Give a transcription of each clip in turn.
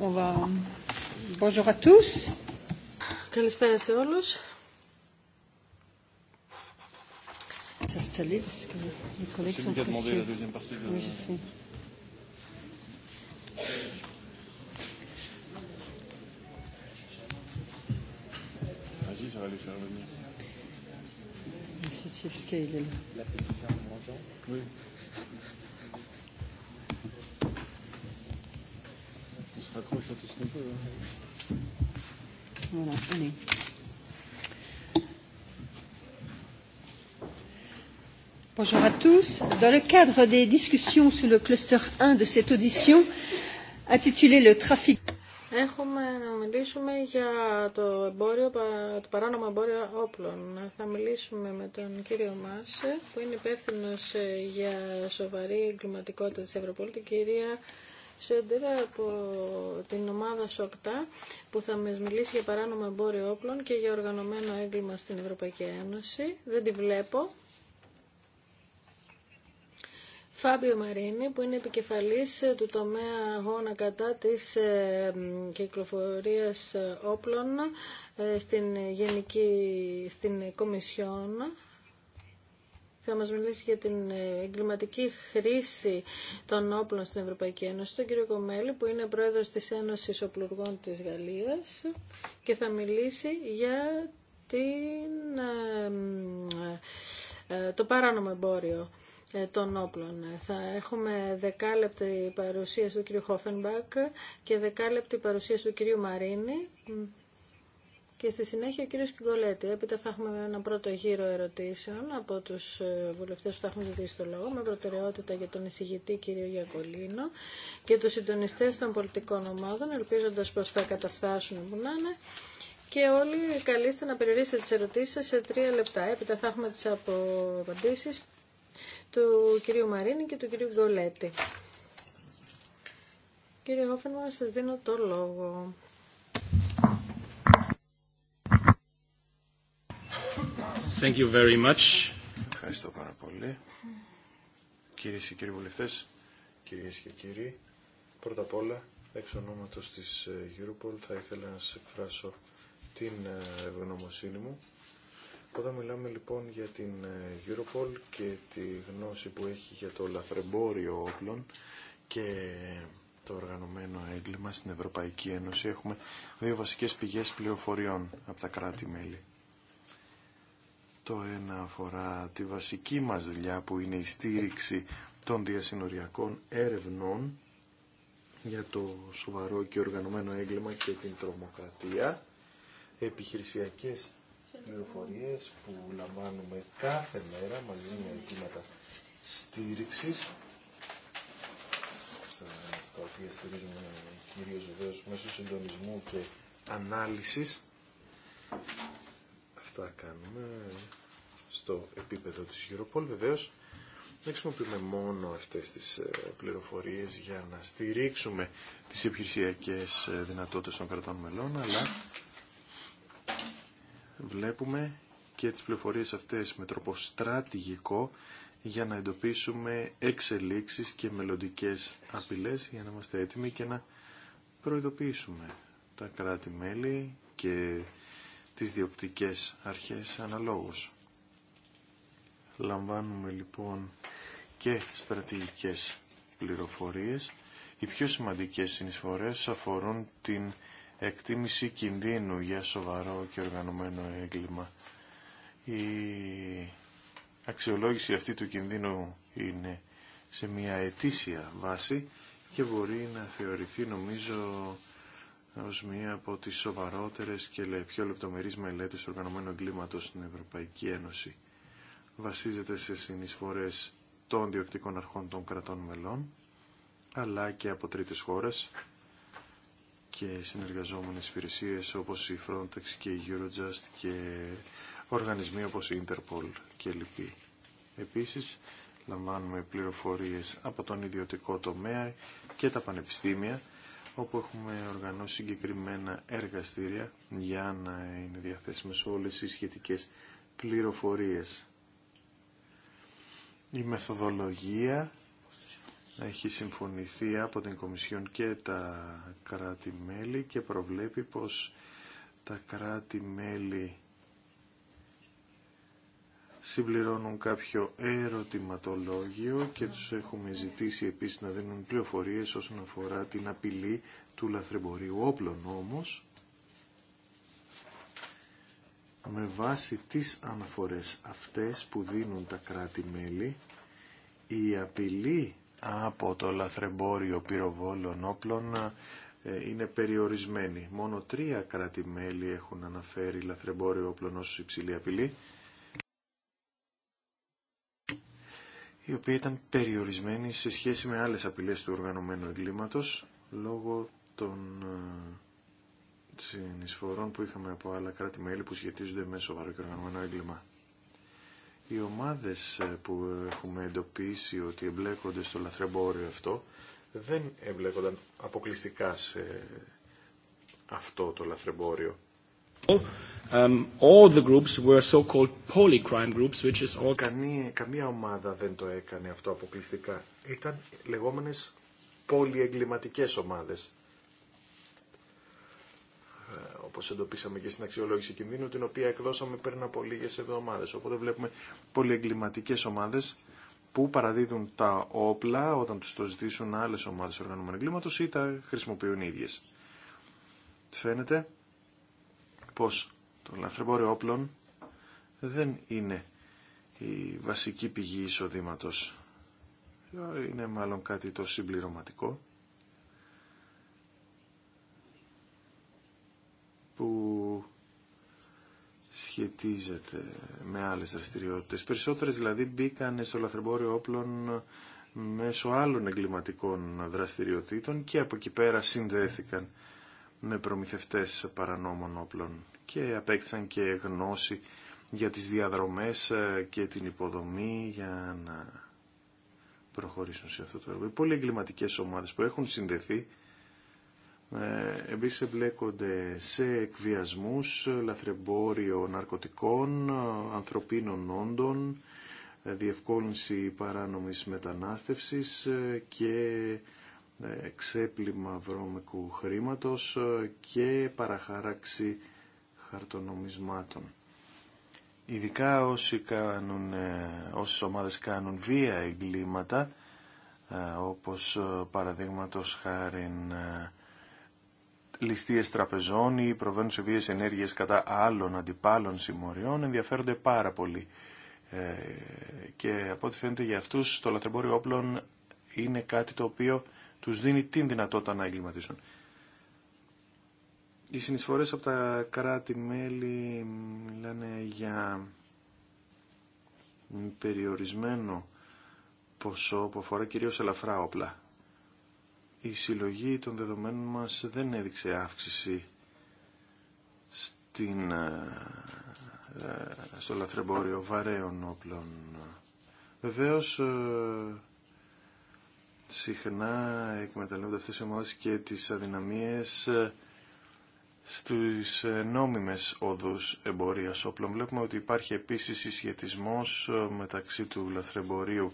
on va... Bonjour à tous. Καλησπέρα σε όλους. S'installer parce que les collègues sont pressés. la deuxième partie. De... Oui, je sais. Vas-y, ça va les faire venir. Monsieur Tchevska, il est là. La petite femme mangeant Oui. Voilà, allez. Ναι. Bonjour à tous. Dans le cadre des discussions sur le cluster 1 de cette audition, intitulée Le trafic. Έχουμε να μιλήσουμε για το, εμπόριο, το παράνομο εμπόριο όπλων. Θα μιλήσουμε με τον κύριο Μάρσε, που είναι υπεύθυνο για σοβαρή εγκληματικότητα της Ευρωπολίτη, κυρία Σέντερα από την ομάδα ΣΟΚΤΑ που θα μας μιλήσει για παράνομο εμπόριο όπλων και για οργανωμένο έγκλημα στην Ευρωπαϊκή Ένωση. Δεν τη βλέπω. Φάμπιο Μαρίνη, που είναι επικεφαλής του τομέα αγώνα κατά της ε, κυκλοφορίας όπλων ε, στην, Γενική, στην Κομισιόν θα μας μιλήσει για την ε, εγκληματική χρήση των όπλων στην Ευρωπαϊκή Ένωση, τον κύριο Κομέλη, που είναι πρόεδρος της Ένωσης Οπλουργών της Γαλλίας και θα μιλήσει για την, ε, ε, το παράνομο εμπόριο των όπλων. Θα έχουμε δεκάλεπτη παρουσίαση του κύριου Χόφενμπακ και δεκάλεπτη παρουσίαση του κυρίου Μαρίνη και στη συνέχεια ο κύριος Κιγκολέτη. Έπειτα θα έχουμε ένα πρώτο γύρο ερωτήσεων από τους ε, βουλευτές που θα έχουν ζητήσει το λόγο, με προτεραιότητα για τον εισηγητή κύριο Γιακολίνο και τους συντονιστές των πολιτικών ομάδων, ελπίζοντας πως θα καταφθάσουν που να είναι. Και όλοι καλείστε να περιορίσετε τις ερωτήσεις σας σε τρία λεπτά. Έπειτα θα έχουμε τις απαντήσεις του κυρίου Μαρίνη και του κυρίου Γκολέτη. Κύριε Όφερμα, σας δίνω το λόγο. Thank you very Ευχαριστώ πάρα πολύ. Κυρίε και κύριοι βουλευτέ, κυρίε και κύριοι, πρώτα απ' όλα, εξ ονόματο τη ε, Europol, θα ήθελα να σα εκφράσω την ε, ευγνωμοσύνη μου. Όταν μιλάμε λοιπόν για την ε, Europol και τη γνώση που έχει για το λαθρεμπόριο όπλων και το οργανωμένο έγκλημα στην Ευρωπαϊκή Ένωση, έχουμε δύο βασικές πηγές πληροφοριών από τα κράτη-μέλη. Το ένα αφορά τη βασική μας δουλειά που είναι η στήριξη των διασυνοριακών έρευνών για το σοβαρό και οργανωμένο έγκλημα και την τρομοκρατία. Επιχειρησιακές πληροφορίε που λαμβάνουμε κάθε μέρα μαζί με αιτήματα στήριξης τα οποία στηρίζουμε κυρίως βεβαίως μέσω συντονισμού και ανάλυσης αυτά κάνουμε στο επίπεδο της Europol. Βεβαίως δεν χρησιμοποιούμε μόνο αυτές τις ε, πληροφορίες για να στηρίξουμε τις επιχειρησιακές ε, δυνατότητες των κρατών μελών, αλλά βλέπουμε και τις πληροφορίες αυτές με τρόπο στρατηγικό για να εντοπίσουμε εξελίξεις και μελλοντικές απειλές για να είμαστε έτοιμοι και να προειδοποιήσουμε τα κράτη-μέλη και τις διοπτικές αρχές αναλόγως. Λαμβάνουμε λοιπόν και στρατηγικές πληροφορίες. Οι πιο σημαντικές συνεισφορές αφορούν την εκτίμηση κινδύνου για σοβαρό και οργανωμένο έγκλημα. Η αξιολόγηση αυτή του κινδύνου είναι σε μια ετήσια βάση και μπορεί να θεωρηθεί νομίζω ως μία από τις σοβαρότερες και πιο λεπτομερείς μελέτες του οργανωμένου εγκλήματος στην Ευρωπαϊκή Ένωση. Βασίζεται σε συνεισφορές των διοκτικών αρχών των κρατών μελών, αλλά και από τρίτες χώρες και συνεργαζόμενες υπηρεσίες όπως η Frontex και η Eurojust και οργανισμοί όπως η Interpol και λοιποί. Επίσης, λαμβάνουμε πληροφορίες από τον ιδιωτικό τομέα και τα πανεπιστήμια όπου έχουμε οργανώσει συγκεκριμένα εργαστήρια για να είναι διαθέσιμες όλες οι σχετικές πληροφορίες. Η μεθοδολογία έχει συμφωνηθεί από την Κομισιόν και τα κράτη-μέλη και προβλέπει πως τα κράτη-μέλη συμπληρώνουν κάποιο ερωτηματολόγιο και τους έχουμε ζητήσει επίσης να δίνουν πληροφορίες όσον αφορά την απειλή του λαθρεμπορίου όπλων όμως. Με βάση τις αναφορές αυτές που δίνουν τα κράτη-μέλη, η απειλή από το λαθρεμπόριο πυροβόλων όπλων ε, είναι περιορισμένη. Μόνο τρία κράτη-μέλη έχουν αναφέρει λαθρεμπόριο όπλων ως υψηλή απειλή η οποία ήταν περιορισμένη σε σχέση με άλλες απειλές του οργανωμένου εγκλήματος λόγω των ε, συνεισφορών που είχαμε από άλλα κράτη-μέλη που σχετίζονται με σοβαρό και οργανωμένο έγκλημα. Οι ομάδες ε, που έχουμε εντοπίσει ότι εμπλέκονται στο λαθρεμπόριο αυτό δεν εμπλέκονταν αποκλειστικά σε αυτό το λαθρεμπόριο. Um, all the groups Καμία, ομάδα δεν το έκανε αυτό αποκλειστικά. Ήταν λεγόμενες πολυεγκληματικές ομάδες. Ε, όπως εντοπίσαμε και στην αξιολόγηση κινδύνου, την οποία εκδώσαμε πριν από λίγες εβδομάδες. Οπότε βλέπουμε πολυεγκληματικές ομάδες που παραδίδουν τα όπλα όταν τους το ζητήσουν άλλες ομάδες οργανωμένου εγκλήματος ή τα χρησιμοποιούν οι ίδιες. Φαίνεται πως το λαθρεμπόριο όπλων δεν είναι η βασική πηγή εισοδήματος. Είναι μάλλον κάτι το συμπληρωματικό που σχετίζεται με άλλες δραστηριότητες. Περισσότερες δηλαδή μπήκαν στο λαθρεμπόριο όπλων μέσω άλλων εγκληματικών δραστηριοτήτων και από εκεί πέρα συνδέθηκαν με προμηθευτές παρανόμων όπλων και απέκτησαν και γνώση για τις διαδρομές ε, και την υποδομή για να προχωρήσουν σε αυτό το έργο. Οι πολύ εγκληματικέ ομάδες που έχουν συνδεθεί ε, επίσης εμπλέκονται σε εκβιασμούς, λαθρεμπόριο ναρκωτικών, ανθρωπίνων όντων, ε, διευκόλυνση παράνομης μετανάστευσης και ε, εξέπλημα βρώμικου χρήματος ε, και παραχάραξη χαρτονομισμάτων. Ειδικά όσοι κάνουν, ε, όσες ομάδες κάνουν βία εγκλήματα, όπως παραδείγματος χάρη ληστείες τραπεζών ή προβαίνουν σε βίες ενέργειες κατά άλλων αντιπάλων συμμοριών, ενδιαφέρονται πάρα πολύ. και από ό,τι φαίνεται για αυτούς το λατρεμπόριο όπλων είναι κάτι το οποίο του δίνει την δυνατότητα να εγκληματίσουν. Οι συνεισφορέ από τα κράτη-μέλη μιλάνε για περιορισμένο ποσό που αφορά κυρίως ελαφρά όπλα. Η συλλογή των δεδομένων μας δεν έδειξε αύξηση στην, ε, ε, στο λαθρεμπόριο βαρέων όπλων. Βεβαίως ε, συχνά εκμεταλλεύονται αυτές οι ομάδες και τις αδυναμίες ε, στους ε, νόμιμες οδούς εμπορίας όπλων. Βλέπουμε ότι υπάρχει επίσης συσχετισμός ε, μεταξύ του λαθρεμπορίου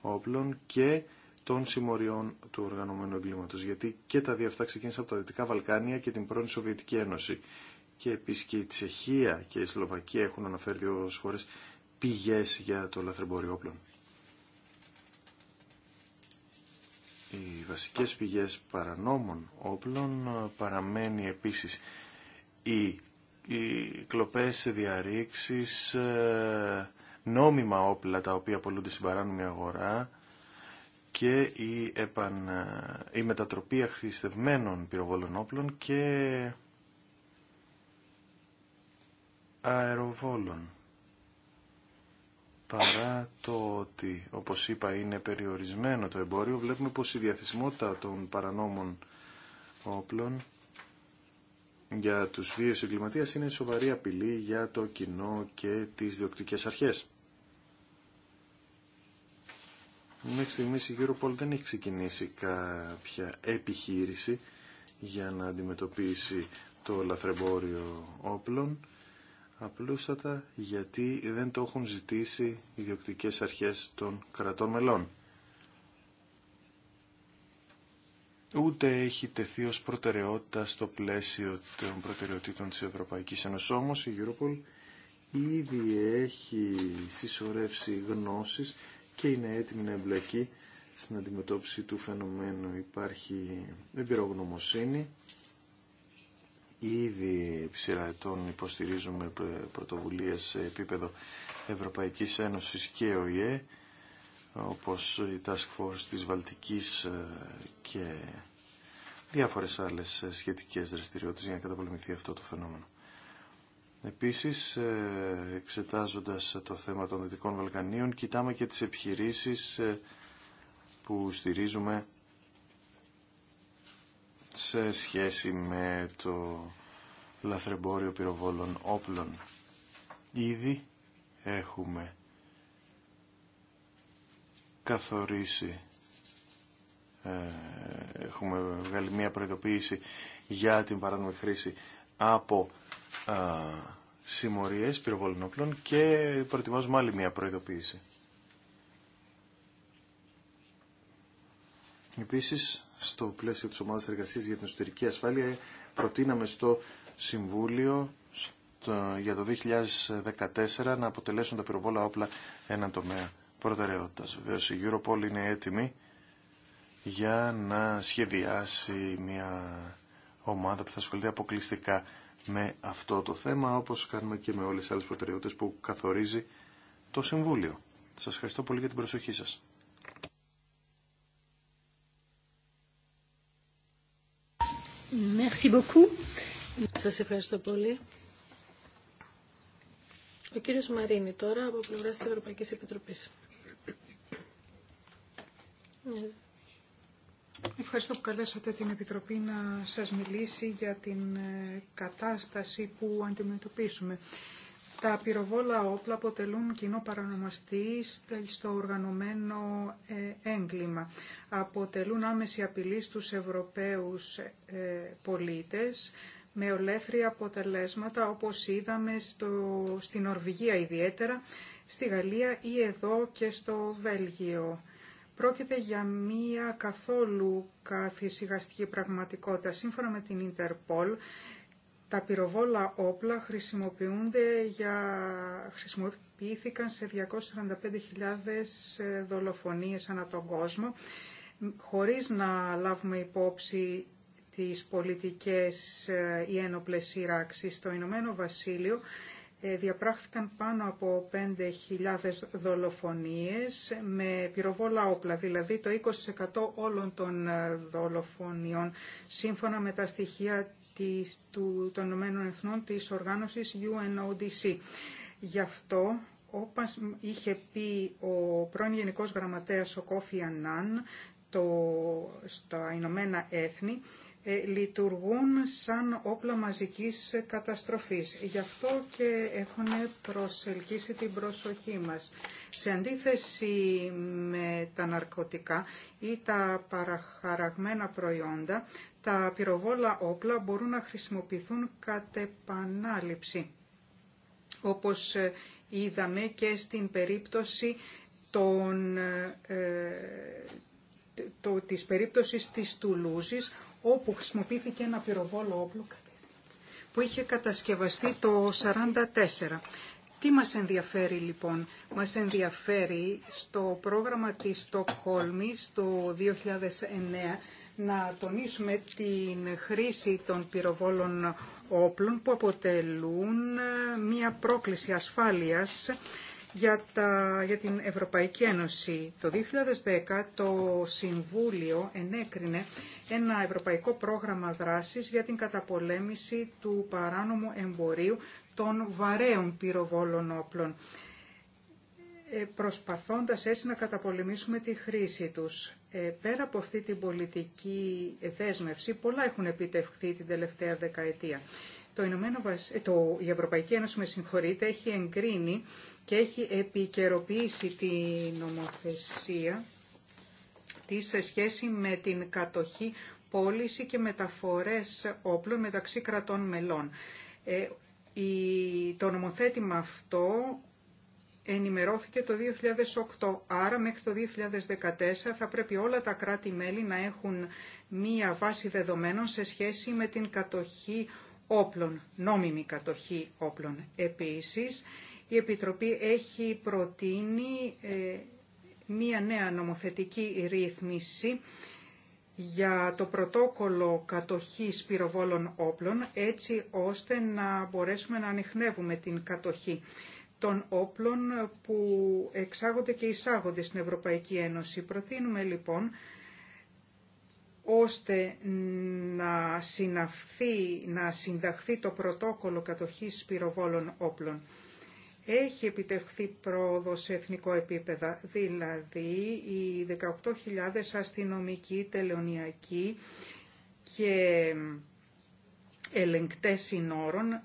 όπλων και των συμμοριών του οργανωμένου εγκλήματος, γιατί και τα δύο αυτά ξεκίνησαν από τα Δυτικά Βαλκάνια και την πρώην Σοβιετική Ένωση. Και επίση και η Τσεχία και η Σλοβακία έχουν αναφέρει ως χώρες πηγές για το λαθρεμπόριο όπλων. Οι βασικές πηγές παρανόμων όπλων ε, παραμένει επίσης οι, οι κλοπές διαρρήξεις, ε, νόμιμα όπλα τα οποία πολλούνται στην παράνομη αγορά και η, επαν, ε, η μετατροπή αχρηστευμένων πυροβόλων όπλων και αεροβόλων παρά το ότι, όπως είπα, είναι περιορισμένο το εμπόριο, βλέπουμε πως η διαθεσιμότητα των παρανόμων όπλων για τους βίους εγκληματίας είναι σοβαρή απειλή για το κοινό και τις διοκτικές αρχές. Μέχρι στιγμής η Europol δεν έχει ξεκινήσει κάποια επιχείρηση για να αντιμετωπίσει το λαθρεμπόριο όπλων απλούστατα γιατί δεν το έχουν ζητήσει οι διοκτικές αρχές των κρατών μελών. Ούτε έχει τεθεί ως προτεραιότητα στο πλαίσιο των προτεραιοτήτων της Ευρωπαϊκής Ένωσης. Όμως η Europol ήδη έχει συσσωρεύσει γνώσεις και είναι έτοιμη να εμπλακεί στην αντιμετώπιση του φαινομένου. Υπάρχει εμπειρογνωμοσύνη Ήδη επί σειρά ετών υποστηρίζουμε πρωτοβουλίες σε επίπεδο Ευρωπαϊκής Ένωσης και ΟΗΕ, όπως η Task Force της Βαλτικής ε, και διάφορες άλλες ε, σχετικές δραστηριότητες για να καταπολεμηθεί αυτό το φαινόμενο. Επίσης, ε, εξετάζοντας το θέμα των Δυτικών Βαλκανίων, κοιτάμε και τις επιχειρήσεις που στηρίζουμε σε σχέση με το λαθρεμπόριο πυροβόλων όπλων. Ήδη έχουμε καθορίσει, ε, έχουμε βγάλει μια προειδοποίηση για την παράνομη χρήση από α, ε, συμμορίες πυροβόλων όπλων και προετοιμάζουμε άλλη μια προειδοποίηση. Επίσης, στο πλαίσιο της ομάδας εργασίας για την εσωτερική ασφάλεια προτείναμε στο Συμβούλιο για το 2014 να αποτελέσουν τα πυροβόλα όπλα έναν τομέα προτεραιότητας. Βεβαίω η Europol είναι έτοιμη για να σχεδιάσει μια ομάδα που θα ασχολείται αποκλειστικά με αυτό το θέμα, όπως κάνουμε και με όλες τις άλλες προτεραιότητες που καθορίζει το Συμβούλιο. Σας ευχαριστώ πολύ για την προσοχή σας. Merci beaucoup. Σας ευχαριστώ πολύ. Ο κύριος Μαρίνη τώρα από πλευρά της Ευρωπαϊκής Επιτροπής. Ευχαριστώ που καλέσατε την Επιτροπή να σας μιλήσει για την ε, κατάσταση που αντιμετωπίσουμε. Τα πυροβόλα όπλα αποτελούν κοινό παρανομαστή στο οργανωμένο ε, έγκλημα. Αποτελούν άμεση απειλή στους Ευρωπαίους ε, πολίτες με ολέθρια αποτελέσματα όπως είδαμε στο, στην Ορβηγία ιδιαίτερα, στη Γαλλία ή εδώ και στο Βέλγιο. Πρόκειται για μία καθόλου καθησυχαστική πραγματικότητα. Σύμφωνα με την Ιντερπολ, τα πυροβόλα όπλα χρησιμοποιούνται για... χρησιμοποιήθηκαν σε 245.000 δολοφονίες ανά τον κόσμο, χωρίς να λάβουμε υπόψη τις πολιτικές ε, ή ένοπλες σειράξεις. Στο Ηνωμένο Βασίλειο ε, διαπράχθηκαν πάνω από 5.000 δολοφονίες με πυροβόλα όπλα, δηλαδή το 20% όλων των ε, δολοφονιών, σύμφωνα με τα στοιχεία της, του, των Ηνωμένων Εθνών της οργάνωσης UNODC. Γι' αυτό, όπως είχε πει ο πρώην Γενικός Γραμματέας ο Κόφι Ανάν το, στα Ηνωμένα Έθνη, ε, λειτουργούν σαν όπλα μαζικής καταστροφής. Γι' αυτό και έχουν προσελκύσει την προσοχή μας. Σε αντίθεση με τα ναρκωτικά ή τα παραχαραγμένα προϊόντα, τα πυροβόλα όπλα μπορούν να χρησιμοποιηθούν κατ' επανάληψη, όπως ε, είδαμε και στην περίπτωση των, ε, το, της περίπτωσης της Τουλούζης, όπου χρησιμοποιήθηκε ένα πυροβόλο όπλο που είχε κατασκευαστεί το 1944. Τι μας ενδιαφέρει λοιπόν. Μας ενδιαφέρει στο πρόγραμμα της Στοκχόλμης το 2009 να τονίσουμε την χρήση των πυροβόλων όπλων που αποτελούν ε, μια πρόκληση ασφάλειας για, τα, για την Ευρωπαϊκή Ένωση. Το 2010 το Συμβούλιο ενέκρινε ένα ευρωπαϊκό πρόγραμμα δράσης για την καταπολέμηση του παράνομου εμπορίου των βαρέων πυροβόλων όπλων, ε, προσπαθώντας έτσι να καταπολεμήσουμε τη χρήση τους. Ε, πέρα από αυτή την πολιτική δέσμευση, πολλά έχουν επιτευχθεί την τελευταία δεκαετία. Το Ηνωμένο ε, το... Η Ευρωπαϊκή Ένωση, με συγχωρείτε, έχει εγκρίνει και έχει επικαιροποιήσει την νομοθεσία τη σε σχέση με την κατοχή, πώληση και μεταφορές όπλων μεταξύ κρατών μελών. Ε, το νομοθέτημα αυτό ενημερώθηκε το 2008, άρα μέχρι το 2014 θα πρέπει όλα τα κράτη-μέλη να έχουν μία βάση δεδομένων σε σχέση με την κατοχή όπλων, νόμιμη κατοχή όπλων. Επίσης, η Επιτροπή έχει προτείνει ε, μία νέα νομοθετική ρύθμιση για το πρωτόκολλο κατοχής πυροβόλων όπλων, έτσι ώστε να μπορέσουμε να ανοιχνεύουμε την κατοχή των όπλων που εξάγονται και εισάγονται στην Ευρωπαϊκή Ένωση. Προτείνουμε λοιπόν ώστε να συναφθεί, να συνταχθεί το πρωτόκολλο κατοχής πυροβόλων όπλων. Έχει επιτευχθεί πρόοδο σε εθνικό επίπεδο, δηλαδή οι 18.000 αστυνομικοί, τελεωνιακοί και ελεγκτές συνόρων ε,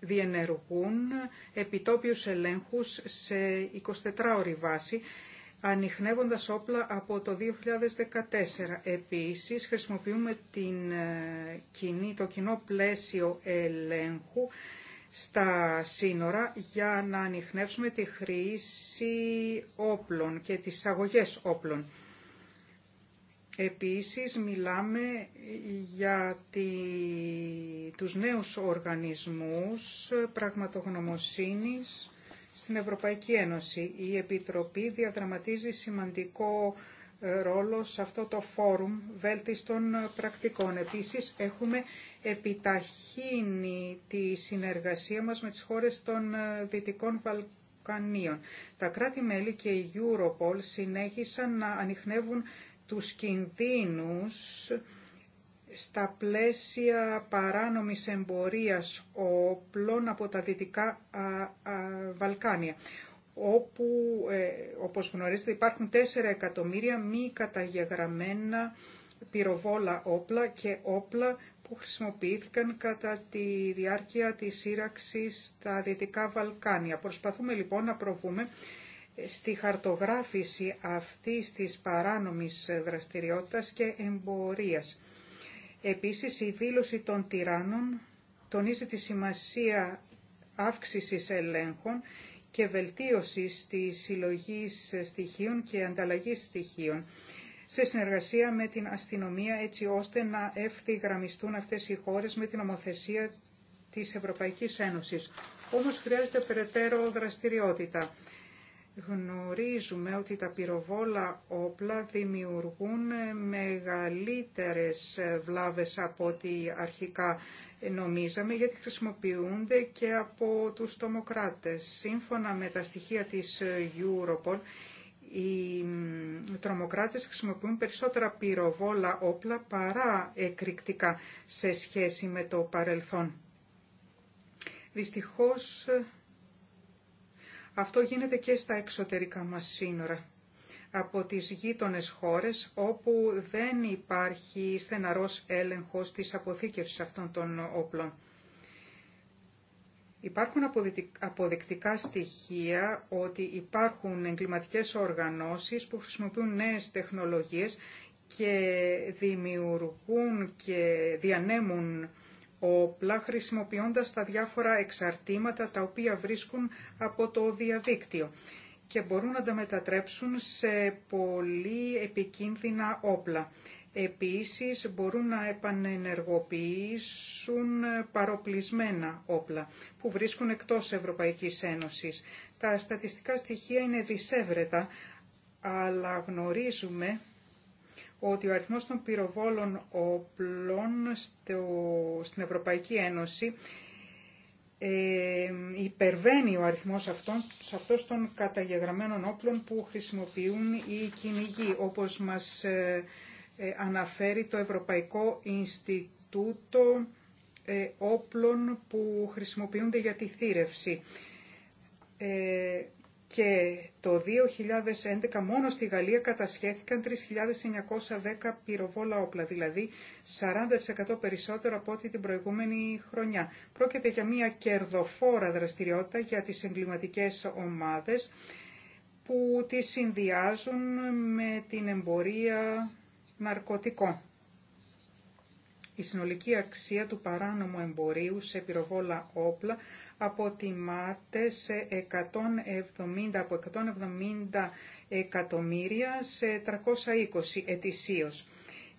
διενεργούν επιτόπιους ελέγχους σε 24ωρη βάση, ανοιχνεύοντας όπλα από το 2014. Επίσης, χρησιμοποιούμε την, ε, κοινή, το κοινό πλαίσιο ελέγχου στα σύνορα για να ανοιχνεύσουμε τη χρήση όπλων και τις αγωγές όπλων. Επίσης μιλάμε για τη, τους νέους οργανισμούς πραγματογνωμοσύνης στην Ευρωπαϊκή Ένωση. Η Επιτροπή διαδραματίζει σημαντικό ε, ρόλο σε αυτό το φόρουμ βέλτιστων πρακτικών. Επίσης έχουμε επιταχύνει τη συνεργασία μας με τις χώρες των ε, Δυτικών Βαλκανίων. Τα κράτη-μέλη και η Europol συνέχισαν να ανοιχνεύουν τους κινδύνους στα πλαίσια παράνομης εμπορίας όπλων από τα Δυτικά Βαλκάνια, όπου, ε, όπως γνωρίζετε, υπάρχουν 4 εκατομμύρια μη καταγεγραμμένα πυροβόλα όπλα και όπλα που χρησιμοποιήθηκαν κατά τη διάρκεια της σύραξης στα Δυτικά Βαλκάνια. Προσπαθούμε λοιπόν να προβούμε στη χαρτογράφηση αυτής της παράνομης δραστηριότητας και εμπορίας. Επίσης, η δήλωση των τυράννων τονίζει τη σημασία αύξησης ελέγχων και βελτίωσης της συλλογής στοιχείων και ανταλλαγής στοιχείων σε συνεργασία με την αστυνομία έτσι ώστε να ευθυγραμμιστούν αυτές οι χώρες με την ομοθεσία της Ευρωπαϊκής Ένωσης. Όμως χρειάζεται περαιτέρω δραστηριότητα γνωρίζουμε ότι τα πυροβόλα όπλα δημιουργούν μεγαλύτερες βλάβες από ό,τι αρχικά νομίζαμε, γιατί χρησιμοποιούνται και από τους τομοκράτες. Σύμφωνα με τα στοιχεία της Europol, οι τρομοκράτες χρησιμοποιούν περισσότερα πυροβόλα όπλα παρά εκρηκτικά σε σχέση με το παρελθόν. Δυστυχώς αυτό γίνεται και στα εξωτερικά μας σύνορα από τις γείτονες χώρες όπου δεν υπάρχει στεναρός έλεγχος της αποθήκευσης αυτών των όπλων. Υπάρχουν αποδεικτικά στοιχεία ότι υπάρχουν εγκληματικές οργανώσεις που χρησιμοποιούν νέες τεχνολογίες και δημιουργούν και διανέμουν όπλα χρησιμοποιώντας τα διάφορα εξαρτήματα τα οποία βρίσκουν από το διαδίκτυο και μπορούν να τα μετατρέψουν σε πολύ επικίνδυνα όπλα. Επίσης μπορούν να επανενεργοποιήσουν παροπλισμένα όπλα που βρίσκουν εκτός Ευρωπαϊκής Ένωσης. Τα στατιστικά στοιχεία είναι δυσέβρετα, αλλά γνωρίζουμε ότι ο αριθμός των πυροβόλων όπλων στο, στην Ευρωπαϊκή Ένωση ε, υπερβαίνει ο αριθμός αυτών, αυτός των καταγεγραμμένων όπλων που χρησιμοποιούν οι κυνηγοί, όπως μας ε, ε, αναφέρει το Ευρωπαϊκό Ινστιτούτο όπλων που χρησιμοποιούνται για τη θύρευση και το 2011 μόνο στη Γαλλία κατασχέθηκαν 3.910 πυροβόλα όπλα, δηλαδή 40% περισσότερο από ό,τι την προηγούμενη χρονιά. Πρόκειται για μια κερδοφόρα δραστηριότητα για τις εγκληματικές ομάδες που τις συνδυάζουν με την εμπορία ναρκωτικών. Η συνολική αξία του παράνομου εμπορίου σε πυροβόλα όπλα αποτιμάται σε 170, από 170 εκατομμύρια σε 320 ετησίως.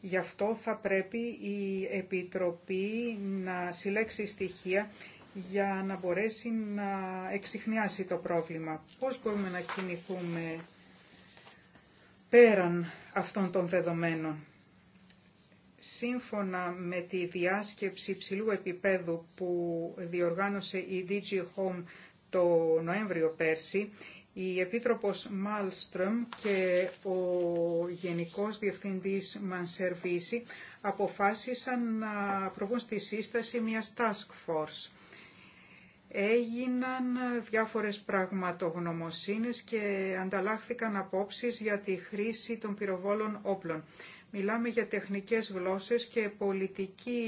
Γι' αυτό θα πρέπει η Επιτροπή να συλλέξει στοιχεία για να μπορέσει να εξηχνιάσει το πρόβλημα. Πώς μπορούμε να κινηθούμε πέραν αυτών των δεδομένων σύμφωνα με τη διάσκεψη υψηλού επίπεδου που διοργάνωσε η DG Home το Νοέμβριο πέρσι, η Επίτροπος Μάλστρομ και ο Γενικός Διευθυντής Μανσερβίση αποφάσισαν να προβούν στη σύσταση μια task force. Έγιναν διάφορες πραγματογνωμοσύνες και ανταλλάχθηκαν απόψεις για τη χρήση των πυροβόλων όπλων. Μιλάμε για τεχνικές γλώσσες και πολιτική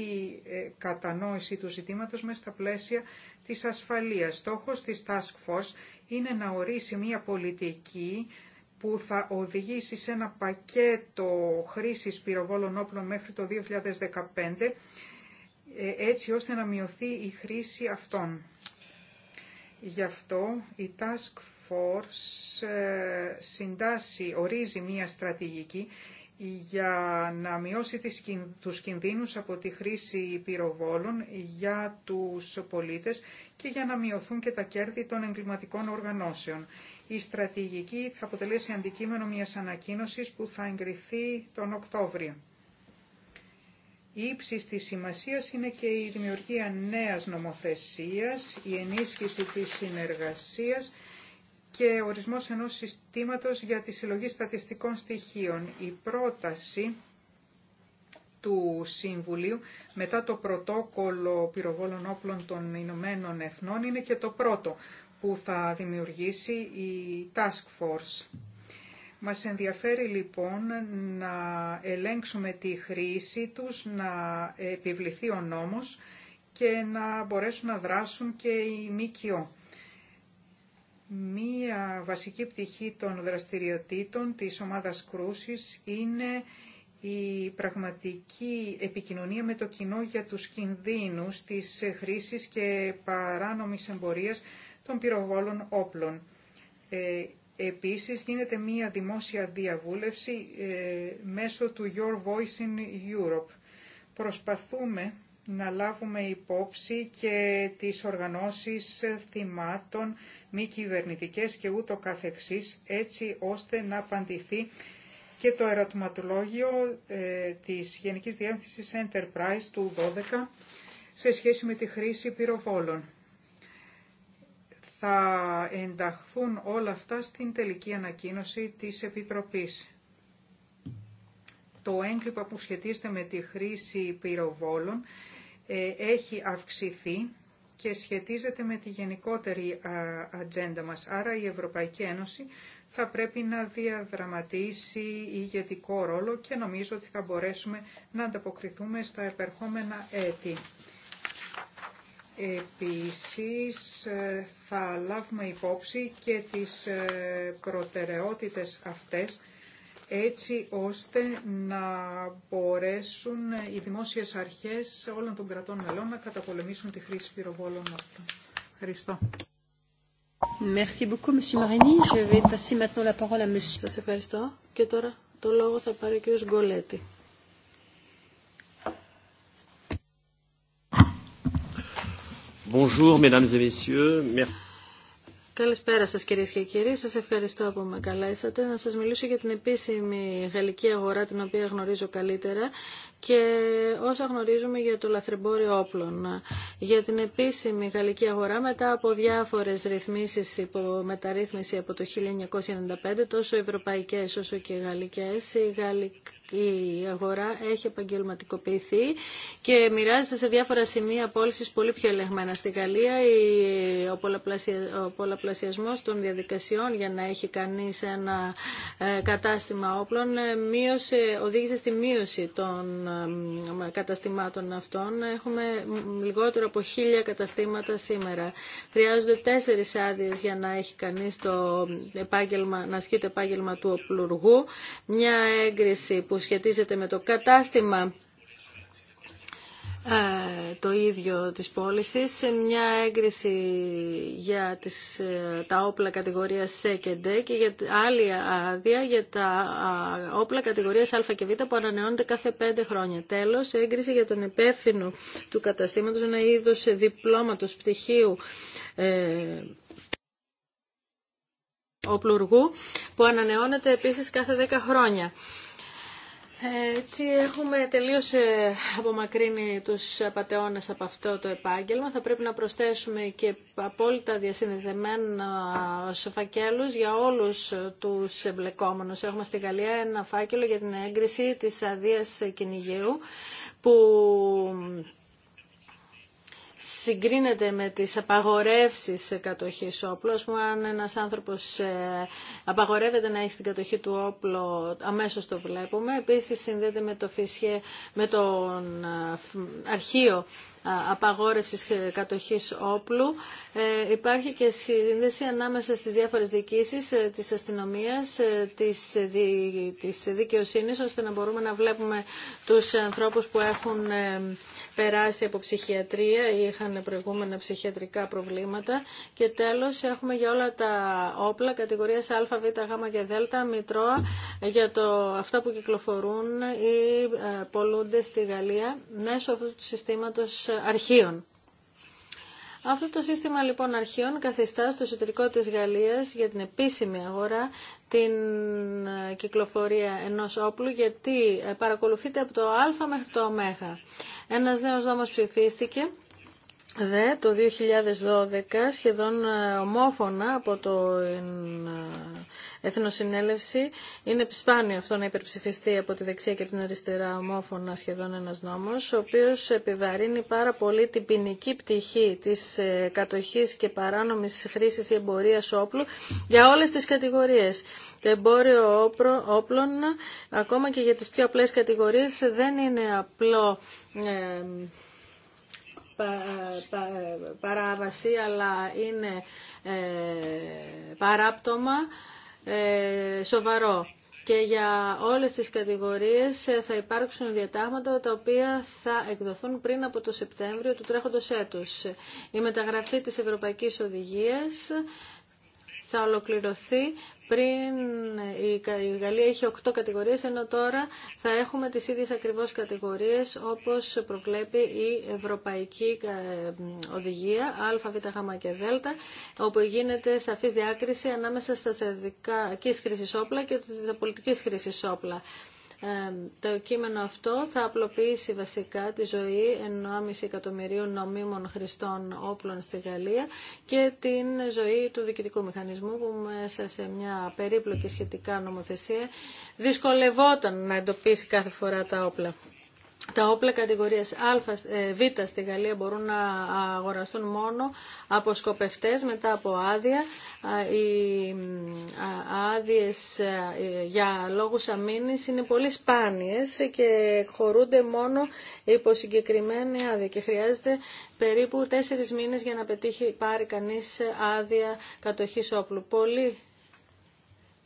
ε, κατανόηση του ζητήματος μέσα στα πλαίσια της ασφαλείας. Στόχος της Task Force είναι να ορίσει μια πολιτική που θα οδηγήσει σε ένα πακέτο χρήσης πυροβόλων όπλων μέχρι το 2015, ε, έτσι ώστε να μειωθεί η χρήση αυτών. Γι' αυτό η Task Force ε, συντάσσει, ορίζει μία στρατηγική για να μειώσει τους κινδύνους από τη χρήση πυροβόλων για τους πολίτες και για να μειωθούν και τα κέρδη των εγκληματικών οργανώσεων. Η στρατηγική θα αποτελέσει αντικείμενο μιας ανακοίνωσης που θα εγκριθεί τον Οκτώβριο. Η ύψη τη σημασία είναι και η δημιουργία νέας νομοθεσίας, η ενίσχυση της συνεργασίας και ορισμός ενός συστήματος για τη συλλογή στατιστικών στοιχείων. Η πρόταση του Συμβουλίου μετά το πρωτόκολλο πυροβόλων όπλων των Ηνωμένων Εθνών είναι και το πρώτο που θα δημιουργήσει η Task Force. Μας ενδιαφέρει λοιπόν να ελέγξουμε τη χρήση τους, να επιβληθεί ο νόμος και να μπορέσουν να δράσουν και οι ΜΚΟ. Μία βασική πτυχή των δραστηριοτήτων της ομάδας κρούσης είναι η πραγματική επικοινωνία με το κοινό για τους κινδύνους της χρήσης και παράνομης εμπορίας των πυροβόλων όπλων. Ε, επίσης γίνεται μία δημόσια διαβούλευση ε, μέσω του Your Voice in Europe. Προσπαθούμε να λάβουμε υπόψη και τις οργανώσεις θυμάτων, μη κυβερνητικέ και ούτω καθεξής, έτσι ώστε να απαντηθεί και το ερωτηματολόγιο ε, της Γενικής Διεύθυνσης Enterprise του 12 σε σχέση με τη χρήση πυροβόλων. Θα ενταχθούν όλα αυτά στην τελική ανακοίνωση της Επιτροπής. Το έγκλημα που σχετίζεται με τη χρήση πυροβόλων ε, έχει αυξηθεί και σχετίζεται με τη γενικότερη ατζέντα μας. Άρα η Ευρωπαϊκή Ένωση θα πρέπει να διαδραματίσει ηγετικό ρόλο και νομίζω ότι θα μπορέσουμε να ανταποκριθούμε στα επερχόμενα έτη. Επίσης ε, θα λάβουμε υπόψη και τις ε, προτεραιότητες αυτές έτσι ώστε να μπορέσουν οι δημόσιες αρχές όλων των κρατών μελών να καταπολεμήσουν τη χρήση πυροβόλων αυτών. Ευχαριστώ. Merci beaucoup, Monsieur Marini. Je vais passer maintenant la parole à Monsieur. Σας ευχαριστώ. Και τώρα το λόγο θα πάρει ο κ. Γκολέτη. Bonjour, mesdames et messieurs. Merci. Καλησπέρα σας κυρίες και κύριοι. Σας ευχαριστώ που με καλέσατε. Να σας μιλήσω για την επίσημη γαλλική αγορά την οποία γνωρίζω καλύτερα και όσα γνωρίζουμε για το λαθρεμπόριο όπλων. Για την επίσημη γαλλική αγορά μετά από διάφορες ρυθμίσεις υπό μεταρρύθμιση από το 1995 τόσο ευρωπαϊκές όσο και γαλλικές η αγορά έχει επαγγελματικοποιηθεί και μοιράζεται σε διάφορα σημεία πώληση πολύ πιο ελεγμένα. Στη Γαλλία ο, των διαδικασιών για να έχει κανείς ένα ε, κατάστημα όπλων ε, μείωσε, οδήγησε στη μείωση των ε, καταστημάτων αυτών. Έχουμε λιγότερο από χίλια καταστήματα σήμερα. Χρειάζονται τέσσερι άδειε για να έχει κανείς το επάγγελμα, να ασκεί το επάγγελμα του οπλουργού. Μια έγκριση που σχετίζεται με το κατάστημα ε, το ίδιο της πώληση, μια έγκριση για τις, ε, τα όπλα κατηγορίας C και D και για, άλλη άδεια για τα όπλα κατηγορίας Α και Β που ανανεώνεται κάθε πέντε χρόνια. Τέλος, έγκριση για τον υπεύθυνο του καταστήματος, ένα είδος διπλώματος πτυχίου ε, οπλουργού που ανανεώνεται επίσης κάθε 10 χρόνια. Έτσι έχουμε τελείως ε, απομακρύνει τους απαταιώνες από αυτό το επάγγελμα. Θα πρέπει να προσθέσουμε και απόλυτα διασυνδεδεμένους φακέλους για όλους τους εμπλεκόμενους. Έχουμε στη Γαλλία ένα φάκελο για την έγκριση της αδείας κυνηγίου που συγκρίνεται με τις απαγορεύσεις κατοχής όπλου. Ας πούμε, αν ένας άνθρωπος ε, απαγορεύεται να έχει την κατοχή του όπλου αμέσως το βλέπουμε. Επίσης, συνδέεται με το, φυσχέ, με το ε, αρχείο ε, απαγόρευσης κατοχής όπλου. Ε, υπάρχει και σύνδεση ανάμεσα στις διάφορες διοικήσεις ε, της αστυνομίας, ε, της, της δικαιοσύνης, ώστε να μπορούμε να βλέπουμε τους ανθρώπους που έχουν περάσει από ψυχιατρία ή είχαν προηγούμενα ψυχιατρικά προβλήματα. Και τέλος έχουμε για όλα τα όπλα κατηγορίας α, β, γ και δ, μητρώα για το, αυτά που κυκλοφορούν ή ε, πολλούνται στη Γαλλία μέσω αυτού του συστήματος αρχείων. Αυτό το σύστημα λοιπόν αρχείων καθιστά στο εσωτερικό της Γαλλίας για την επίσημη αγορά την ε, κυκλοφορία ενός όπλου γιατί ε, παρακολουθείται από το α μέχρι το ω. Ένας νέος δόμος ψηφίστηκε Δε το 2012 σχεδόν ε, ομόφωνα από το ε, Εθνοσυνέλευση είναι σπάνιο αυτό να υπερψηφιστεί από τη δεξιά και την αριστερά ομόφωνα σχεδόν ένας νόμος ο οποίος επιβαρύνει πάρα πολύ την ποινική πτυχή της ε, κατοχής και παράνομης χρήσης ή εμπορίας όπλου για όλες τις κατηγορίες. Το εμπόριο όπλων ακόμα και για τις πιο απλές κατηγορίες δεν είναι απλό παράβαση αλλά είναι ε, παράπτωμα ε, σοβαρό. Και για όλες τις κατηγορίες ε, θα υπάρξουν διατάγματα τα οποία θα εκδοθούν πριν από το Σεπτέμβριο του τρέχοντος έτους. Η μεταγραφή της Ευρωπαϊκής Οδηγίας θα ολοκληρωθεί πριν η Γαλλία είχε οκτώ κατηγορίες, ενώ τώρα θα έχουμε τις ίδιες ακριβώς κατηγορίες όπως προβλέπει η Ευρωπαϊκή ε, Οδηγία Α, Β, Γ και Δ, όπου γίνεται σαφής διάκριση ανάμεσα στα στρατιωτικής χρήση όπλα και τα πολιτικής χρήση όπλα το κείμενο αυτό θα απλοποιήσει βασικά τη ζωή 1,5 εκατομμυρίων νομίμων χρηστών όπλων στη Γαλλία και την ζωή του διοικητικού μηχανισμού που μέσα σε μια περίπλοκη σχετικά νομοθεσία δυσκολευόταν να εντοπίσει κάθε φορά τα όπλα τα όπλα κατηγορίας Α, ε, Β στη Γαλλία μπορούν να αγοραστούν μόνο από σκοπευτές μετά από άδεια. Οι άδειες ε, για λόγους αμήνης είναι πολύ σπάνιες και χωρούνται μόνο υπό συγκεκριμένη άδεια και χρειάζεται περίπου τέσσερις μήνες για να πετύχει, πάρει κανείς άδεια κατοχής όπλου. Πολύ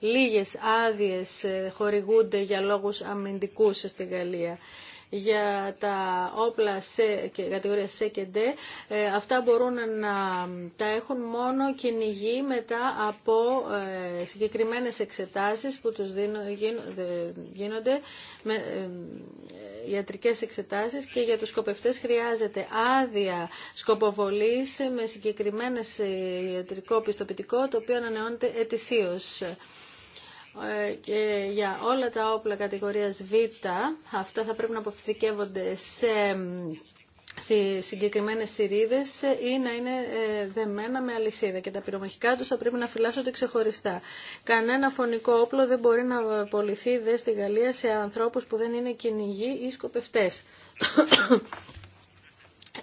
λίγες άδειες ε, χορηγούνται για λόγους αμυντικούς στη Γαλλία για τα όπλα σε κατηγορία C και D, ε, αυτά μπορούν να τα έχουν μόνο κυνηγοί μετά από ε, συγκεκριμένες εξετάσεις που τους γίνονται με ε, ιατρικές εξετάσεις και για τους σκοπευτές χρειάζεται άδεια σκοποβολής με συγκεκριμένες ιατρικό πιστοποιητικό το οποίο ανανεώνεται ετησίως. Ε, και για όλα τα όπλα κατηγορίας Β, αυτά θα πρέπει να αποθηκεύονται σε συγκεκριμένες θηρίδες ή να είναι ε, δεμένα με αλυσίδα και τα πυρομαχικά τους θα πρέπει να φυλάσσονται ξεχωριστά. Κανένα φωνικό όπλο δεν μπορεί να πολιθεί δε στη Γαλλία σε ανθρώπους που δεν είναι κυνηγοί ή σκοπευτές.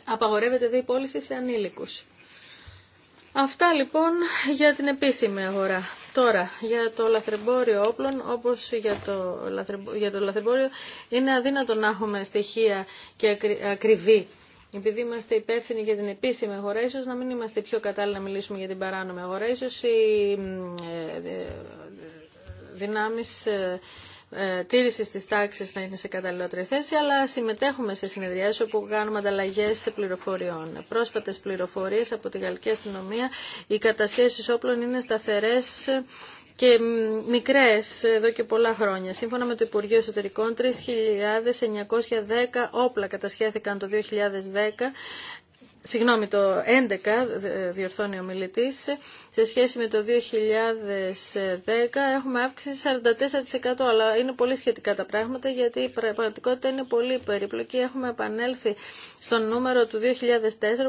Απαγορεύεται δε η πώληση σε ανήλικους. Αυτά λοιπόν για την επίσημη αγορά. Τώρα, για το λαθρεμπόριο όπλων, όπως για το, για το λαθρεμπόριο, είναι αδύνατο να έχουμε στοιχεία και ακριβή επειδή είμαστε υπεύθυνοι για την επίσημη αγορά, ίσω να μην είμαστε πιο κατάλληλοι να μιλήσουμε για την παράνομη αγορά. ίσως οι ε, ε, ε, τήρησης της τάξης να είναι σε καταλληλότερη θέση, αλλά συμμετέχουμε σε συνεδριάσεις όπου κάνουμε ανταλλαγέ σε πληροφοριών. Πρόσφατες πληροφορίες από τη Γαλλική Αστυνομία, οι κατασχέσεις όπλων είναι σταθερές και μικρές εδώ και πολλά χρόνια. Σύμφωνα με το Υπουργείο Εσωτερικών, 3.910 όπλα κατασχέθηκαν το 2010 Συγγνώμη, το 11 ε, διορθώνει ο μιλητής, σε σχέση με το 2010 έχουμε αύξηση 44%, αλλά είναι πολύ σχετικά τα πράγματα γιατί η πραγματικότητα είναι πολύ περίπλοκη. Έχουμε επανέλθει στο νούμερο του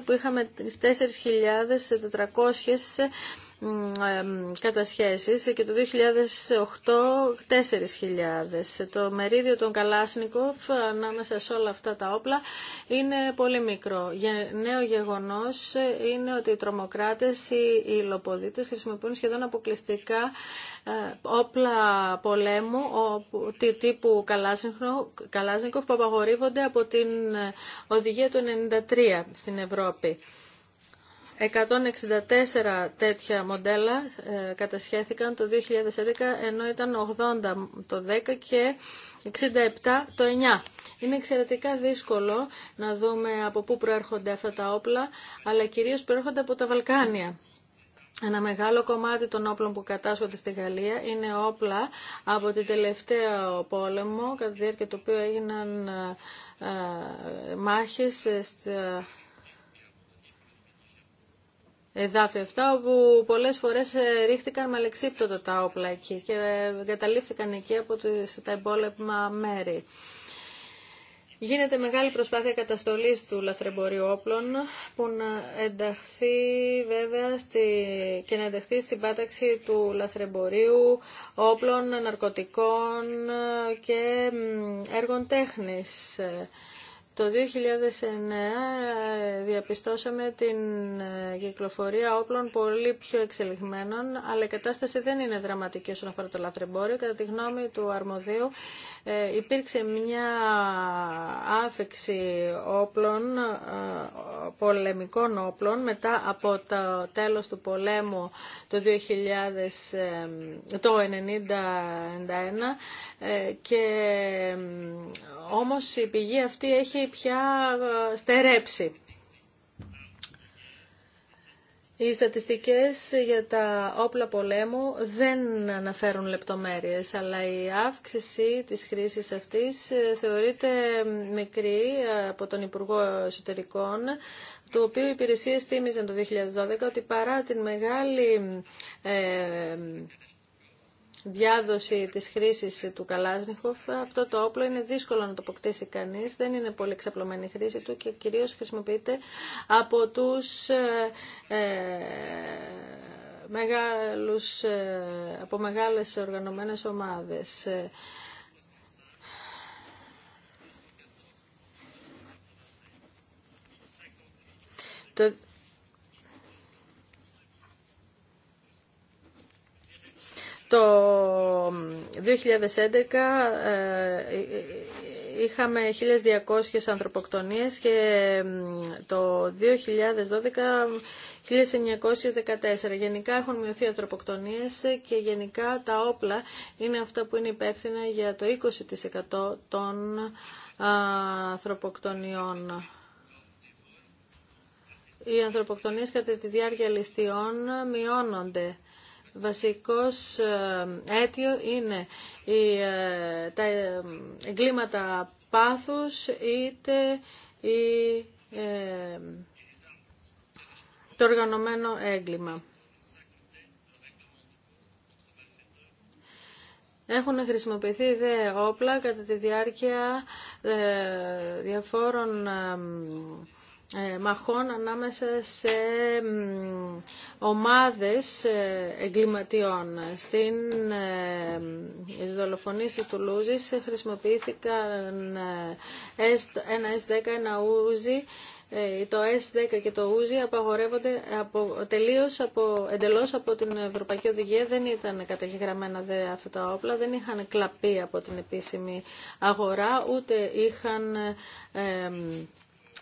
2004 που είχαμε 4.400 ε, κατασχέσεις και το 2008 4.000. Το μερίδιο των Καλάσνικοφ ανάμεσα σε όλα αυτά τα όπλα είναι πολύ μικρό. Νέο γεγονός είναι ότι οι τρομοκράτες ή οι υλοποδίτες χρησιμοποιούν σχεδόν αποκλειστικά ε, όπλα πολέμου τύπου Καλάσνικοφ που απαγορεύονται από την ε, οδηγία του 93 στην Ευρώπη. 164 τέτοια μοντέλα ε, κατασχέθηκαν το 2011 ενώ ήταν 80 το 10 και 67 το 9. Είναι εξαιρετικά δύσκολο να δούμε από πού προέρχονται αυτά τα όπλα αλλά κυρίως προέρχονται από τα Βαλκάνια. Ένα μεγάλο κομμάτι των όπλων που κατάσχονται στη Γαλλία είναι όπλα από την τελευταία πόλεμο κατά τη διάρκεια του οποίου έγιναν ε, ε, μάχες στα εδάφη αυτά, όπου πολλές φορές ε, ρίχτηκαν με αλεξίπτωτο τα όπλα εκεί και ε, εγκαταλείφθηκαν εκεί από τα υπόλοιπα μέρη. Γίνεται μεγάλη προσπάθεια καταστολής του λαθρεμπορίου όπλων που να ενταχθεί βέβαια στη... και να ενταχθεί στην πάταξη του λαθρεμπορίου όπλων, ναρκωτικών ε, και έργων τέχνης. Το 2009 ε, διαπιστώσαμε την ε, κυκλοφορία όπλων πολύ πιο εξελιγμένων, αλλά η κατάσταση δεν είναι δραματική όσον αφορά το λαθρεμπόριο. Κατά τη γνώμη του Αρμοδίου ε, υπήρξε μια άφηξη όπλων, πολεμικών όπλων, μετά από το τέλος του πολέμου το 2000, το 1991 και όμως η πηγή αυτή έχει πια ε, στερέψει. Οι στατιστικές για τα όπλα πολέμου δεν αναφέρουν λεπτομέρειες, αλλά η αύξηση της χρήσης αυτής ε, θεωρείται μικρή ε, από τον Υπουργό Εσωτερικών, το οποίο οι υπηρεσίες τίμησαν το 2012 ότι παρά την μεγάλη διάδοση της χρήσης του Καλάζνιχοφ. Αυτό το όπλο είναι δύσκολο να το αποκτήσει κανείς, δεν είναι πολύ εξαπλωμένη χρήση του και κυρίως χρησιμοποιείται από τους ε, ε, μεγάλους, ε, από μεγάλες οργανωμένες ομάδες. Το Το 2011 ε, ε, είχαμε 1.200 ανθρωποκτονίες και το 2012 1914. Γενικά έχουν μειωθεί ανθρωποκτονίες και γενικά τα όπλα είναι αυτά που είναι υπεύθυνα για το 20% των ανθρωποκτονιών. Οι ανθρωποκτονίες κατά τη διάρκεια ληστείων μειώνονται βασικός ε, αίτιο είναι η, ε, τα ε, εγκλήματα πάθους είτε η, το οργανωμένο έγκλημα. Έχουν χρησιμοποιηθεί δε όπλα κατά τη διάρκεια διαφόρων ε, μαχών ανάμεσα σε ομάδες ε, εγκληματιών. Στην ε, δολοφονίες του λουζης χρησιμοποιηθηκαν χρησιμοποιήθηκαν ένα S10, ένα ούζι, το S10 και το ούζι απαγορεύονται από, τελείως από, εντελώς από την Ευρωπαϊκή Οδηγία. Δεν ήταν καταγεγραμμένα δε αυτά τα όπλα, δεν είχαν κλαπεί από την επίσημη αγορά, ούτε είχαν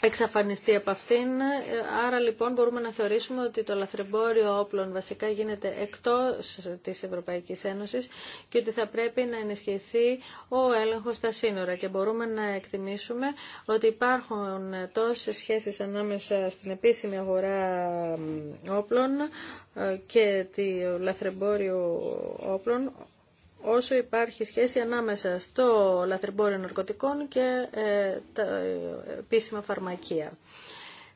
εξαφανιστεί από αυτήν. Άρα λοιπόν μπορούμε να θεωρήσουμε ότι το λαθρεμπόριο όπλων βασικά γίνεται εκτός της Ευρωπαϊκής Ένωσης και ότι θα πρέπει να ενισχυθεί ο έλεγχος στα σύνορα και μπορούμε να εκτιμήσουμε ότι υπάρχουν τόσες σχέσεις ανάμεσα στην επίσημη αγορά όπλων ε, και το λαθρεμπόριο όπλων όσο υπάρχει σχέση ανάμεσα στο λαθρεμπόριο ναρκωτικών και ε, τα ε, επίσημα φαρμακεία.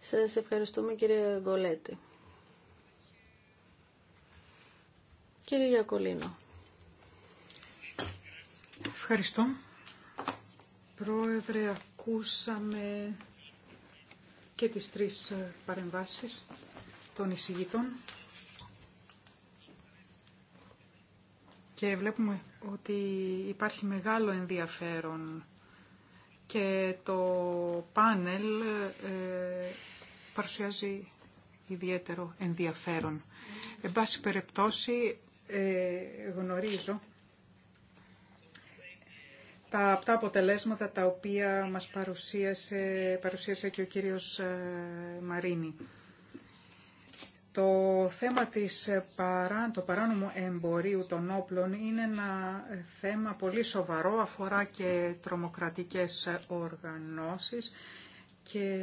Σας ευχαριστούμε κύριε Γκολέτη. Κύριε Γιακολίνο. Ευχαριστώ. Πρόεδρε, ακούσαμε και τις τρεις παρεμβάσεις των εισηγητών. και βλέπουμε ότι υπάρχει μεγάλο ενδιαφέρον και το πάνελ ε, παρουσιάζει ιδιαίτερο ενδιαφέρον. Εν πάση περιπτώσει ε, γνωρίζω τα αυτά αποτελέσματα τα οποία μας παρουσίασε, παρουσίασε και ο κύριος ε, Μαρίνη. Το θέμα της παρά, το παράνομου εμπορίου των όπλων είναι ένα θέμα πολύ σοβαρό, αφορά και τρομοκρατικές οργανώσεις και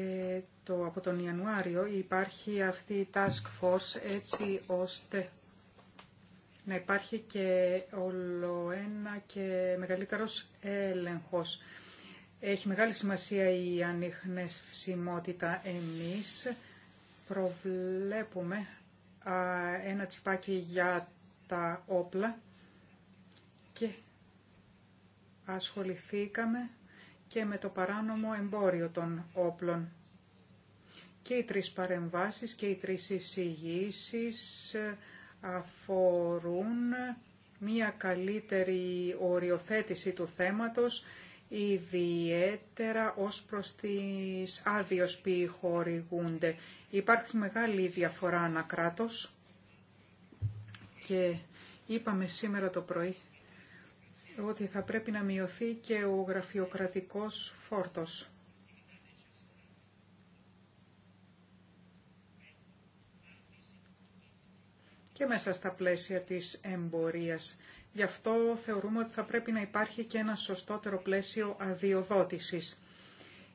το, από τον Ιανουάριο υπάρχει αυτή η task force έτσι ώστε να υπάρχει και ολοένα και μεγαλύτερος έλεγχος. Έχει μεγάλη σημασία η ανιχνευσιμότητα εμείς προβλέπουμε ένα τσιπάκι για τα όπλα και ασχοληθήκαμε και με το παράνομο εμπόριο των όπλων. Και οι τρεις παρεμβάσεις και οι τρεις εισηγήσεις ε, αφορούν μία καλύτερη οριοθέτηση του θέματος, ιδιαίτερα ως προς τις άδειε που χορηγούνται. Υπάρχει μεγάλη διαφορά ανακράτος και είπαμε σήμερα το πρωί ότι θα πρέπει να μειωθεί και ο γραφειοκρατικός φόρτος. Και μέσα στα πλαίσια της εμπορίας Γι' αυτό θεωρούμε ότι θα πρέπει να υπάρχει και ένα σωστότερο πλαίσιο αδειοδότησης.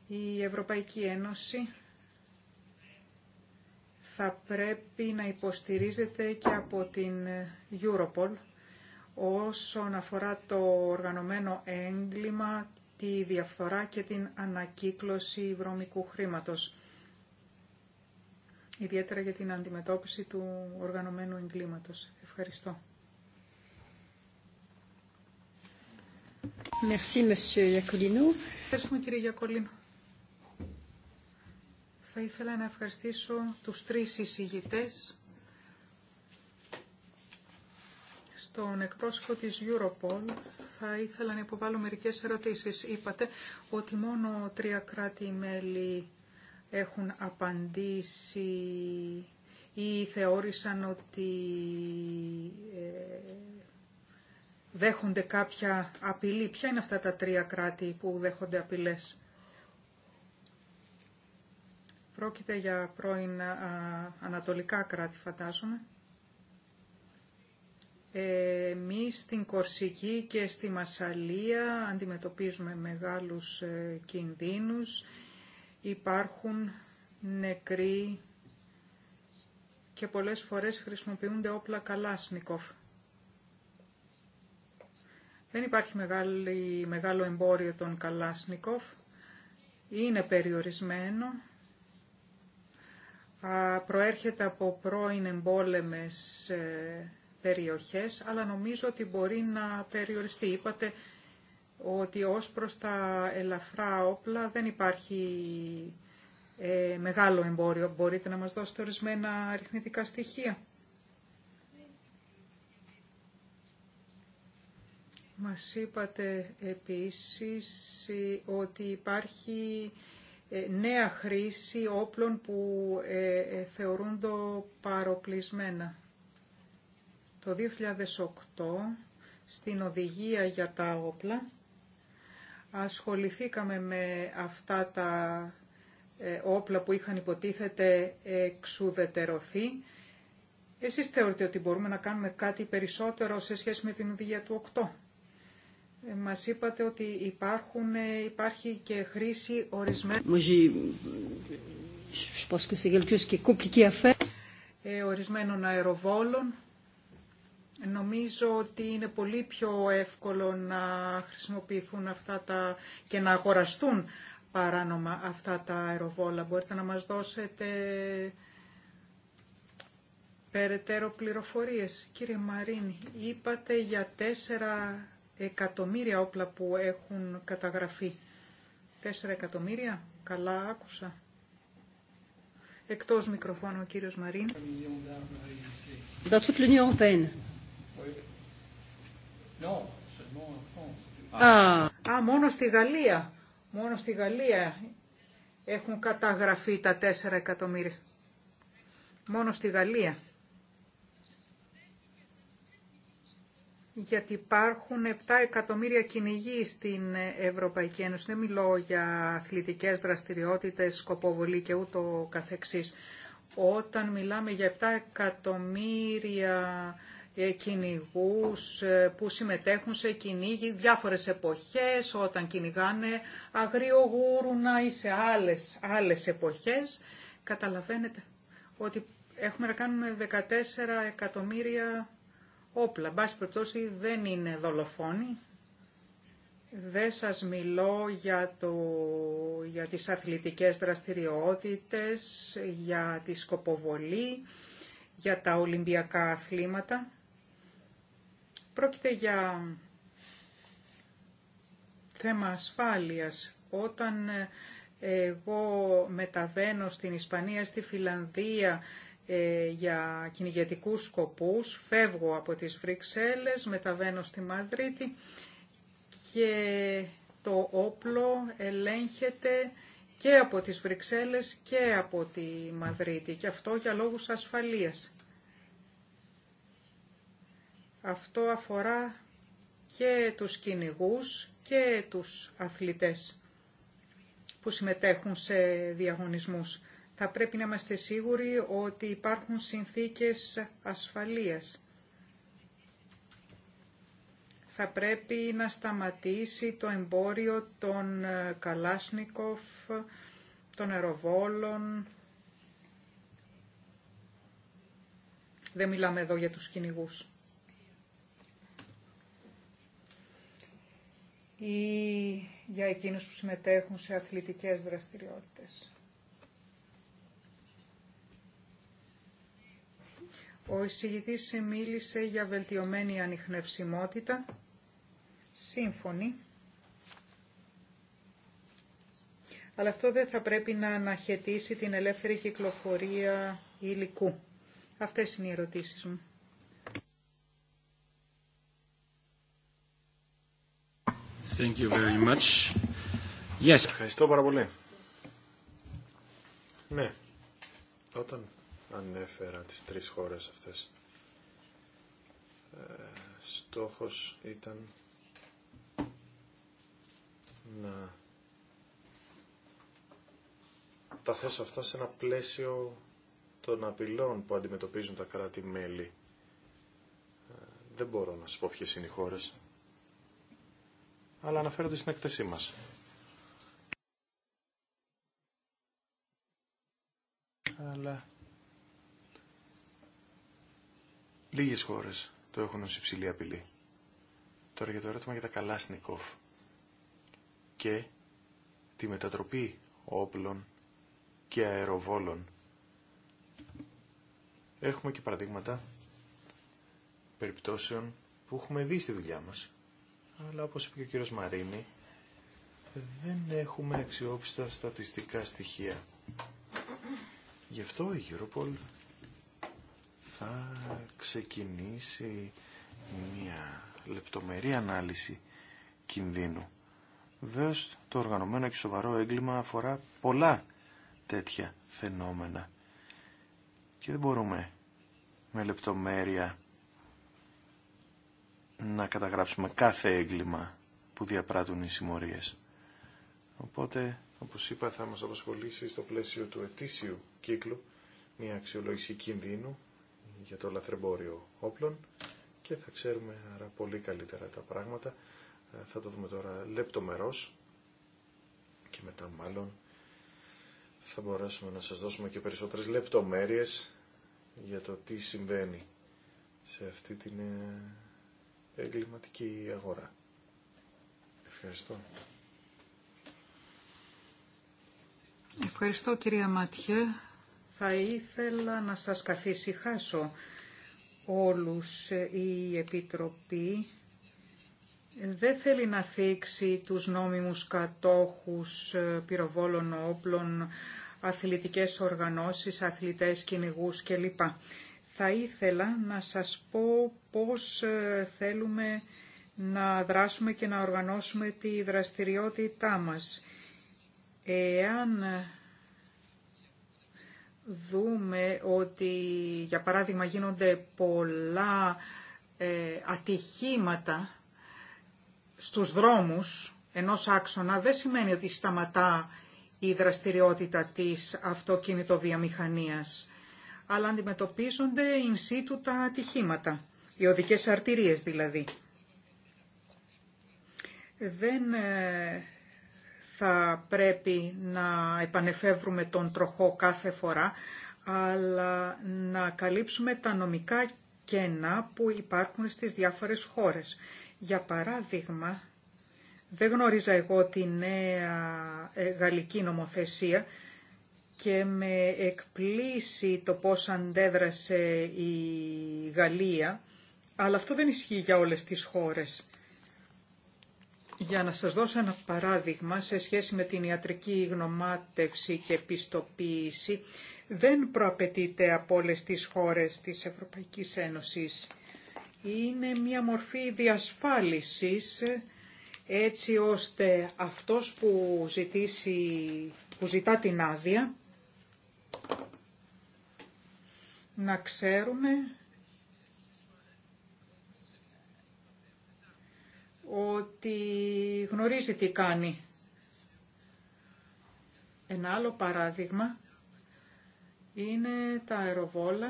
Η Ευρωπαϊκή Ένωση θα πρέπει να υποστηρίζεται και από την Europol όσον αφορά το οργανωμένο έγκλημα, τη διαφθορά και την ανακύκλωση βρώμικου χρήματος. Ιδιαίτερα για την αντιμετώπιση του οργανωμένου εγκλήματος. Ευχαριστώ. Ευχαριστούμε κύριε Γιακολίνο. Θα ήθελα να ευχαριστήσω τους τρεις εισηγητές στον εκπρόσωπο της Europol θα ήθελα να υποβάλω μερικές ερωτήσεις. Είπατε ότι μόνο τρία κράτη-μέλη έχουν απαντήσει ή θεώρησαν ότι ε, δέχονται κάποια απειλή. Ποια είναι αυτά τα τρία κράτη που δέχονται απειλές. Πρόκειται για πρώην ανατολικά κράτη φαντάζομαι. Εμείς στην Κορσική και στη Μασαλία αντιμετωπίζουμε μεγάλους ε, κινδύνους. Υπάρχουν νεκροί και πολλές φορές χρησιμοποιούνται όπλα σνικόφ. Δεν υπάρχει μεγάλο εμπόριο των Καλάσνικοφ. Είναι περιορισμένο. προέρχεται από πρώην εμπόλεμες ε, περιοχές, αλλά νομίζω ότι μπορεί να περιοριστεί. Είπατε ότι ως προς τα ελαφρά όπλα δεν υπάρχει ε, μεγάλο εμπόριο. Μπορείτε να μας δώσετε ορισμένα αριθμητικά στοιχεία. Μας είπατε επίσης ε, ότι υπάρχει ε, νέα χρήση όπλων που ε, θεωρούνται παροπλισμένα. Το 2008 στην οδηγία για τα όπλα ασχοληθήκαμε με αυτά τα όπλα που είχαν υποτίθεται εξουδετερωθεί. Εσείς θεωρείτε ότι μπορούμε να κάνουμε κάτι περισσότερο σε σχέση με την οδηγία του 8. Μας είπατε ότι υπάρχουν, ε, υπάρχει και χρήση ορισμένων... Ε, ορισμένων αεροβόλων. Νομίζω ότι είναι πολύ πιο εύκολο να χρησιμοποιηθούν αυτά τα και να αγοραστούν παράνομα αυτά τα αεροβόλα. Μπορείτε να μας δώσετε περαιτέρω πληροφορίες. Κύριε Μαρίνη, είπατε για τέσσερα εκατομμύρια όπλα που έχουν καταγραφεί. Τέσσερα εκατομμύρια, καλά άκουσα. Εκτός μικροφώνου ο κύριος Μαρίν. Dans toute l'Union Européenne. Α, μόνο στη Γαλλία. Μόνο στη Γαλλία έχουν καταγραφεί τα τέσσερα εκατομμύρια. Μόνο στη Γαλλία. γιατί υπάρχουν 7 εκατομμύρια κυνηγοί στην Ευρωπαϊκή Ένωση. Δεν μιλώ για αθλητικές δραστηριότητες, σκοποβολή και ούτω καθεξής. Όταν μιλάμε για 7 εκατομμύρια ε, κυνηγούς ε, που συμμετέχουν σε κυνήγι διάφορες εποχές, όταν κυνηγάνε αγριογούρουνα ή σε άλλες, άλλες εποχές, καταλαβαίνετε ότι έχουμε να κάνουμε 14 εκατομμύρια όπλα. Μπάς περιπτώσει δεν είναι δολοφόνοι. Δεν σας μιλώ για, το, για τις αθλητικές δραστηριότητες, για τη σκοποβολή, για τα Ολυμπιακά αθλήματα. Πρόκειται για θέμα ασφάλειας. Όταν ε, εγώ μεταβαίνω στην Ισπανία, στη Φιλανδία, ε, για κυνηγετικούς σκοπούς, φεύγω από τις Βρυξέλλες, μεταβαίνω στη Μαδρίτη και το όπλο ελέγχεται και από τις Βρυξέλλες και από τη Μαδρίτη και αυτό για λόγους ασφαλείας. Αυτό αφορά και τους κυνηγούς και τους αθλητές που συμμετέχουν σε διαγωνισμούς θα πρέπει να είμαστε σίγουροι ότι υπάρχουν συνθήκες ασφαλείας. Θα πρέπει να σταματήσει το εμπόριο των ε, Καλάσνικοφ, των αεροβόλων. Δεν μιλάμε εδώ για τους κυνηγού. ή για εκείνους που συμμετέχουν σε αθλητικές δραστηριότητες. Ο εισηγητής μίλησε για βελτιωμένη ανιχνευσιμότητα. Σύμφωνοι. Αλλά αυτό δεν θα πρέπει να αναχαιτήσει την ελεύθερη κυκλοφορία υλικού. Αυτές είναι οι ερωτήσεις μου. Thank you very much. Yes. Ευχαριστώ πάρα πολύ. Ναι. Όταν ανέφερα τις τρεις χώρες αυτές. Ε, στόχος ήταν να τα θέσω αυτά σε ένα πλαίσιο των απειλών που αντιμετωπίζουν τα κράτη-μέλη. Ε, δεν μπορώ να σου πω ποιες είναι οι χώρες, αλλά αναφέρονται στην έκθεσή μας. Αλλά Λίγε χώρε το έχουν ω υψηλή απειλή. Τώρα για το ερώτημα για τα Καλάσνικοφ και τη μετατροπή όπλων και αεροβόλων. Έχουμε και παραδείγματα περιπτώσεων που έχουμε δει στη δουλειά μας. Αλλά όπως είπε και ο κύριος Μαρίνη, δεν έχουμε αξιόπιστα στατιστικά στοιχεία. Γι' αυτό η Europol θα ξεκινήσει μια λεπτομερή ανάλυση κινδύνου. Βεβαίω το οργανωμένο και σοβαρό έγκλημα αφορά πολλά τέτοια φαινόμενα και δεν μπορούμε με λεπτομέρεια να καταγράψουμε κάθε έγκλημα που διαπράττουν οι συμμορίες. Οπότε, όπως είπα, θα μας απασχολήσει στο πλαίσιο του ετήσιου κύκλου μια αξιολόγηση κινδύνου για το λαθρεμπόριο όπλων και θα ξέρουμε άρα πολύ καλύτερα τα πράγματα. Ε, θα το δούμε τώρα λεπτομερώς και μετά μάλλον θα μπορέσουμε να σας δώσουμε και περισσότερες λεπτομέρειες για το τι συμβαίνει σε αυτή την ε, εγκληματική αγορά. Ευχαριστώ. Ευχαριστώ κυρία Ματιέ. Θα ήθελα να σας καθησυχάσω όλους ε, η Επιτροπή δεν θέλει να θίξει τους νόμιμους κατόχους ε, πυροβόλων όπλων, αθλητικές οργανώσεις, αθλητές, κυνηγού κλπ. Θα ήθελα να σας πω πώς ε, θέλουμε να δράσουμε και να οργανώσουμε τη δραστηριότητά μας. Εάν δούμε ότι, για παράδειγμα, γίνονται πολλά ε, ατυχήματα στους δρόμους ενός άξονα, δεν σημαίνει ότι σταματά η δραστηριότητα της αυτοκινητοβιομηχανίας, αλλά αντιμετωπίζονται in situ τα ατυχήματα, οι οδικές αρτηρίες δηλαδή. Δεν ε, θα πρέπει να επανεφεύρουμε τον τροχό κάθε φορά, αλλά να καλύψουμε τα νομικά κένα που υπάρχουν στις διάφορες χώρες. Για παράδειγμα, δεν γνωρίζα εγώ τη νέα ε, γαλλική νομοθεσία και με εκπλήσει το πώς αντέδρασε η Γαλλία, αλλά αυτό δεν ισχύει για όλες τις χώρες. Για να σας δώσω ένα παράδειγμα σε σχέση με την ιατρική γνωμάτευση και πιστοποίηση, δεν προαπαιτείται από όλε τις χώρες της Ευρωπαϊκής Ένωσης. Είναι μια μορφή διασφάλισης έτσι ώστε αυτός που, ζητήσει, που ζητά την άδεια να ξέρουμε ότι γνωρίζει τι κάνει. Ένα άλλο παράδειγμα είναι τα αεροβόλα.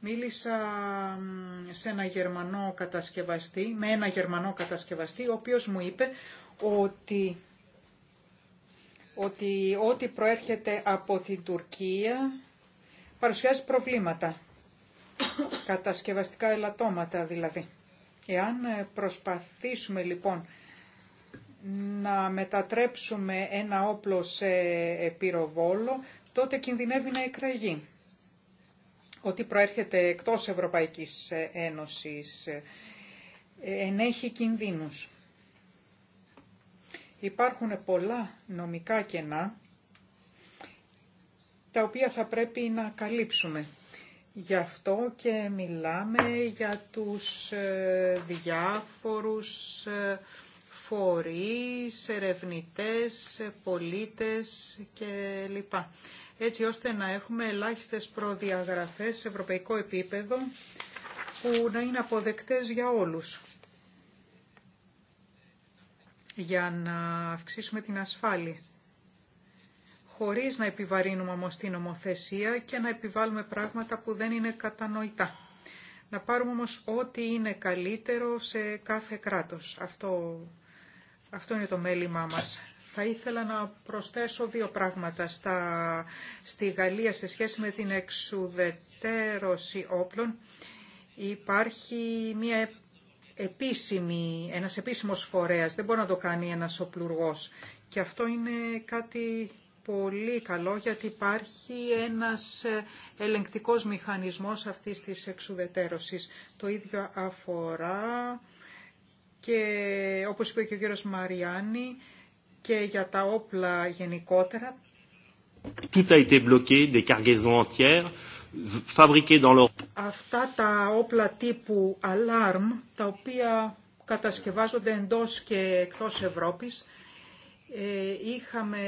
Μίλησα σε ένα γερμανό κατασκευαστή, με ένα γερμανό κατασκευαστή, ο οποίος μου είπε ότι ότι ό,τι προέρχεται από την Τουρκία παρουσιάζει προβλήματα κατασκευαστικά ελαττώματα δηλαδή. Εάν ε, προσπαθήσουμε λοιπόν να μετατρέψουμε ένα όπλο σε πυροβόλο, τότε κινδυνεύει να εκραγεί. Ότι προέρχεται εκτός Ευρωπαϊκής ε, Ένωσης ε, ενέχει κινδύνους. Υπάρχουν πολλά νομικά κενά τα οποία θα πρέπει να καλύψουμε. Γι' αυτό και μιλάμε για τους ε, διάφορους ε, φορείς, ερευνητές, ε, πολίτες κλπ. Έτσι ώστε να έχουμε ελάχιστες προδιαγραφές σε ευρωπαϊκό επίπεδο που να είναι αποδεκτές για όλους. Για να αυξήσουμε την ασφάλεια χωρίς να επιβαρύνουμε όμως την νομοθεσία και να επιβάλλουμε πράγματα που δεν είναι κατανοητά. Να πάρουμε όμως ό,τι είναι καλύτερο σε κάθε κράτος. Αυτό, είναι το μέλημά μας. Θα ήθελα να προσθέσω δύο πράγματα στα, στη Γαλλία σε σχέση με την εξουδετέρωση όπλων. Υπάρχει μια επίσημη, ένας επίσημος φορέας, δεν μπορεί να το κάνει ένας οπλουργός. Και αυτό είναι κάτι πολύ καλό γιατί υπάρχει ένας ε, ελεγκτικός μηχανισμός αυτής της εξουδετέρωσης. Το ίδιο αφορά και όπως είπε και ο κύριος Μαριάννη και για τα όπλα γενικότερα. des cargaisons entières. Dans Αυτά τα όπλα τύπου alarm, τα οποία κατασκευάζονται εντός και εκτός Ευρώπης, ε, είχαμε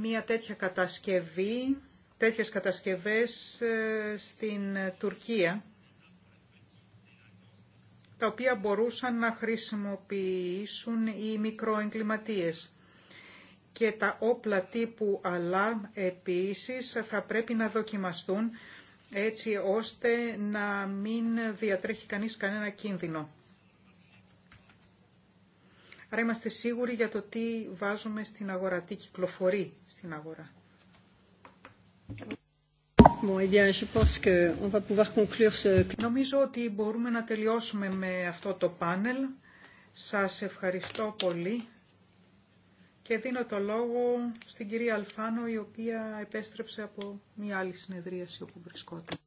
μία τέτοια κατασκευή, τέτοιες κατασκευές ε, στην Τουρκία, τα οποία μπορούσαν να χρησιμοποιήσουν οι μικροεγκληματίες. Και τα όπλα τύπου αλλά επίσης θα πρέπει να δοκιμαστούν έτσι ώστε να μην διατρέχει κανείς κανένα κίνδυνο. Άρα είμαστε σίγουροι για το τι βάζουμε στην αγορά, τι κυκλοφορεί στην αγορά. Eh Νομίζω ότι μπορούμε να τελειώσουμε με αυτό το πάνελ. Σας ευχαριστώ πολύ και δίνω το λόγο στην κυρία Αλφάνο η οποία επέστρεψε από μια άλλη συνεδρίαση όπου βρισκόταν.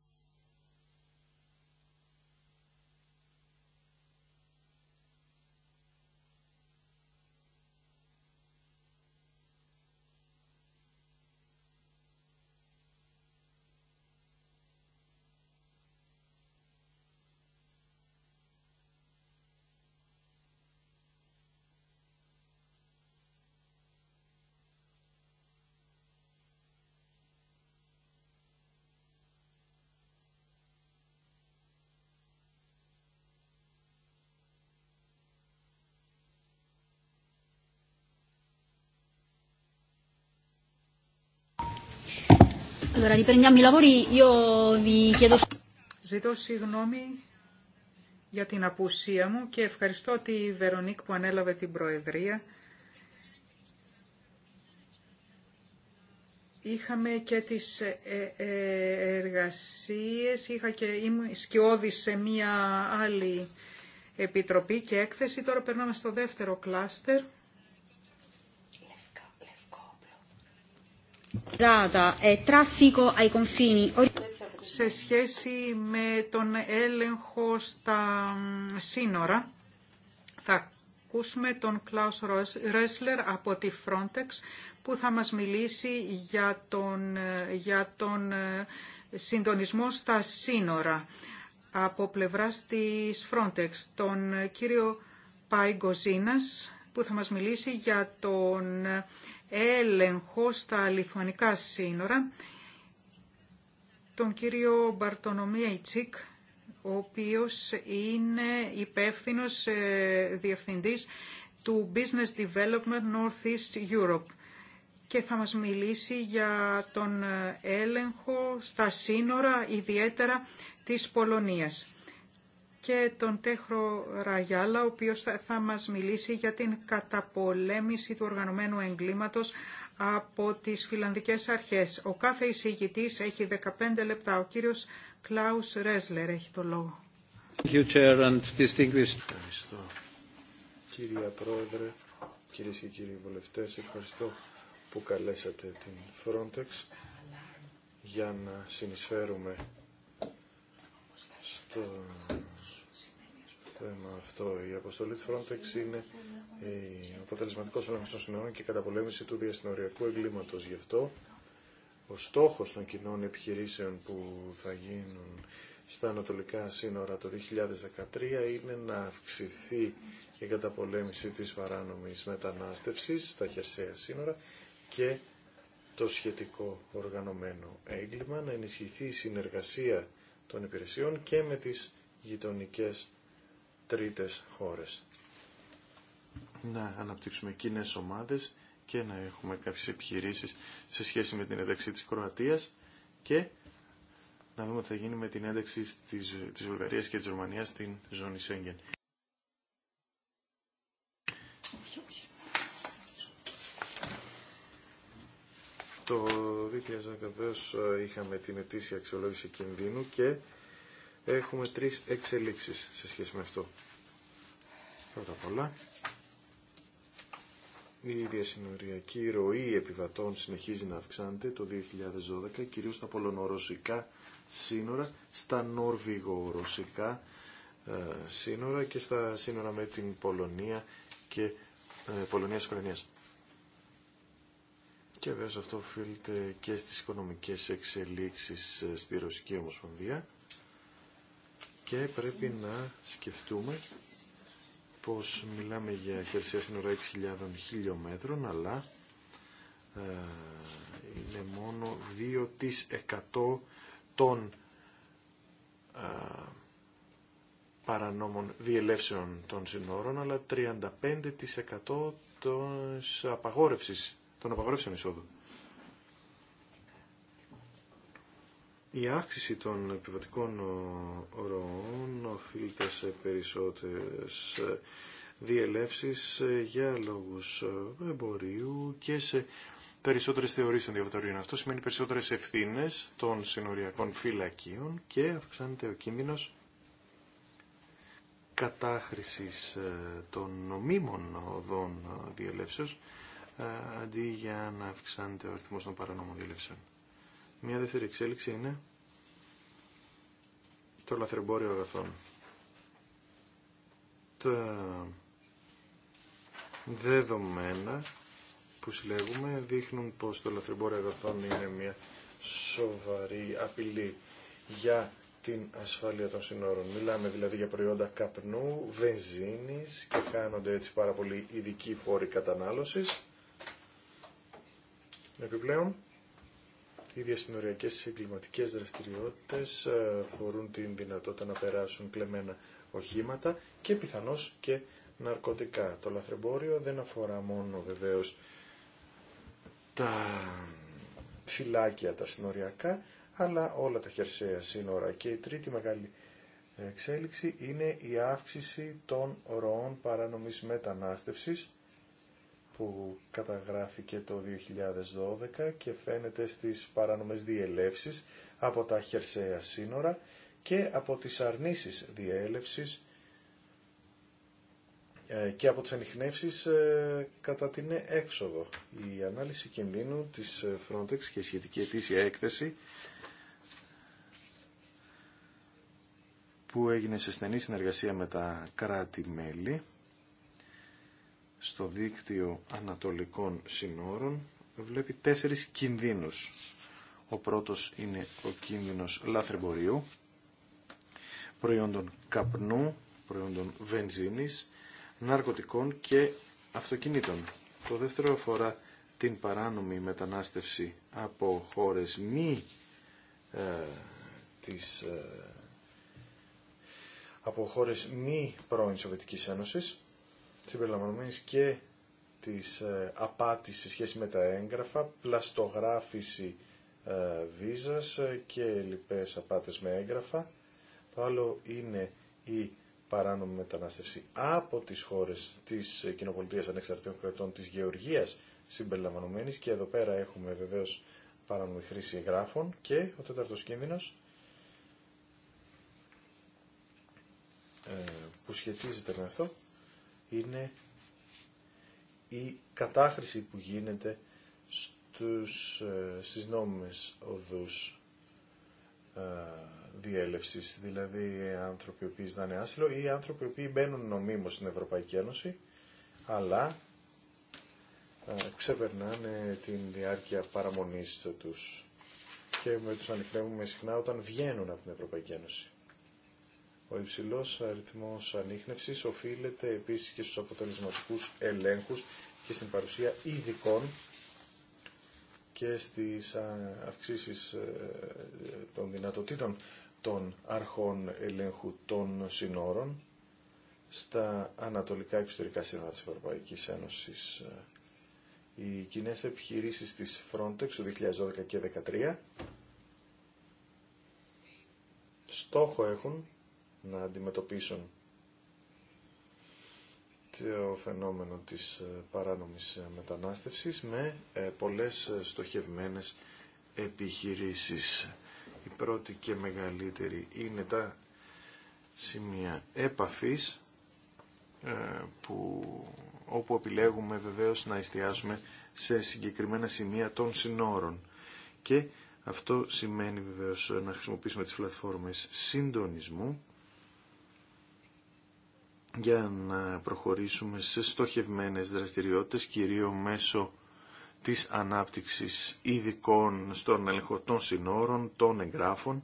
Allora, riprendiamo i lavori. Io Ζητώ συγγνώμη για την απουσία μου και ευχαριστώ τη Βερονίκ που ανέλαβε την Προεδρία. Είχαμε και τις ε, ε, ε, εργασίες, είχα και ήμουν σκιώδη σε μία άλλη επιτροπή και έκθεση. Τώρα περνάμε στο δεύτερο κλάστερ E Σε σχέση με τον έλεγχο στα σύνορα, θα ακούσουμε τον Κλάους Ρέσλερ από τη Frontex που θα μας μιλήσει για τον, για τον ε, συντονισμό στα σύνορα από πλευράς της Frontex. Τον ε, κύριο Παϊγκοζίνας που θα μας μιλήσει για τον ε, έλεγχο στα λιθουανικά σύνορα, τον κύριο Μπαρτονομία Ιτσίκ, ο οποίος είναι υπεύθυνος ε, διευθυντής του Business Development Northeast Europe και θα μας μιλήσει για τον ε, έλεγχο στα σύνορα, ιδιαίτερα της Πολωνίας και τον Τέχρο Ραγιάλα, ο οποίος θα μας μιλήσει για την καταπολέμηση του οργανωμένου εγκλήματος από τις φιλανδικές αρχές. Ο κάθε εισηγητής έχει 15 λεπτά. Ο κύριος Κλάους Ρέσλερ έχει το λόγο. Ευχαριστώ. Κύριε Πρόεδρε, κυρίες και κύριοι βουλευτές, ευχαριστώ που καλέσατε την Frontex για να συνεισφέρουμε στο θέμα αυτό. Η αποστολή της Frontex είναι ε, ο αποτελεσματικό έλεγχος των συνόρων και η καταπολέμηση του διασυνοριακού εγκλήματος. Γι' αυτό ο στόχος των κοινών επιχειρήσεων που θα γίνουν στα ανατολικά σύνορα το 2013 είναι να αυξηθεί η καταπολέμηση της παράνομης μετανάστευσης στα χερσαία σύνορα και το σχετικό οργανωμένο έγκλημα, να ενισχυθεί η συνεργασία των υπηρεσιών και με τις γειτονικές τρίτες χώρες. Να αναπτύξουμε κοινέ ομάδες και να έχουμε κάποιες επιχειρήσεις σε σχέση με την ένταξη της Κροατίας και να δούμε τι θα γίνει με την ένταξη της, της Βουλγαρίας και της Ρουμανίας στην ζώνη Σέγγεν. Το 2010 είχαμε την ετήσια αξιολόγηση κινδύνου και έχουμε τρεις εξελίξεις σε σχέση με αυτό. Πρώτα απ' όλα, η διασυνοριακή ροή επιβατών συνεχίζει να αυξάνεται το 2012, κυρίως στα πολωνορωσικά σύνορα, στα νορβηγορωσικά ε, σύνορα και στα σύνορα με την Πολωνία και ε, πολωνιας Και βέβαια αυτό οφείλεται και στις οικονομικές εξελίξεις ε, στη Ρωσική Ομοσπονδία και πρέπει να σκεφτούμε πως μιλάμε για χερσαία σύνορα 6.000 χιλιόμετρων, αλλά ε, είναι μόνο 2% των ε, παρανόμων διελεύσεων των σύνορων, αλλά 35% των απαγόρευσης, των απαγόρευσεων εισόδου. Η αύξηση των επιβατικών ροών οφείλεται σε περισσότερες διελεύσεις για λόγους εμπορίου και σε περισσότερες θεωρίες των Αυτό σημαίνει περισσότερες ευθύνες των συνοριακών φυλακίων και αυξάνεται ο κίνδυνος κατάχρησης ε, των νομίμων οδών ε, διελεύσεως ε, αντί για να αυξάνεται ο αριθμός των παρανόμων διελεύσεων. Μια δεύτερη εξέλιξη είναι το λαθρεμπόριο αγαθών. Τα δεδομένα που συλλέγουμε δείχνουν πως το λαθρεμπόριο αγαθών είναι μια σοβαρή απειλή για την ασφάλεια των συνόρων. Μιλάμε δηλαδή για προϊόντα καπνού, βενζίνης και χάνονται έτσι πάρα πολύ ειδικοί φόροι κατανάλωσης. Επιπλέον, οι διασυνοριακές εγκληματικέ δραστηριότητες ε, φορούν την δυνατότητα να περάσουν κλεμμένα οχήματα και πιθανώ και ναρκωτικά. Το λαθρεμπόριο δεν αφορά μόνο βεβαίω τα φυλάκια τα συνοριακά, αλλά όλα τα χερσαία σύνορα. Και η τρίτη μεγάλη εξέλιξη είναι η αύξηση των ροών παράνομης μετανάστευσης που καταγράφηκε το 2012 και φαίνεται στις παράνομες διελεύσεις από τα χερσαία σύνορα και από τις αρνήσεις διέλευσης ε, και από τις ανιχνεύσεις ε, κατά την έξοδο. Η ανάλυση κινδύνου της ε, Frontex και η σχετική ετήσια έκθεση που έγινε σε στενή συνεργασία με τα κράτη-μέλη στο δίκτυο ανατολικών συνόρων βλέπει τέσσερις κινδύνους. Ο πρώτος είναι ο κίνδυνος λαθρεμπορίου, προϊόντων καπνού, προϊόντων βενζίνης, ναρκωτικών και αυτοκινήτων. Το δεύτερο αφορά την παράνομη μετανάστευση από χώρες μη ε, της, ε, από χώρες μη πρώην Σοβιετικής Ένωσης συμπεριλαμβανομένης και της ε, απάτης σε σχέση με τα έγγραφα, πλαστογράφηση ε, βίζας ε, και λοιπές απάτες με έγγραφα. Το άλλο είναι η παράνομη μετανάστευση από τις χώρες της κοινοπολιτείας ανεξαρτήτων κρατών της Γεωργίας συμπεριλαμβανομένης και εδώ πέρα έχουμε βεβαίως παράνομη χρήση εγγράφων και ο τέταρτος κίνδυνος που σχετίζεται με αυτό είναι η κατάχρηση που γίνεται στους, ε, στις νόμιμες οδούς ε, διέλευσης, δηλαδή άνθρωποι που ζητάνε άσυλο ή άνθρωποι που μπαίνουν νομίμως στην Ευρωπαϊκή Ένωση, αλλά ε, ξεπερνάνε την διάρκεια παραμονής τους και με τους ανοιχνεύουμε συχνά όταν βγαίνουν από την Ευρωπαϊκή Ένωση. Ο υψηλό αριθμός ανείχνευση οφείλεται επίσης και στους αποτελεσματικού ελέγχους και στην παρουσία ειδικών και στι αυξήσει ε, των δυνατοτήτων των αρχών ελέγχου των συνόρων στα ανατολικά εξωτερικά σύνορα της Ευρωπαϊκής Ένωσης. Ε, οι κοινέ επιχειρήσεις της Frontex του 2012 και 2013 στόχο έχουν να αντιμετωπίσουν το φαινόμενο της ε, παράνομης ε, μετανάστευσης με ε, πολλές στοχευμένες επιχειρήσεις. Η πρώτη και μεγαλύτερη είναι τα σημεία επαφής που, όπου επιλέγουμε βεβαίως να εστιάσουμε σε συγκεκριμένα σημεία των συνόρων. Και αυτό σημαίνει βεβαίως να χρησιμοποιήσουμε τις πλατφόρμες συντονισμού για να προχωρήσουμε σε στοχευμένες δραστηριότητες, κυρίως μέσω της ανάπτυξης ειδικών στον έλεγχο των συνόρων, των εγγράφων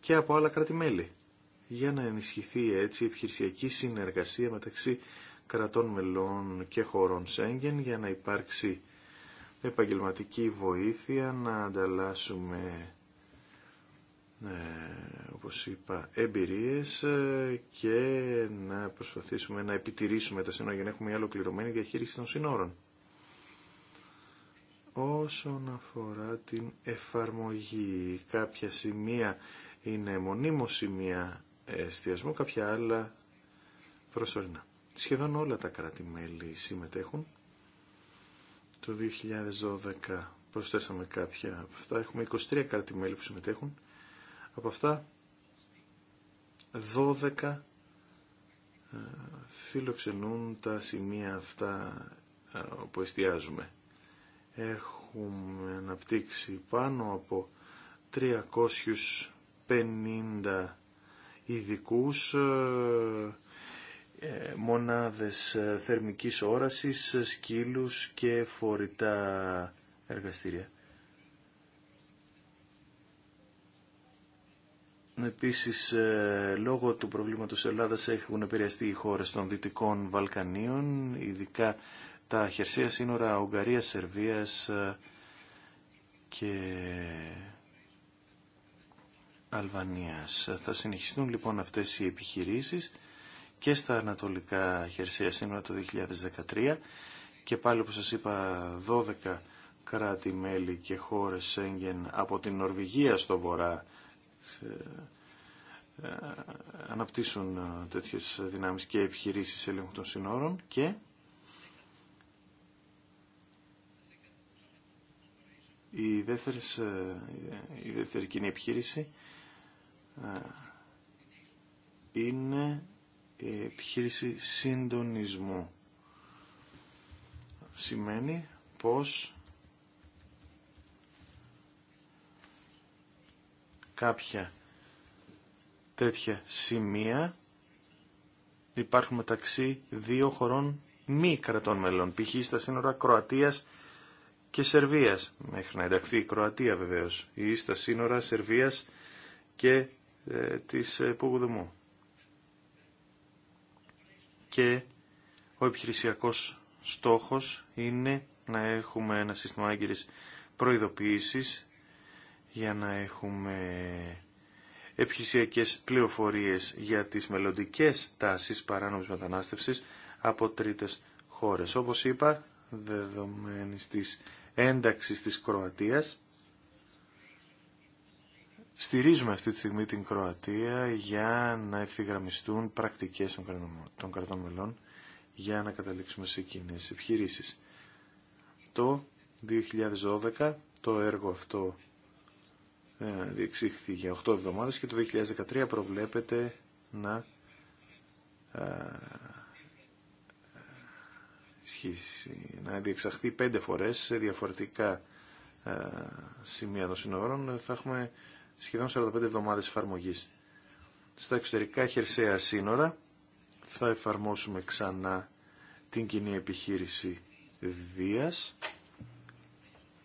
και από άλλα κρατημέλη, για να ενισχυθεί έτσι η επιχειρησιακή συνεργασία μεταξύ κρατών μελών και χωρών Σέγγεν, για να υπάρξει επαγγελματική βοήθεια, να ανταλλάσσουμε ε, όπως είπα, εμπειρίες ε, και να προσπαθήσουμε να επιτηρήσουμε τα σύνορα για να έχουμε μια ολοκληρωμένη διαχείριση των σύνορων. Όσον αφορά την εφαρμογή, κάποια σημεία είναι μονίμως σημεία εστιασμού, κάποια άλλα προσωρινά. Σχεδόν όλα τα κράτη-μέλη συμμετέχουν. Το 2012 προσθέσαμε κάποια από αυτά. Έχουμε 23 κράτη-μέλη που συμμετέχουν από αυτά, 12 ε, φιλοξενούν τα σημεία αυτά ε, που εστιάζουμε. Έχουμε αναπτύξει πάνω από 350 ειδικού ε, μονάδες θερμικής όρασης, σκύλους και φορητά εργαστήρια. Επίσης, ε, λόγω του προβλήματος Ελλάδας έχουν επηρεαστεί οι χώρες των Δυτικών Βαλκανίων, ειδικά τα χερσαία σύνορα Ουγγαρίας, Σερβίας ε, και Αλβανίας. Θα συνεχιστούν λοιπόν αυτές οι επιχειρήσεις και στα ανατολικά χερσαία σύνορα το 2013 και πάλι όπως σας είπα 12 κράτη-μέλη και χώρες Σέγγεν από την Νορβηγία στο βορρά ε, ε, αναπτύσσουν ε, τέτοιες δυνάμεις και επιχειρήσεις έλεγχου των συνόρων και η δεύτερη, η δεύτερη κοινή επιχείρηση είναι η επιχείρηση συντονισμού. Σημαίνει πως κάποια τέτοια σημεία υπάρχουν μεταξύ δύο χωρών μη κρατών μελών, π.χ. στα σύνορα Κροατίας και Σερβίας, μέχρι να ενταχθεί η Κροατία βεβαίως, ή στα σύνορα Σερβίας και ε, της ε, Πούγουδουμού. Και ο επιχειρησιακός στόχος είναι να έχουμε ένα σύστημα άγγελης προειδοποίησης για να έχουμε επιχειρησιακές πληροφορίες για τις μελλοντικέ τάσεις παράνομης μετανάστευσης από τρίτες χώρες. Όπως είπα, δεδομένη της ένταξης της Κροατίας, στηρίζουμε αυτή τη στιγμή την Κροατία για να ευθυγραμμιστούν πρακτικές των κρατών μελών για να καταλήξουμε σε κοινέ επιχειρήσεις. Το 2012 το έργο αυτό ε, διεξήχθη για 8 εβδομάδες και το 2013 προβλέπεται να ε, να διεξαχθεί πέντε φορές σε διαφορετικά ε, σημεία των σύνορων θα έχουμε σχεδόν 45 εβδομάδες εφαρμογής. Στα εξωτερικά χερσαία σύνορα θα εφαρμόσουμε ξανά την κοινή επιχείρηση Δίας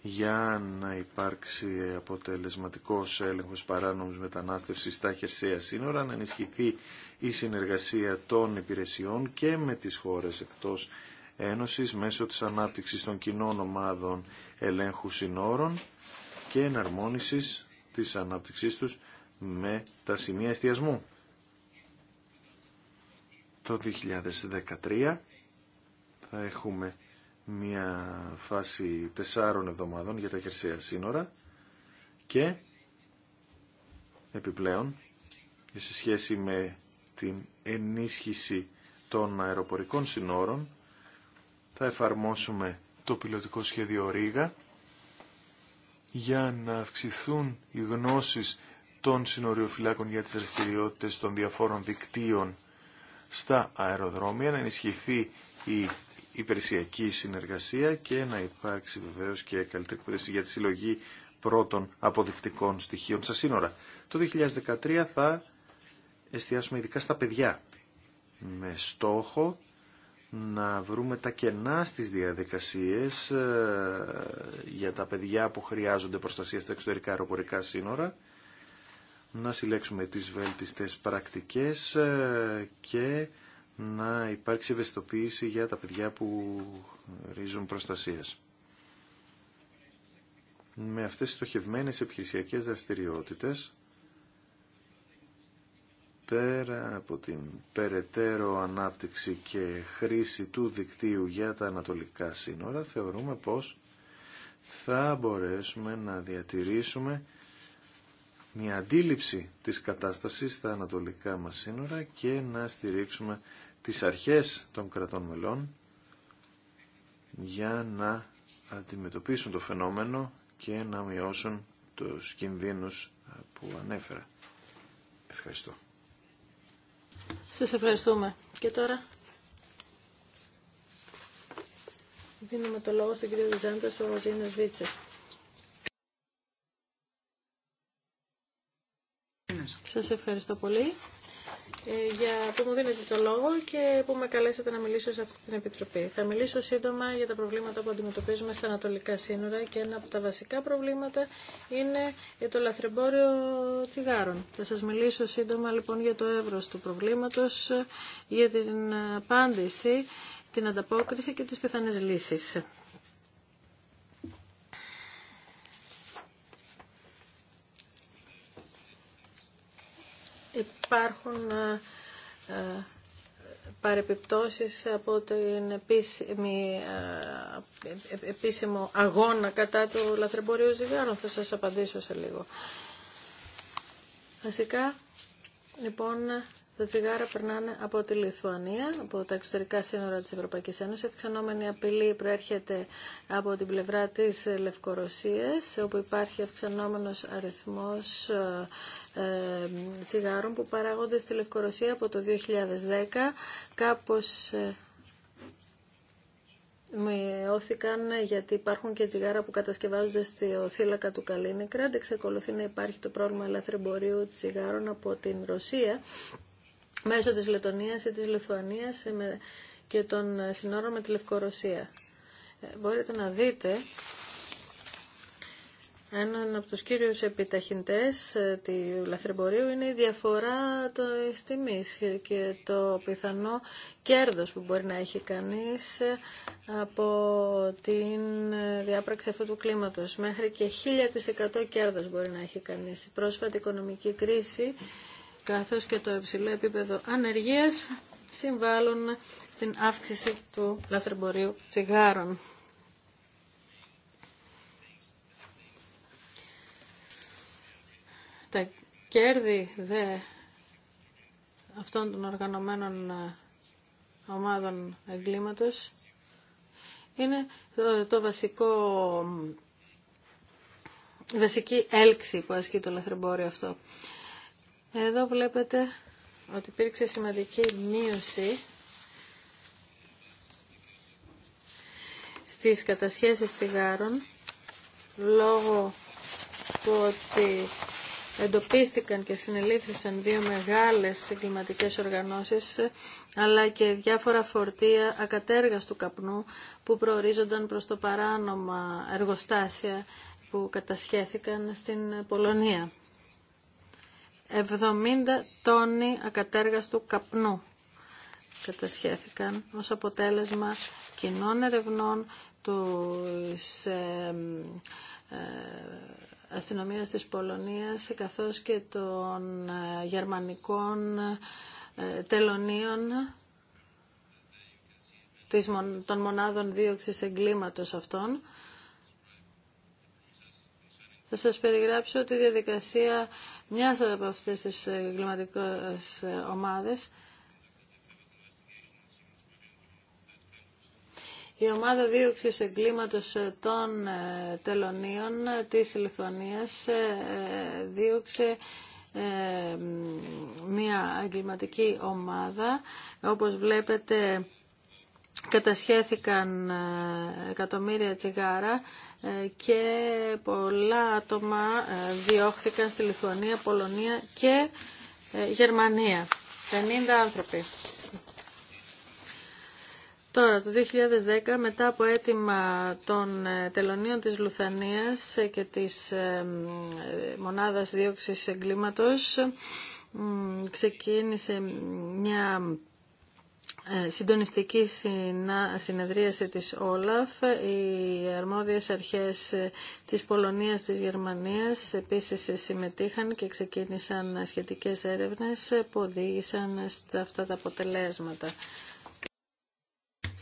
για να υπάρξει αποτελεσματικός έλεγχος παράνομης μετανάστευσης στα χερσαία σύνορα, να ενισχυθεί η συνεργασία των υπηρεσιών και με τις χώρες εκτός Ένωσης μέσω της ανάπτυξης των κοινών ομάδων ελέγχου συνόρων και εναρμόνισης της ανάπτυξής τους με τα σημεία εστιασμού. Το 2013 θα έχουμε μια φάση τεσσάρων εβδομάδων για τα χερσαία σύνορα και επιπλέον σε σχέση με την ενίσχυση των αεροπορικών σύνορων θα εφαρμόσουμε το πιλωτικό σχέδιο Ρήγα για να αυξηθούν οι γνώσεις των συνοριοφυλάκων για τις δραστηριότητε των διαφόρων δικτύων στα αεροδρόμια, να ενισχυθεί η υπηρεσιακή συνεργασία και να υπάρξει βεβαίω και καλύτερη εκπαίδευση για τη συλλογή πρώτων αποδεικτικών στοιχείων στα σύνορα. Το 2013 θα εστιάσουμε ειδικά στα παιδιά με στόχο να βρούμε τα κενά στις διαδικασίες ε, για τα παιδιά που χρειάζονται προστασία στα εξωτερικά αεροπορικά σύνορα, να συλλέξουμε τις βέλτιστες πρακτικές ε, και να υπάρξει ευαισθητοποίηση για τα παιδιά που ρίζουν προστασία. Με αυτές τις στοχευμένες επιχειρησιακές δραστηριότητες, πέρα από την περαιτέρω ανάπτυξη και χρήση του δικτύου για τα ανατολικά σύνορα, θεωρούμε πως θα μπορέσουμε να διατηρήσουμε μια αντίληψη της κατάστασης στα ανατολικά μας σύνορα και να στηρίξουμε τις αρχές των κρατών μελών για να αντιμετωπίσουν το φαινόμενο και να μειώσουν τους κινδύνους που ανέφερα. Ευχαριστώ. Σας ευχαριστούμε. Και τώρα δίνουμε το λόγο στην κυρία Βιζάντα Βαζίνες Βίτσε. Σας ευχαριστώ πολύ. Ε, για που μου δίνετε το λόγο και που με καλέσατε να μιλήσω σε αυτή την Επιτροπή. Θα μιλήσω σύντομα για τα προβλήματα που αντιμετωπίζουμε στα ανατολικά σύνορα και ένα από τα βασικά προβλήματα είναι το λαθρεμπόριο τσιγάρων. Θα σας μιλήσω σύντομα λοιπόν για το εύρος του προβλήματος, για την απάντηση, την ανταπόκριση και τις πιθανές λύσεις. υπάρχουν ε, ε, παρεπιπτώσεις από την ε, επίσημο αγώνα κατά του λαθρεμπορίου ζυγάρων. Θα σας απαντήσω σε λίγο. Βασικά, λοιπόν, τα τσιγάρα περνάνε από τη Λιθουανία, από τα εξωτερικά σύνορα της Ευρωπαϊκής Ένωσης. Αυξανόμενη απειλή προέρχεται από την πλευρά της Λευκορωσίας, όπου υπάρχει αυξανόμενος αριθμός ε, ε, τσιγάρων που παράγονται στη Λευκορωσία από το 2010, κάπως ε, μειώθηκαν γιατί υπάρχουν και τσιγάρα που κατασκευάζονται στη θύλακα του Καλίνικραντ. Εξακολουθεί να υπάρχει το πρόβλημα ελεύθερου τσιγάρων από την Ρωσία μέσω της Λετωνίας ή της Λιθουανίας και των ε, συνόρων με τη Λευκορωσία. Ε, μπορείτε να δείτε έναν από τους κύριους επιταχυντές ε, του λαθρεμπορίου είναι η διαφορά της τιμής και το πιθανό κέρδος που μπορεί να έχει κανείς από την διάπραξη αυτού του κλίματος. Μέχρι και 1000% κέρδος μπορεί να έχει κανείς. Η πρόσφατη οικονομική κρίση καθώς και το υψηλό επίπεδο ανεργίας συμβάλλουν στην αύξηση του λαθρεμπορίου τσιγάρων. Τα κέρδη δε αυτών των οργανωμένων ε, ομάδων εγκλήματος είναι ε, το, βασικό βασική έλξη που ασκεί το λαθρεμπόριο αυτό. Εδώ βλέπετε ότι υπήρξε σημαντική μείωση στις κατασχέσεις τσιγάρων λόγω του ότι εντοπίστηκαν και συνελήφθησαν δύο μεγάλες εγκληματικέ οργανώσεις αλλά και διάφορα φορτία του καπνού που προορίζονταν προς το παράνομα εργοστάσια που κατασχέθηκαν στην Πολωνία. 70 τόνοι ακατέργαστου καπνού κατασχέθηκαν ως αποτέλεσμα κοινών ερευνών του ε, αστυνομίας της Πολωνίας καθώς και των ε, γερμανικών ε, τελωνίων των μονάδων δίωξης εγκλήματος αυτών θα σας περιγράψω τη διαδικασία μιας από αυτές τις ε, εγκληματικές ε, ομάδες. Η ομάδα δίωξης εγκλήματος ε, των τελωνίων της Λιθουανίας δίωξε μια εγκληματική ομάδα. Όπως βλέπετε κατασχέθηκαν εκατομμύρια τσιγάρα και πολλά άτομα ε, διώχθηκαν στη Λιθουανία, Πολωνία και ε, Γερμανία. 50 άνθρωποι. Τώρα, το 2010, μετά από αίτημα των ε, τελωνίων της Λουθανίας και της μονάδας δίωξης εγκλήματος, ξεκίνησε μια ε, συντονιστική συνεδρίαση της Όλαφ, οι αρμόδιες αρχές ε, της Πολωνίας, της Γερμανίας επίσης συμμετείχαν και ξεκίνησαν σχετικές έρευνες που οδήγησαν στα αυτά τα αποτελέσματα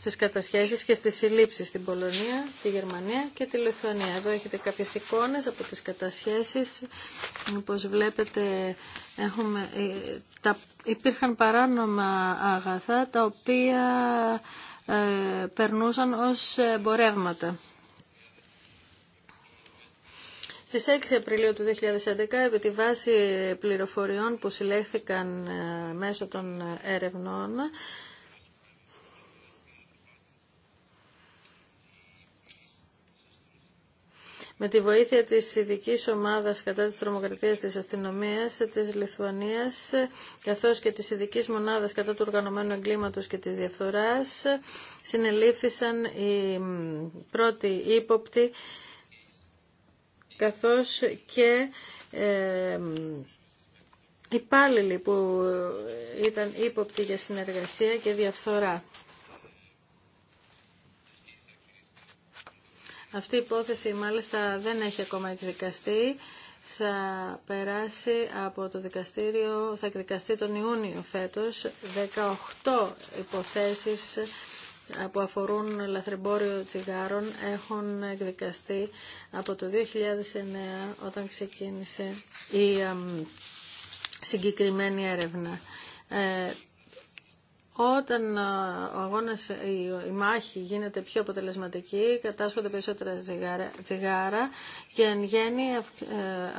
στις κατασχέσεις και στις συλλήψεις στην Πολωνία, τη Γερμανία και τη Λιθουανία. Εδώ έχετε κάποιες εικόνες από τις κατασχέσεις. Όπως βλέπετε έχουμε, ε, τα, υπήρχαν παράνομα αγαθά τα οποία ε, περνούσαν ως εμπορεύματα. Στις 6 Απριλίου του 2011, επί τη βάση πληροφοριών που συλλέχθηκαν ε, μέσω των έρευνών, Με τη βοήθεια της ειδική ομάδας κατά της τρομοκρατίας της αστυνομίας της Λιθουανίας, καθώς και της ειδική μονάδας κατά του οργανωμένου εγκλήματος και της διαφθοράς, συνελήφθησαν οι πρώτοι ύποπτοι, καθώς και ε, υπάλληλοι που ήταν ύποπτοι για συνεργασία και διαφθορά. Αυτή η υπόθεση μάλιστα δεν έχει ακόμα εκδικαστεί. Θα περάσει από το δικαστήριο, θα εκδικαστεί τον Ιούνιο φέτος, 18 υποθέσεις που αφορούν λαθρεμπόριο τσιγάρων έχουν εκδικαστεί από το 2009 όταν ξεκίνησε η συγκεκριμένη έρευνα. Ε, όταν ε, ο αγώνας, ε, η, μάχη γίνεται πιο αποτελεσματική, κατάσχονται περισσότερα τσιγάρα, τσιγάρα και εν γέννη ε,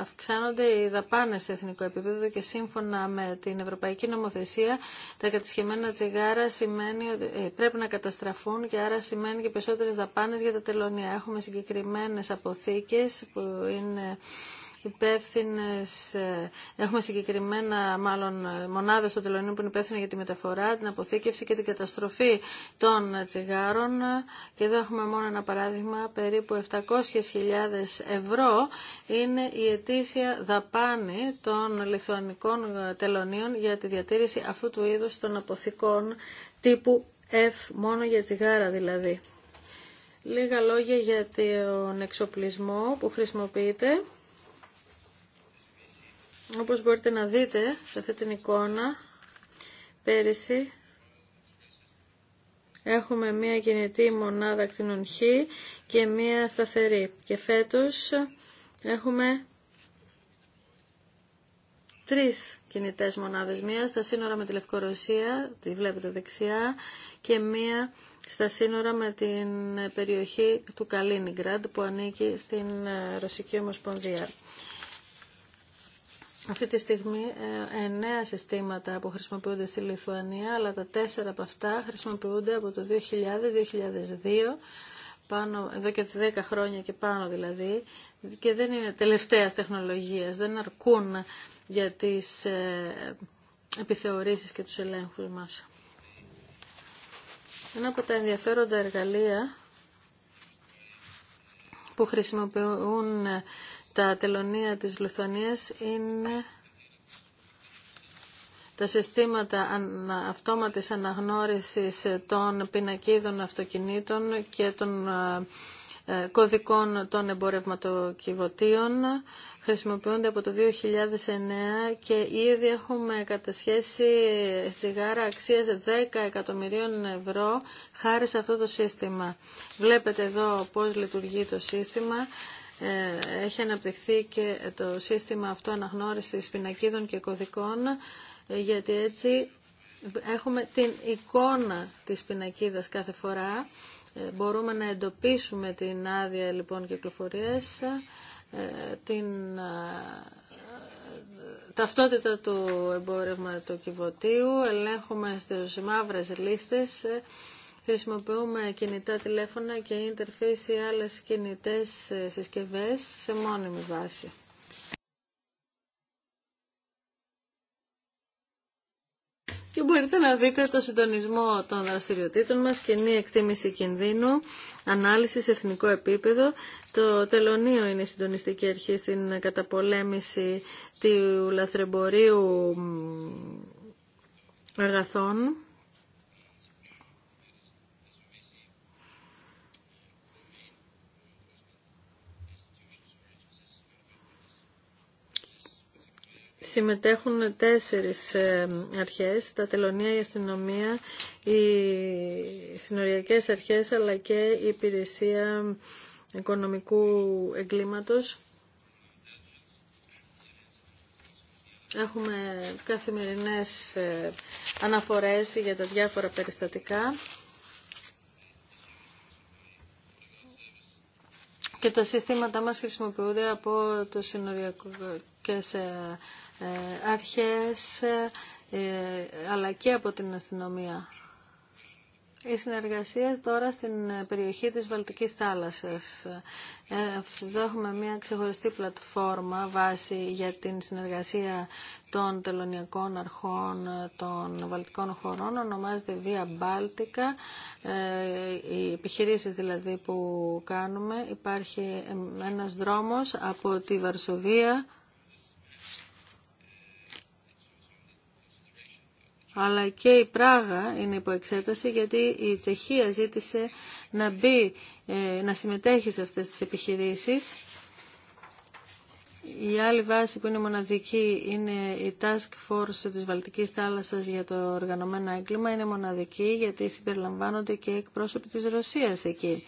αυξάνονται οι δαπάνε σε εθνικό επίπεδο και σύμφωνα με την Ευρωπαϊκή Νομοθεσία τα κατασχεμένα τσιγάρα σημαίνει ότι πρέπει να καταστραφούν και άρα σημαίνει και περισσότερες δαπάνες για τα τελωνία. Έχουμε συγκεκριμένες αποθήκες που είναι υπεύθυνε, ε, έχουμε συγκεκριμένα μάλλον ε, μονάδες των τελωνίων που είναι υπεύθυνε για τη μεταφορά, την αποθήκευση και την καταστροφή των ε, τσιγάρων. Και εδώ έχουμε μόνο ένα παράδειγμα, περίπου 700.000 ευρώ είναι η ετήσια δαπάνη των λιθουανικών τελωνίων για τη διατήρηση αυτού του είδους των αποθηκών τύπου F, μόνο για τσιγάρα δηλαδή. Λίγα λόγια για τον εξοπλισμό που χρησιμοποιείται. Όπως μπορείτε να δείτε σε αυτή την εικόνα, πέρυσι έχουμε μία κινητή μονάδα ακτινών Χ και μία σταθερή. Και φέτος έχουμε τρεις κινητές μονάδες. Μία στα σύνορα με τη Λευκορωσία, τη βλέπετε δεξιά, και μία στα σύνορα με την περιοχή του Καλίνιγκραντ που ανήκει στην ε, Ρωσική Ομοσπονδία. Αυτή τη στιγμή ε, εννέα συστήματα που χρησιμοποιούνται στη Λιθουανία, αλλά τα τέσσερα από αυτά χρησιμοποιούνται από το 2000-2002, πάνω, εδώ και 10 χρόνια και πάνω δηλαδή, και δεν είναι τελευταίας τεχνολογίας, δεν αρκούν για τις ε, επιθεωρήσεις και τους ελέγχους μας. Ένα από τα ενδιαφέροντα εργαλεία που χρησιμοποιούν ε, τα τελωνία της Λουθωνίας είναι τα συστήματα αυτόματης αναγνώρισης των πινακίδων αυτοκινήτων και των ε, ε, κωδικών των εμπορευματοκιβωτίων χρησιμοποιούνται από το 2009 και ήδη έχουμε κατασχέσει τσιγάρα αξίας 10 εκατομμυρίων ευρώ χάρη σε αυτό το σύστημα. Βλέπετε εδώ πώς λειτουργεί το σύστημα. Ε, έχει αναπτυχθεί και το σύστημα αυτό αναγνώρισης πινακίδων και κωδικών, ε, γιατί έτσι έχουμε την εικόνα της πινακίδας κάθε φορά. Ε, μπορούμε να εντοπίσουμε την άδεια λοιπόν κυκλοφορίας, την ταυτότητα του εμπόρευμα του κυβωτίου, ελέγχουμε στις μαύρες λίστες χρησιμοποιούμε κινητά τηλέφωνα και interface ή άλλες κινητές ε, συσκευές σε μόνιμη βάση. Και μπορείτε να δείτε το συντονισμό των δραστηριοτήτων μας, κοινή εκτίμηση κινδύνου, ανάλυση σε εθνικό επίπεδο. Το τελωνίο είναι η συντονιστική αρχή στην καταπολέμηση του λαθρεμπορίου αγαθών. συμμετέχουν τέσσερις ε, αρχές, τα τελωνία, η αστυνομία, οι συνοριακές αρχές, αλλά και η υπηρεσία οικονομικού εγκλήματος. Έχουμε καθημερινές ε, αναφορές για τα διάφορα περιστατικά. και τα συστήματα μας χρησιμοποιούνται από το σε ε, αρχές ε, ε, αλλά και από την αστυνομία. Η συνεργασία τώρα στην περιοχή της Βαλτικής θάλασσας. Ε, εδώ έχουμε μια ξεχωριστή πλατφόρμα βάση για την συνεργασία των τελωνιακών αρχών των βαλτικών χωρών. Ονομάζεται Via Baltica. Ε, οι επιχειρήσεις δηλαδή που κάνουμε. Υπάρχει ε, ένας δρόμος από τη Βαρσοβία αλλά και η Πράγα είναι υπό εξέταση γιατί η Τσεχία ζήτησε να μπει, ε, να συμμετέχει σε αυτές τις επιχειρήσεις. Η άλλη βάση που είναι μοναδική είναι η Task Force της Βαλτικής Θάλασσας για το οργανωμένο έγκλημα. Είναι μοναδική γιατί συμπεριλαμβάνονται και εκπρόσωποι της Ρωσίας εκεί.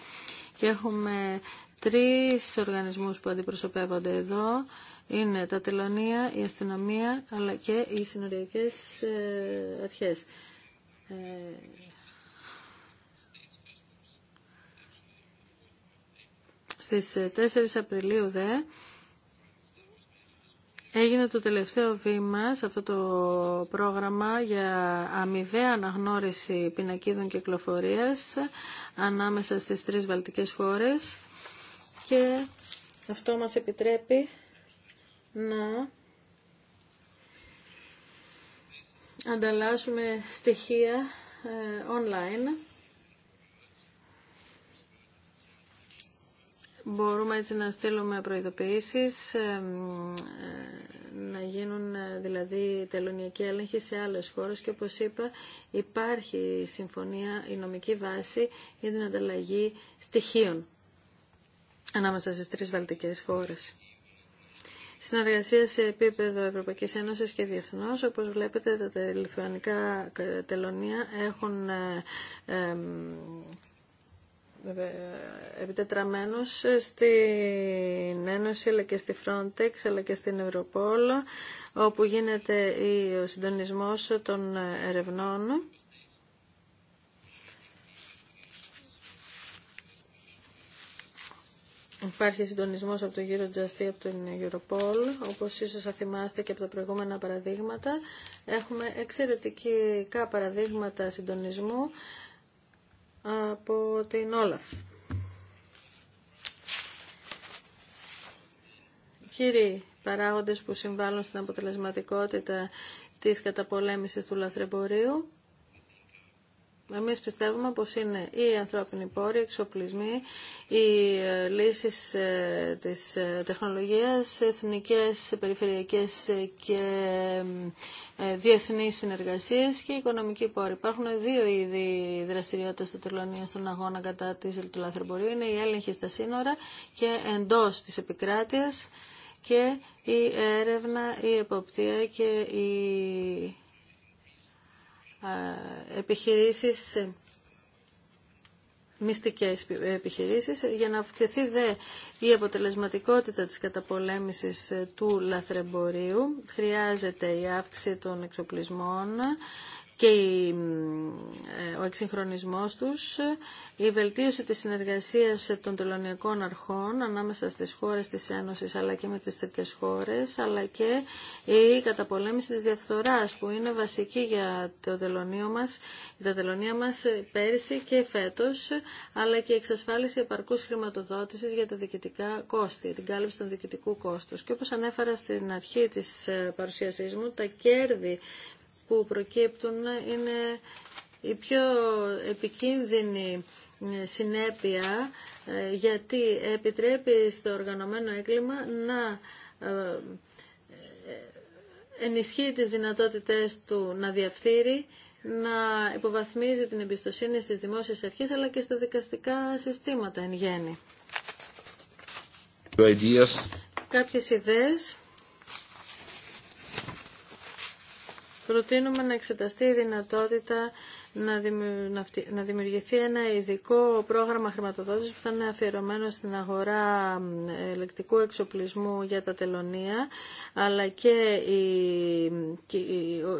Και έχουμε τρεις οργανισμούς που αντιπροσωπεύονται εδώ είναι τα τελωνία, η αστυνομία αλλά και οι συνοριακές ε, αρχές. Ε, στις 4 ε, Απριλίου δε έγινε το τελευταίο βήμα σε αυτό το πρόγραμμα για αμοιβαία αναγνώριση πινακίδων κυκλοφορίας ανάμεσα στις τρεις βαλτικές χώρες και αυτό μας επιτρέπει να ανταλλάσσουμε στοιχεία ε, online. Μπορούμε έτσι να στείλουμε προειδοποιήσεις, ε, να γίνουν ε, δηλαδή τελωνιακοί έλεγχοι σε άλλες χώρες και όπως είπα υπάρχει η συμφωνία, η νομική βάση για την ανταλλαγή στοιχείων ανάμεσα στις τρεις βαλτικές χώρες συνεργασία σε επίπεδο Ευρωπαϊκής Ένωσης και διεθνώς. Όπως βλέπετε, τα λιθουανικά τελωνία έχουν ε, επιτετραμένους στην Ένωση αλλά και στη Frontex αλλά και στην Ευρωπόλα, όπου γίνεται ο συντονισμός των ερευνών Υπάρχει συντονισμός από τον γύρο Τζαστή από τον Europol, όπως ίσως θα θυμάστε και από τα προηγούμενα παραδείγματα. Έχουμε εξαιρετικά παραδείγματα συντονισμού από την Όλαφ. Κύριοι παράγοντες που συμβάλλουν στην αποτελεσματικότητα της καταπολέμησης του λαθρεμπορίου, εμείς πιστεύουμε πως είναι οι ανθρώπινη πόροι, οι εξοπλισμοί, οι ε, λύσεις ε, της ε, τεχνολογίας, εθνικές, περιφερειακές και διεθνείς συνεργασίες και οικονομική πόροι. Υπάρχουν δύο είδη δραστηριότητας στο τελωνία στον αγώνα κατά της λιτουλάθρεμπορίου. Είναι η έλεγχη στα σύνορα και εντός της επικράτειας και η έρευνα, η εποπτεία και η επιχειρήσεις ε, μυστικές ε, επιχειρήσεις ε, για να αυξηθεί δε η αποτελεσματικότητα της καταπολέμησης του λαθρεμπορίου χρειάζεται η αύξηση των εξοπλισμών και ε, ο εξυγχρονισμός τους, η βελτίωση της συνεργασίας των τελωνιακών αρχών ανάμεσα στις χώρες της Ένωσης αλλά και με τις τρίτες χώρες, αλλά και η καταπολέμηση της διαφθοράς που είναι βασική για το τελωνίο μας, τα τελωνία μας πέρυσι και φέτος, αλλά και η εξασφάλιση επαρκούς χρηματοδότησης για τα διοικητικά κόστη, την κάλυψη των διοικητικού κόστους. Και όπως ανέφερα στην αρχή της ε, παρουσίασής μου, τα κέρδη που προκύπτουν είναι η πιο επικίνδυνη ε, συνέπεια ε, γιατί επιτρέπει στο οργανωμένο έγκλημα να ε, ενισχύει τις δυνατότητες του να διαφθείρει, να υποβαθμίζει την εμπιστοσύνη στις δημόσιες αρχές αλλά και στα δικαστικά συστήματα εν γέννη. Κάποιες ιδέες προτείνουμε να εξεταστεί η δυνατότητα να δημιουργηθεί ένα ειδικό πρόγραμμα χρηματοδότησης που θα είναι αφιερωμένο στην αγορά ελεκτικού εξοπλισμού για τα τελωνία, αλλά και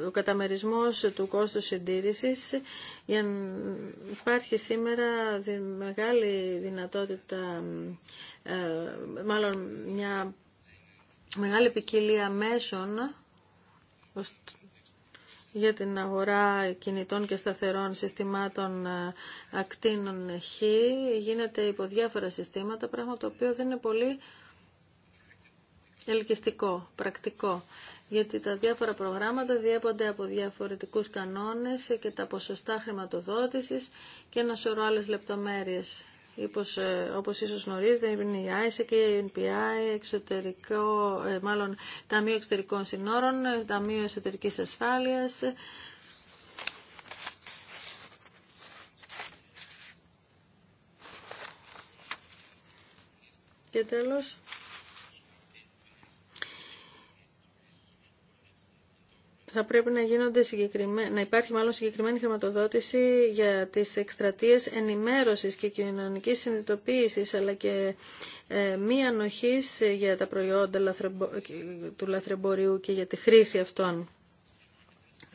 ο καταμερισμός του κόστου συντήρησης. Υπάρχει σήμερα μεγάλη δυνατότητα, ε, μάλλον μια μεγάλη ποικιλία μέσων για την αγορά κινητών και σταθερών συστημάτων ε, ακτίνων Χ γίνεται υπό διάφορα συστήματα, πράγμα το οποίο δεν είναι πολύ ελκυστικό, πρακτικό γιατί τα διάφορα προγράμματα διέπονται από διαφορετικούς κανόνες και τα ποσοστά χρηματοδότησης και ένα σωρό άλλες λεπτομέρειες. Όπως, ε, όπως ίσως γνωρίζετε, είναι η ISA και η NPI, εξωτερικό, ε, μάλλον Ταμείο Εξωτερικών Συνόρων, Ταμείο Εσωτερικής Ασφάλειας, Και τέλος, θα πρέπει να, γίνονται να υπάρχει μάλλον συγκεκριμένη χρηματοδότηση για τις εκστρατείες ενημέρωσης και κοινωνικής συνειδητοποίησης αλλά και ε, μη ανοχής για τα προϊόντα του λαθρεμπορίου και για τη χρήση αυτών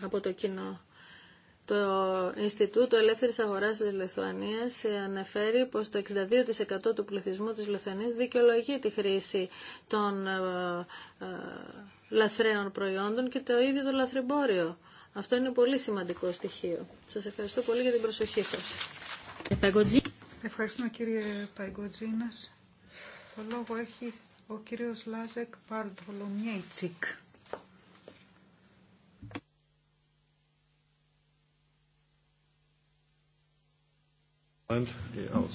από το κοινό. Το Ινστιτούτο Ελεύθερης Αγοράς της Λιθουανίας αναφέρει πως το 62% του πληθυσμού της Λιθουανίας δικαιολογεί τη χρήση των ε, ε, λαθρέων προϊόντων και το ίδιο το λαθρεμπόριο. Αυτό είναι πολύ σημαντικό στοιχείο. Σας ευχαριστώ πολύ για την προσοχή σας. Ε, Ευχαριστούμε κύριε Παϊγκοτζίνας. Το λόγο έχει ο κύριος Λάζεκ Παρδολομιέιτσικ. Oh, uh,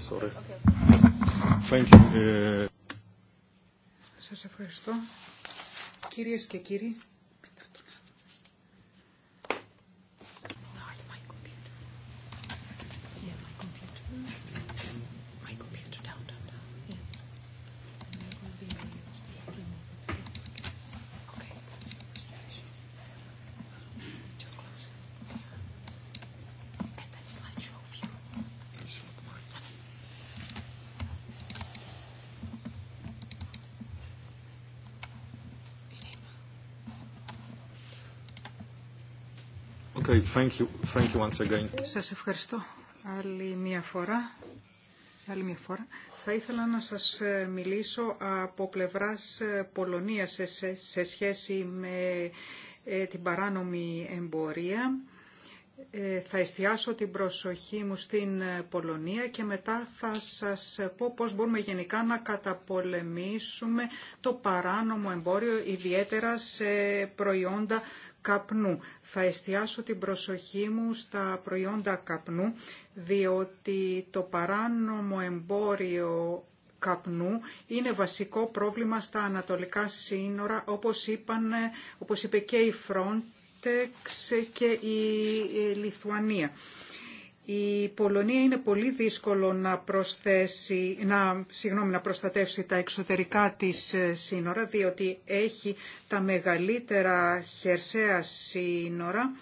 σας ευχαριστώ. Κυρίες και κύριοι, Thank Σας ευχαριστώ άλλη μια φορά. Θα ήθελα να σας ε, μιλήσω από πλευράς ε, Πολωνίας σε σχέση με ε, την παράνομη εμπορία. Θα εστιάσω την προσοχή μου στην Πολωνία και μετά θα σας πω πώς μπορούμε γενικά να καταπολεμήσουμε το παράνομο εμπόριο, ιδιαίτερα σε προϊόντα καπνού. Θα εστιάσω την προσοχή μου στα προϊόντα καπνού, διότι το παράνομο εμπόριο καπνού είναι βασικό πρόβλημα στα ανατολικά σύνορα, όπως, είπαν, όπως είπε και η Frontex και η Λιθουανία. Η Πολωνία είναι πολύ δύσκολο να, προσθέσει, να, συγγνώμη, να προστατεύσει τα εξωτερικά της ε, σύνορα, διότι έχει τα μεγαλύτερα χερσαία σύνορα,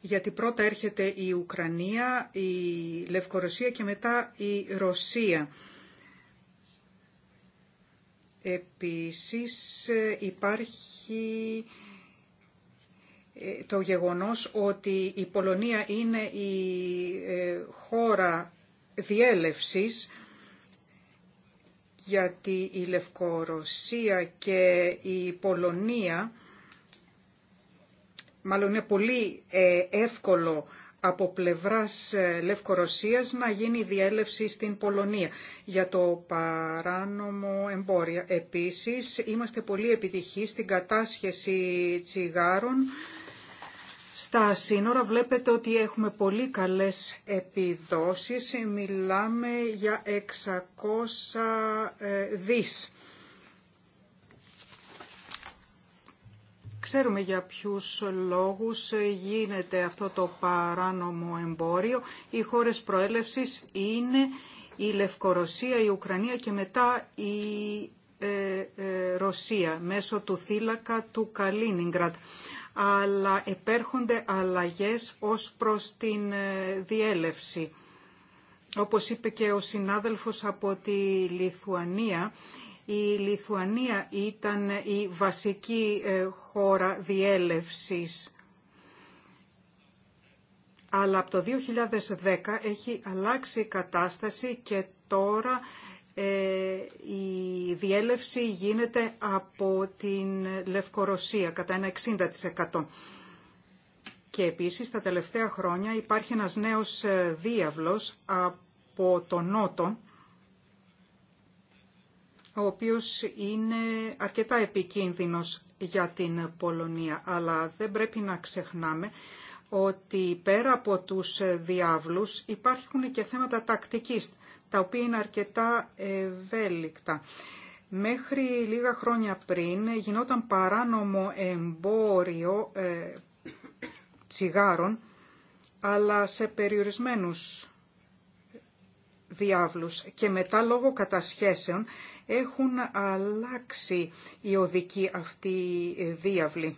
γιατί πρώτα έρχεται η Ουκρανία, η Λευκορωσία και μετά η Ρωσία. Επίσης ε, υπάρχει ε, το γεγονός ότι η Πολωνία είναι η ε, χώρα διέλευσης γιατί η Λευκορωσία και η Πολωνία μάλλον είναι πολύ ε, εύκολο από πλευράς Λευκορωσίας να γίνει διέλευση στην Πολωνία για το παράνομο εμπόριο. Επίσης, είμαστε πολύ επιτυχείς στην κατάσχεση τσιγάρων στα σύνορα βλέπετε ότι έχουμε πολύ καλές επιδόσεις, μιλάμε για 600 ε, δις. Ξέρουμε για ποιους λόγους γίνεται αυτό το παράνομο εμπόριο. Οι χώρες προέλευσης είναι η Λευκορωσία, η Ουκρανία και μετά η ε, ε, Ρωσία μέσω του θύλακα του Καλίνιγκρατ αλλά επέρχονται αλλαγές ως προς την ε, διέλευση. Όπως είπε και ο συνάδελφος από τη Λιθουανία, η Λιθουανία ήταν η βασική ε, χώρα διέλευσης. Αλλά από το 2010 έχει αλλάξει η κατάσταση και τώρα ε, η διέλευση γίνεται από την Λευκορωσία κατά ένα 60%. Και επίσης τα τελευταία χρόνια υπάρχει ένας νέος ε, διάβλος από τον Νότο, ο οποίος είναι αρκετά επικίνδυνος για την Πολωνία. Αλλά δεν πρέπει να ξεχνάμε ότι πέρα από τους ε, διάβλους υπάρχουν και θέματα τακτικής τα οποία είναι αρκετά ευέλικτα. Μέχρι λίγα χρόνια πριν γινόταν παράνομο εμπόριο ε, τσιγάρων, αλλά σε περιορισμένους διάβλους και μετά λόγω κατασχέσεων έχουν αλλάξει οι οδικοί αυτοί διάβλοι.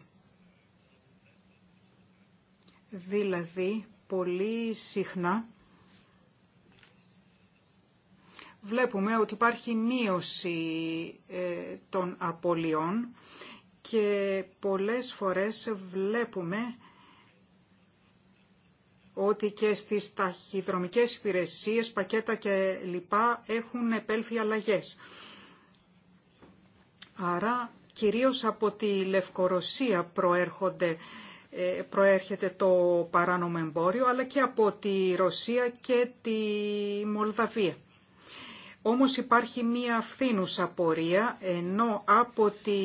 Δηλαδή, πολύ συχνά βλέπουμε ότι υπάρχει μείωση ε, των απολειών και πολλές φορές βλέπουμε ότι και στις ταχυδρομικές υπηρεσίες, πακέτα και λοιπά έχουν επέλθει αλλαγές. Άρα κυρίως από τη Λευκορωσία προέρχονται, ε, προέρχεται το παράνομο εμπόριο, αλλά και από τη Ρωσία και τη Μολδαβία. Όμως υπάρχει μία φθήνουσα πορεία, ενώ από τη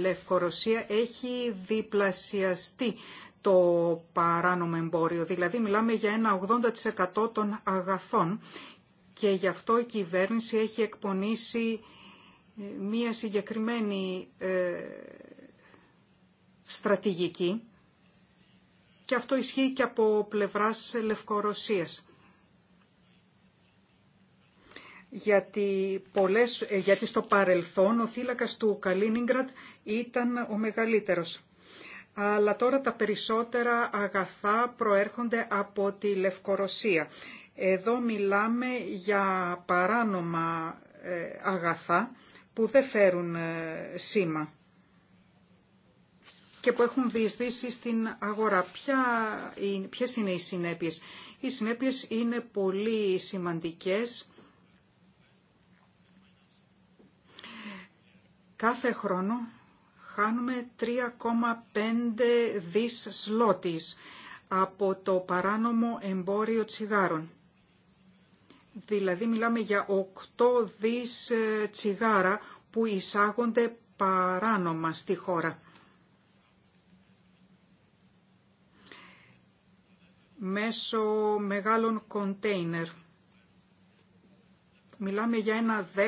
Λευκορωσία έχει διπλασιαστεί το παράνομο εμπόριο. Δηλαδή μιλάμε για ένα 80% των αγαθών και γι' αυτό η κυβέρνηση έχει εκπονήσει ε, μία συγκεκριμένη ε, στρατηγική και αυτό ισχύει και από πλευράς Λευκορωσίας γιατί, πολλές, ε, γιατί στο παρελθόν ο θύλακας του Καλίνιγκρατ ήταν ο μεγαλύτερος. Αλλά τώρα τα περισσότερα αγαθά προέρχονται από τη Λευκορωσία. Εδώ μιλάμε για παράνομα ε, αγαθά που δεν φέρουν ε, σήμα και που έχουν διεισδύσει στην αγορά. Ποια, ποιες είναι οι συνέπειες. Οι συνέπειες είναι πολύ σημαντικές Κάθε χρόνο χάνουμε 3,5 δις σλότης από το παράνομο εμπόριο τσιγάρων. Δηλαδή μιλάμε για 8 δις ε, τσιγάρα που εισάγονται παράνομα στη χώρα. Μέσω μεγάλων κοντέινερ. Μιλάμε για ένα 10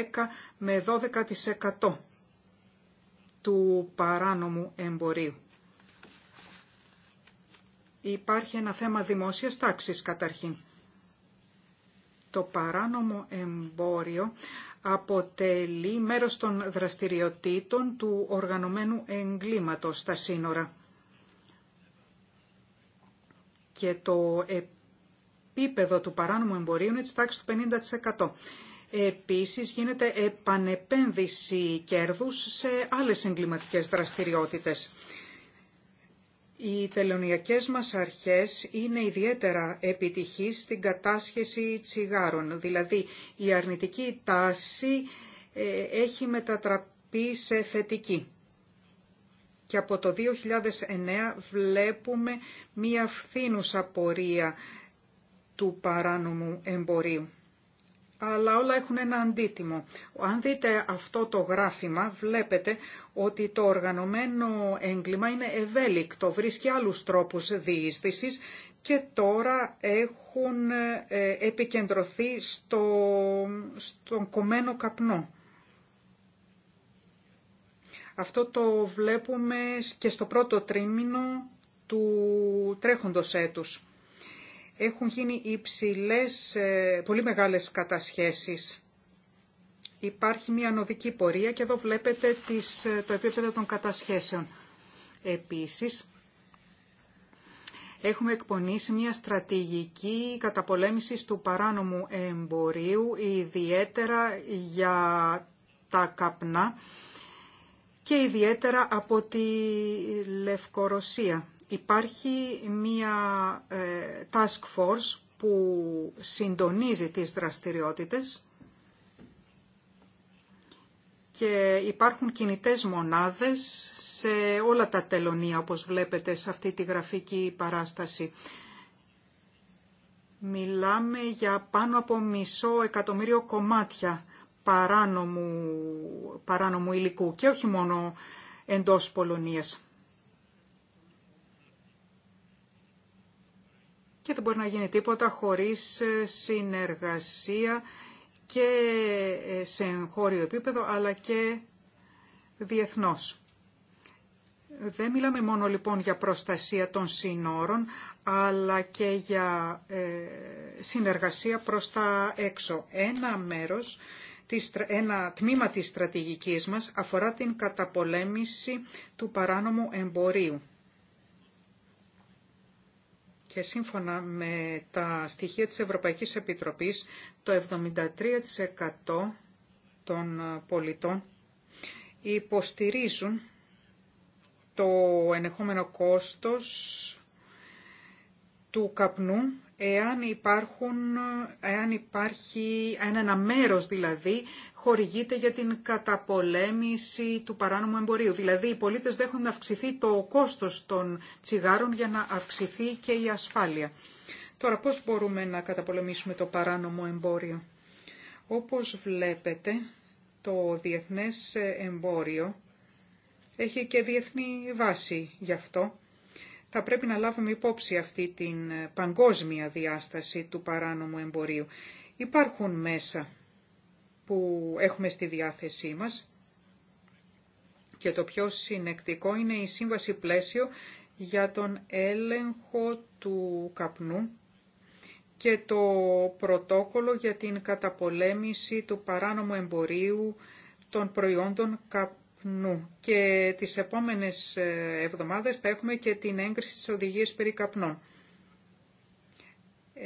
με 12% του παράνομου εμπορίου. Υπάρχει ένα θέμα δημόσιας τάξης καταρχήν. Το παράνομο εμπόριο αποτελεί μέρος των δραστηριοτήτων του οργανωμένου εγκλήματος στα σύνορα. Και το επίπεδο του παράνομου εμπορίου είναι της τάξης του 50%. Επίσης γίνεται επανεπένδυση κέρδους σε άλλες εγκληματικές δραστηριότητες. Οι τελωνιακές μας αρχές είναι ιδιαίτερα επιτυχείς στην κατάσχεση τσιγάρων. Δηλαδή η αρνητική τάση ε, έχει μετατραπεί σε θετική. Και από το 2009 βλέπουμε μία φθήνουσα πορεία του παράνομου εμπορίου αλλά όλα έχουν ένα αντίτιμο. Αν δείτε αυτό το γράφημα, βλέπετε ότι το οργανωμένο έγκλημα είναι ευέλικτο, βρίσκει άλλους τρόπους διείσδησης και τώρα έχουν ε, επικεντρωθεί στο, στον κομμένο καπνό. Αυτό το βλέπουμε και στο πρώτο τρίμηνο του τρέχοντος έτους. Έχουν γίνει υψηλές, ε, πολύ μεγάλες κατασχέσεις. Υπάρχει μια νοδική πορεία και εδώ βλέπετε τις, ε, το επίπεδο των κατασχέσεων. Επίσης, έχουμε εκπονήσει μια στρατηγική καταπολέμησης του παράνομου εμπορίου, ιδιαίτερα για τα καπνά και ιδιαίτερα από τη Λευκορωσία. Υπάρχει μία ε, task force που συντονίζει τις δραστηριότητες και υπάρχουν κινητές μονάδες σε όλα τα τελωνία, όπως βλέπετε σε αυτή τη γραφική παράσταση. Μιλάμε για πάνω από μισό εκατομμύριο κομμάτια παράνομου, παράνομου υλικού και όχι μόνο εντός Πολωνίας. και δεν μπορεί να γίνει τίποτα χωρίς ε, συνεργασία και ε, σε χώριο επίπεδο αλλά και διεθνώς. Δεν μιλάμε μόνο λοιπόν για προστασία των συνόρων, αλλά και για ε, συνεργασία προς τα έξω. Ένα μέρος, ένα τμήμα της στρατηγικής μας αφορά την καταπολέμηση του παράνομου εμπορίου και σύμφωνα με τα στοιχεία της Ευρωπαϊκής Επιτροπής, το 73% των ε, πολιτών υποστηρίζουν το ενεχόμενο κόστος του καπνού εάν, υπάρχουν, εάν υπάρχει ένα μέρος δηλαδή χορηγείται για την καταπολέμηση του παράνομου εμπορίου. Δηλαδή οι πολίτες δέχονται να αυξηθεί το κόστος των τσιγάρων για να αυξηθεί και η ασφάλεια. Τώρα πώς μπορούμε να καταπολεμήσουμε το παράνομο εμπόριο. Όπως βλέπετε το διεθνές εμπόριο έχει και διεθνή βάση γι' αυτό. Θα πρέπει να λάβουμε υπόψη αυτή την παγκόσμια διάσταση του παράνομου εμπορίου. Υπάρχουν μέσα που έχουμε στη διάθεσή μας και το πιο συνεκτικό είναι η σύμβαση πλαίσιο για τον έλεγχο του καπνού και το πρωτόκολλο για την καταπολέμηση του παράνομου εμπορίου των προϊόντων καπνού. Και τις επόμενες ε, εβδομάδες θα έχουμε και την έγκριση της οδηγίας περί καπνών.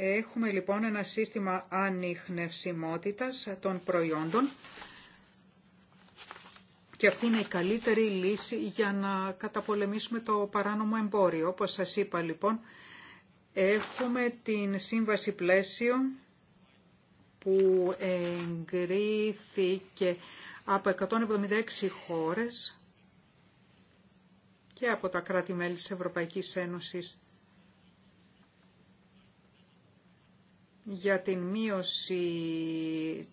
Έχουμε λοιπόν ένα σύστημα ανιχνευσιμότητας των προϊόντων και αυτή είναι η καλύτερη λύση για να καταπολεμήσουμε το παράνομο εμπόριο. Όπως σας είπα λοιπόν, έχουμε την σύμβαση πλαίσιο που εγκρίθηκε από 176 χώρες και από τα κράτη-μέλη της Ευρωπαϊκής Ένωσης για την μείωση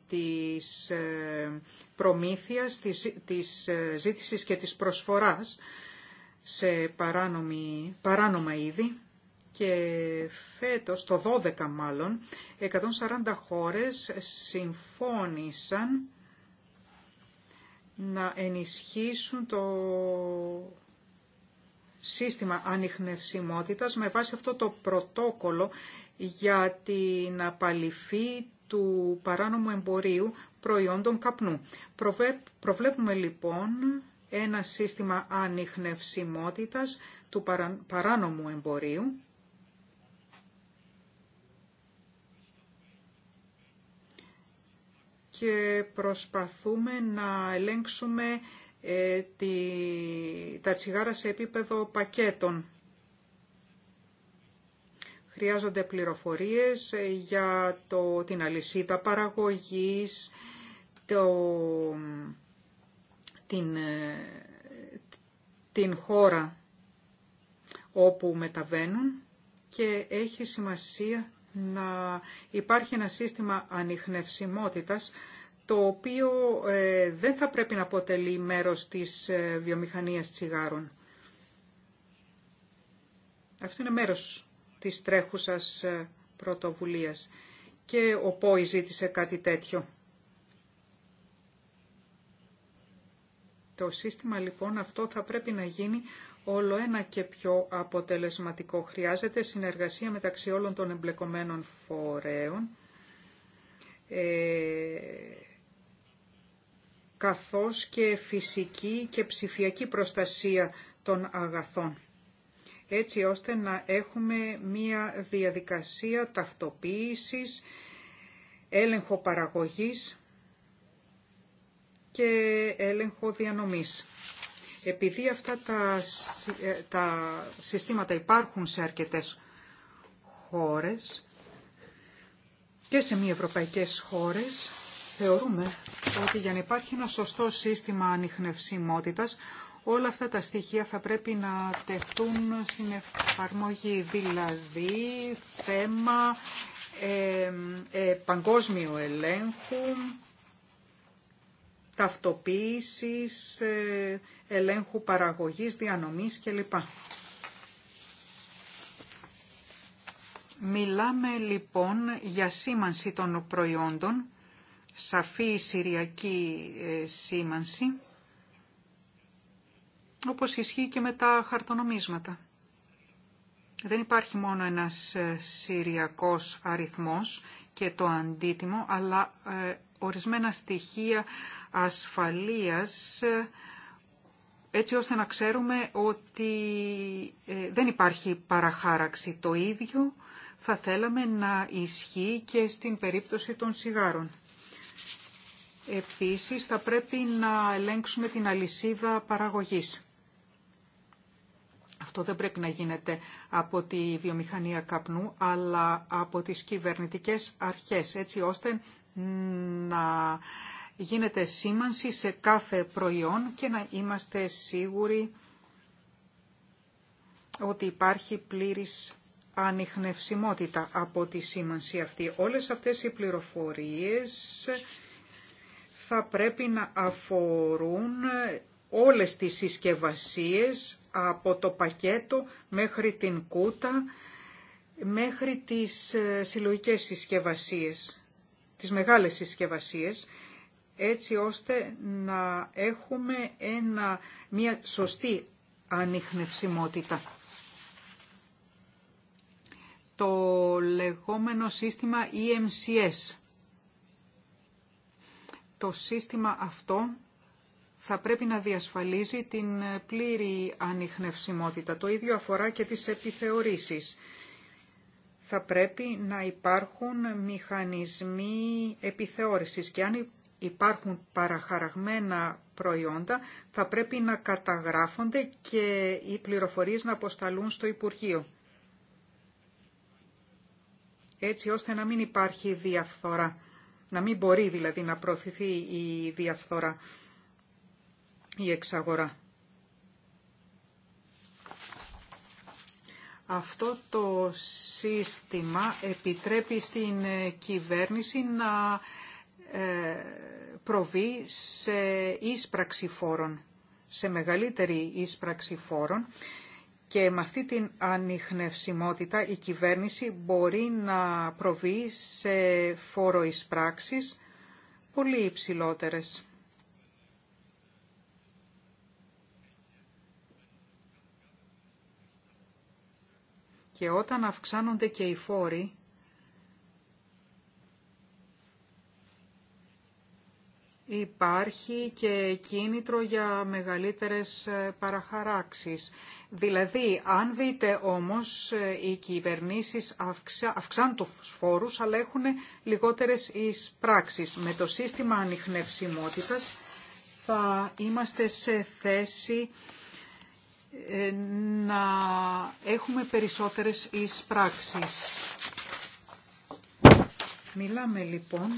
της ε, προμήθειας, της, της ε, ζήτησης και της προσφοράς σε παράνομη, παράνομα είδη και φέτος, το 12 μάλλον, 140 χώρες συμφώνησαν να ενισχύσουν το σύστημα ανιχνευσιμότητας με βάση αυτό το πρωτόκολλο για την απαλυφή του παράνομου εμπορίου προϊόντων καπνού. Προβλέπουμε λοιπόν ένα σύστημα ανιχνευσιμότητας του παράνομου εμπορίου και προσπαθούμε να ελέγξουμε ε, τα τσιγάρα σε επίπεδο πακέτων Χρειάζονται πληροφορίες ε, για το, την αλυσίδα παραγωγής, το, την, ε, την χώρα όπου μεταβαίνουν και έχει σημασία να υπάρχει ένα σύστημα ανιχνευσιμότητας το οποίο ε, δεν θα πρέπει να αποτελεί μέρος της ε, βιομηχανίας τσιγάρων. Αυτό είναι μέρος της τρέχουσας ε, πρωτοβουλίας. Και ο ζήτησε κάτι τέτοιο. Το σύστημα λοιπόν αυτό θα πρέπει να γίνει όλο ένα και πιο αποτελεσματικό. Χρειάζεται συνεργασία μεταξύ όλων των εμπλεκομένων φορέων, ε, καθώς και φυσική και ψηφιακή προστασία των αγαθών έτσι ώστε να έχουμε μία διαδικασία ταυτοποίησης, έλεγχο παραγωγής και έλεγχο διανομής. Επειδή αυτά τα, ε, τα συστήματα υπάρχουν σε αρκετές χώρες και σε μη ευρωπαϊκές χώρες, θεωρούμε ότι για να υπάρχει ένα σωστό σύστημα ανιχνευσιμότητας, Όλα αυτά τα στοιχεία θα πρέπει να τεθούν στην εφαρμογή, δηλαδή θέμα ε, ε παγκόσμιου ελέγχου, ταυτοποίησης, ε, ελέγχου παραγωγής, διανομής κλπ. Μιλάμε λοιπόν για σήμανση των προϊόντων, σαφή συριακή ε, σήμανση όπως ισχύει και με τα χαρτονομίσματα. Δεν υπάρχει μόνο ένας ε, συριακός αριθμός και το αντίτιμο, αλλά ε, ορισμένα στοιχεία ασφαλείας ε, έτσι ώστε να ξέρουμε ότι δεν υπάρχει παραχάραξη. Το ίδιο θα θέλαμε να ισχύει και στην περίπτωση των σιγάρων. Επίσης θα πρέπει να ελέγξουμε την αλυσίδα παραγωγής. Αυτό δεν πρέπει να γίνεται από τη βιομηχανία καπνού, αλλά από τις κυβερνητικές αρχές, έτσι ώστε να γίνεται σήμανση σε κάθε προϊόν και να είμαστε σίγουροι ότι υπάρχει πλήρης ανιχνευσιμότητα από τη σήμανση αυτή. Όλες αυτές οι πληροφορίες θα πρέπει να αφορούν όλες τις συσκευασίες από το πακέτο μέχρι την κούτα, μέχρι τις ε, συλλογικές συσκευασίες, τις μεγάλες συσκευασίες, έτσι ώστε να έχουμε ένα, μια σωστή ανιχνευσιμότητα. Το λεγόμενο σύστημα EMCS. Το σύστημα αυτό θα πρέπει να διασφαλίζει την ε, πλήρη ανιχνευσιμότητα. Το ίδιο αφορά και τις επιθεωρήσεις. Θα πρέπει να υπάρχουν μηχανισμοί επιθεώρησης και αν υπάρχουν παραχαραγμένα προϊόντα θα πρέπει να καταγράφονται και οι πληροφορίες να αποσταλούν στο Υπουργείο έτσι ώστε να μην υπάρχει διαφθορά, να μην μπορεί δηλαδή να προωθηθεί η διαφθορά η εξαγορά. Αυτό το σύστημα επιτρέπει στην ε, κυβέρνηση να ε, προβεί σε ίσπραξη φόρων, σε μεγαλύτερη ίσπραξη φόρων και με αυτή την ανιχνευσιμότητα η κυβέρνηση μπορεί να προβεί σε φόρο πολύ υψηλότερες. Και όταν αυξάνονται και οι φόροι, υπάρχει και κίνητρο για μεγαλύτερες ε, παραχαράξεις. Δηλαδή, αν δείτε όμως, ε, οι κυβερνήσεις αυξάνουν τους φόρους, αλλά έχουν λιγότερες πράξεις. Με το σύστημα ανιχνευσιμότητας θα είμαστε σε θέση ε, να έχουμε περισσότερες εισπράξεις. Μιλάμε λοιπόν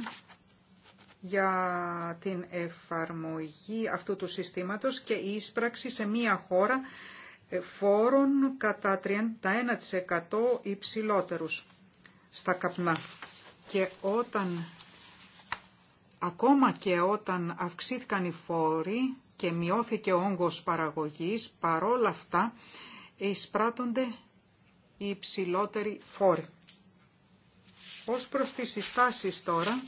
για την εφαρμογή αυτού του συστήματος και η εισπράξη σε μία χώρα ε, φόρων κατά 31% υψηλότερους στα καπνά. Και όταν, ακόμα και όταν αυξήθηκαν οι φόροι, και μειώθηκε ο όγκος παραγωγής, παρόλα αυτά εισπράττονται οι υψηλότεροι φόροι. Ως προς τις συστάσεις τώρα,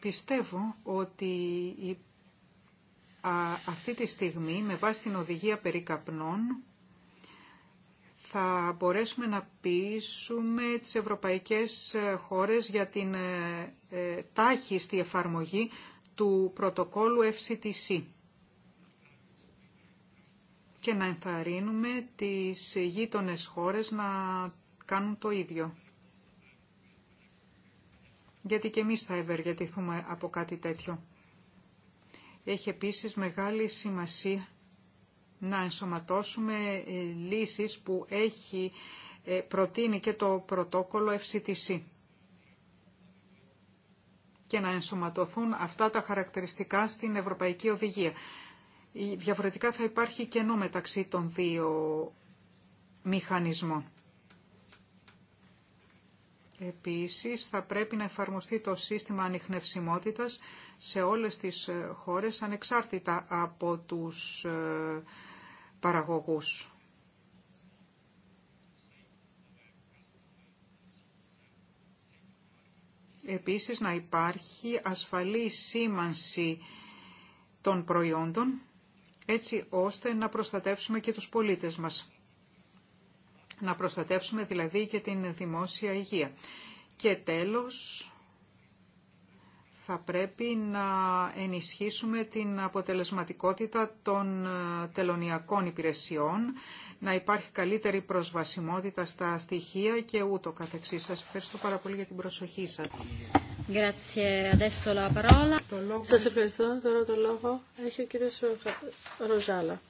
πιστεύω ότι αυτή τη στιγμή, με βάση την οδηγία περί καπνών, θα μπορέσουμε να πείσουμε τις ευρωπαϊκές ε, χώρες για την ε, ε, τάχιστη εφαρμογή του πρωτοκόλου FCTC και να ενθαρρύνουμε τις γείτονες χώρες να κάνουν το ίδιο. Γιατί και εμείς θα ευεργετηθούμε από κάτι τέτοιο. Έχει επίσης μεγάλη σημασία να ενσωματώσουμε ε, λύσεις που έχει ε, προτείνει και το πρωτόκολλο FCTC και να ενσωματωθούν αυτά τα χαρακτηριστικά στην Ευρωπαϊκή Οδηγία. Διαφορετικά θα υπάρχει κενό μεταξύ των δύο μηχανισμών. Επίσης, θα πρέπει να εφαρμοστεί το σύστημα ανιχνευσιμότητας σε όλες τις ε, χώρες, ανεξάρτητα από τους ε, παραγωγούς. Επίσης να υπάρχει ασφαλή σήμανση των προϊόντων έτσι ώστε να προστατεύσουμε και τους πολίτες μας. Να προστατεύσουμε δηλαδή και την δημόσια υγεία. Και τέλος, θα πρέπει να ενισχύσουμε την αποτελεσματικότητα των ε, τελωνιακών υπηρεσιών να υπάρχει καλύτερη προσβασιμότητα στα στοιχεία και ούτω καθεξής. Σας ευχαριστώ πάρα πολύ για την προσοχή σας. Σας ευχαριστώ. Τώρα το λόγο έχει ο κύριος Ροζάλα.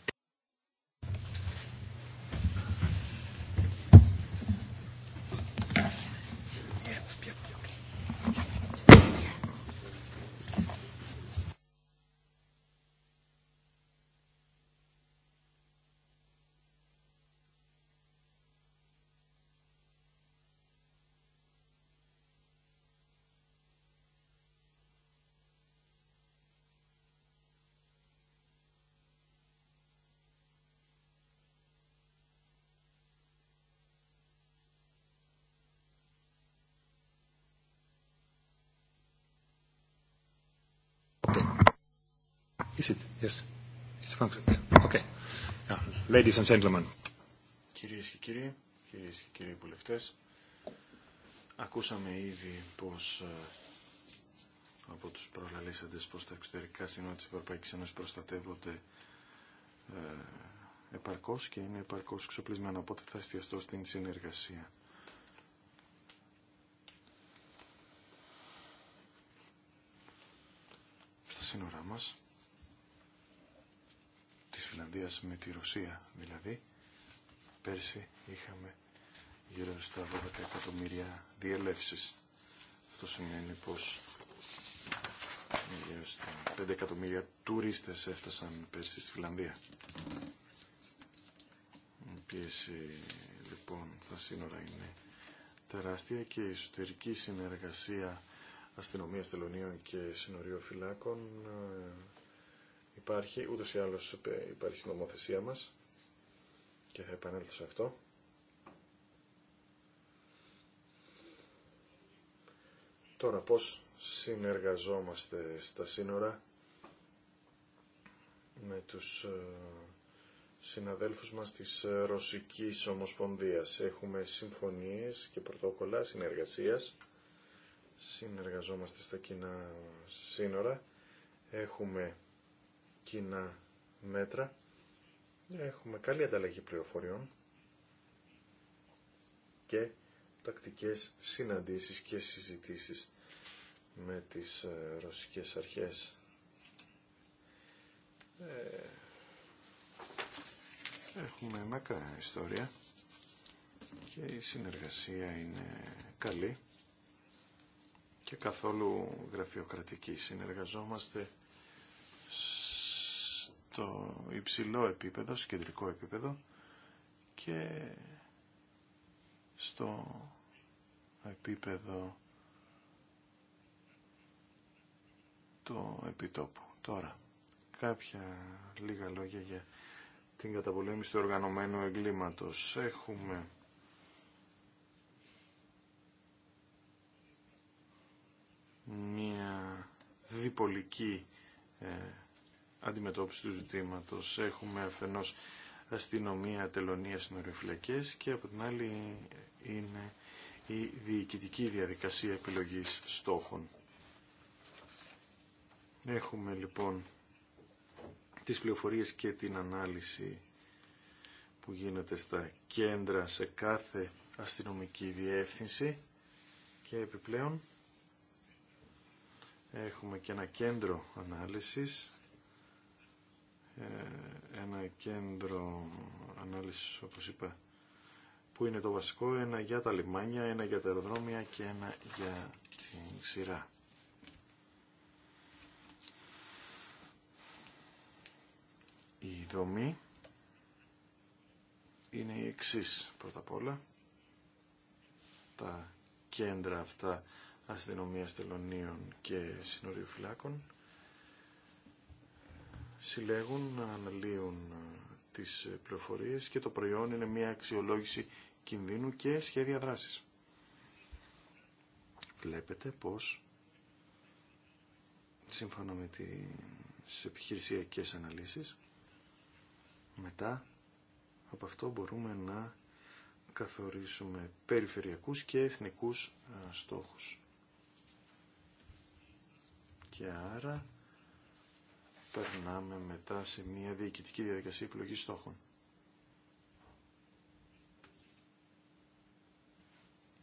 Κυρίες και κύριοι, κυρίες και κύριοι βουλευτές, ακούσαμε ήδη πως ε, από τους προλαλήσαντες πως τα εξωτερικά σύνορα της Ευρωπαϊκής Ένωσης προστατεύονται ε, επαρκώς και είναι επαρκώς εξοπλισμένα, οπότε θα εστιαστώ στην συνεργασία. Στα σύνορά μας Φιλανδίας με τη Ρωσία. Δηλαδή, πέρσι είχαμε γύρω στα 12 εκατομμύρια διελεύσεις. Αυτό σημαίνει πως γύρω στα 5 εκατομμύρια τουρίστες έφτασαν πέρσι στη Φιλανδία. Η πίεση λοιπόν στα σύνορα είναι τεράστια και η εσωτερική συνεργασία αστυνομίας τελωνίων και συνοριοφυλάκων ε, υπάρχει, ούτως ή άλλως υπάρχει στην νομοθεσία μας και θα επανέλθω σε αυτό. Τώρα πώς συνεργαζόμαστε στα σύνορα με τους ε, συναδέλφους μας της ε, Ρωσικής Ομοσπονδίας. Έχουμε συμφωνίες και πρωτόκολλα συνεργασίας. Συνεργαζόμαστε στα κοινά σύνορα. Έχουμε κοινά μέτρα. Έχουμε καλή ανταλλαγή πληροφοριών και τακτικές συναντήσεις και συζητήσεις με τις ε, ρωσικές αρχές. Ε, έχουμε μακρά ιστορία και η συνεργασία είναι καλή και καθόλου γραφειοκρατική. Συνεργαζόμαστε το υψηλό επίπεδο, στο κεντρικό επίπεδο και στο επίπεδο το επιτόπου. Τώρα, κάποια λίγα λόγια για την καταπολέμηση του οργανωμένου εγκλήματος. Έχουμε μία διπολική ε, αντιμετώπιση του ζητήματος. Έχουμε αφενός αστυνομία, τελωνία, συνοριοφυλακές και από την άλλη είναι η διοικητική διαδικασία επιλογής στόχων. Έχουμε λοιπόν τις πληροφορίες και την ανάλυση που γίνεται στα κέντρα σε κάθε αστυνομική διεύθυνση και επιπλέον έχουμε και ένα κέντρο ανάλυσης ε, ένα κέντρο ανάλυσης όπως είπα που είναι το βασικό, ένα για τα λιμάνια, ένα για τα αεροδρόμια και ένα για την ξηρά. Η δομή είναι η εξής πρώτα απ' όλα. Τα κέντρα αυτά αστυνομίας τελωνίων και συνοριοφυλάκων συλλέγουν, να αναλύουν ε, τις ε, πληροφορίες και το προϊόν είναι μια αξιολόγηση κινδύνου και σχέδια δράσης. Βλέπετε πως σύμφωνα με τις επιχειρησιακές αναλύσεις μετά από αυτό μπορούμε να καθορίσουμε περιφερειακούς και εθνικούς ε, στόχους. Και άρα περνάμε μετά σε μια διοικητική διαδικασία επιλογής στόχων.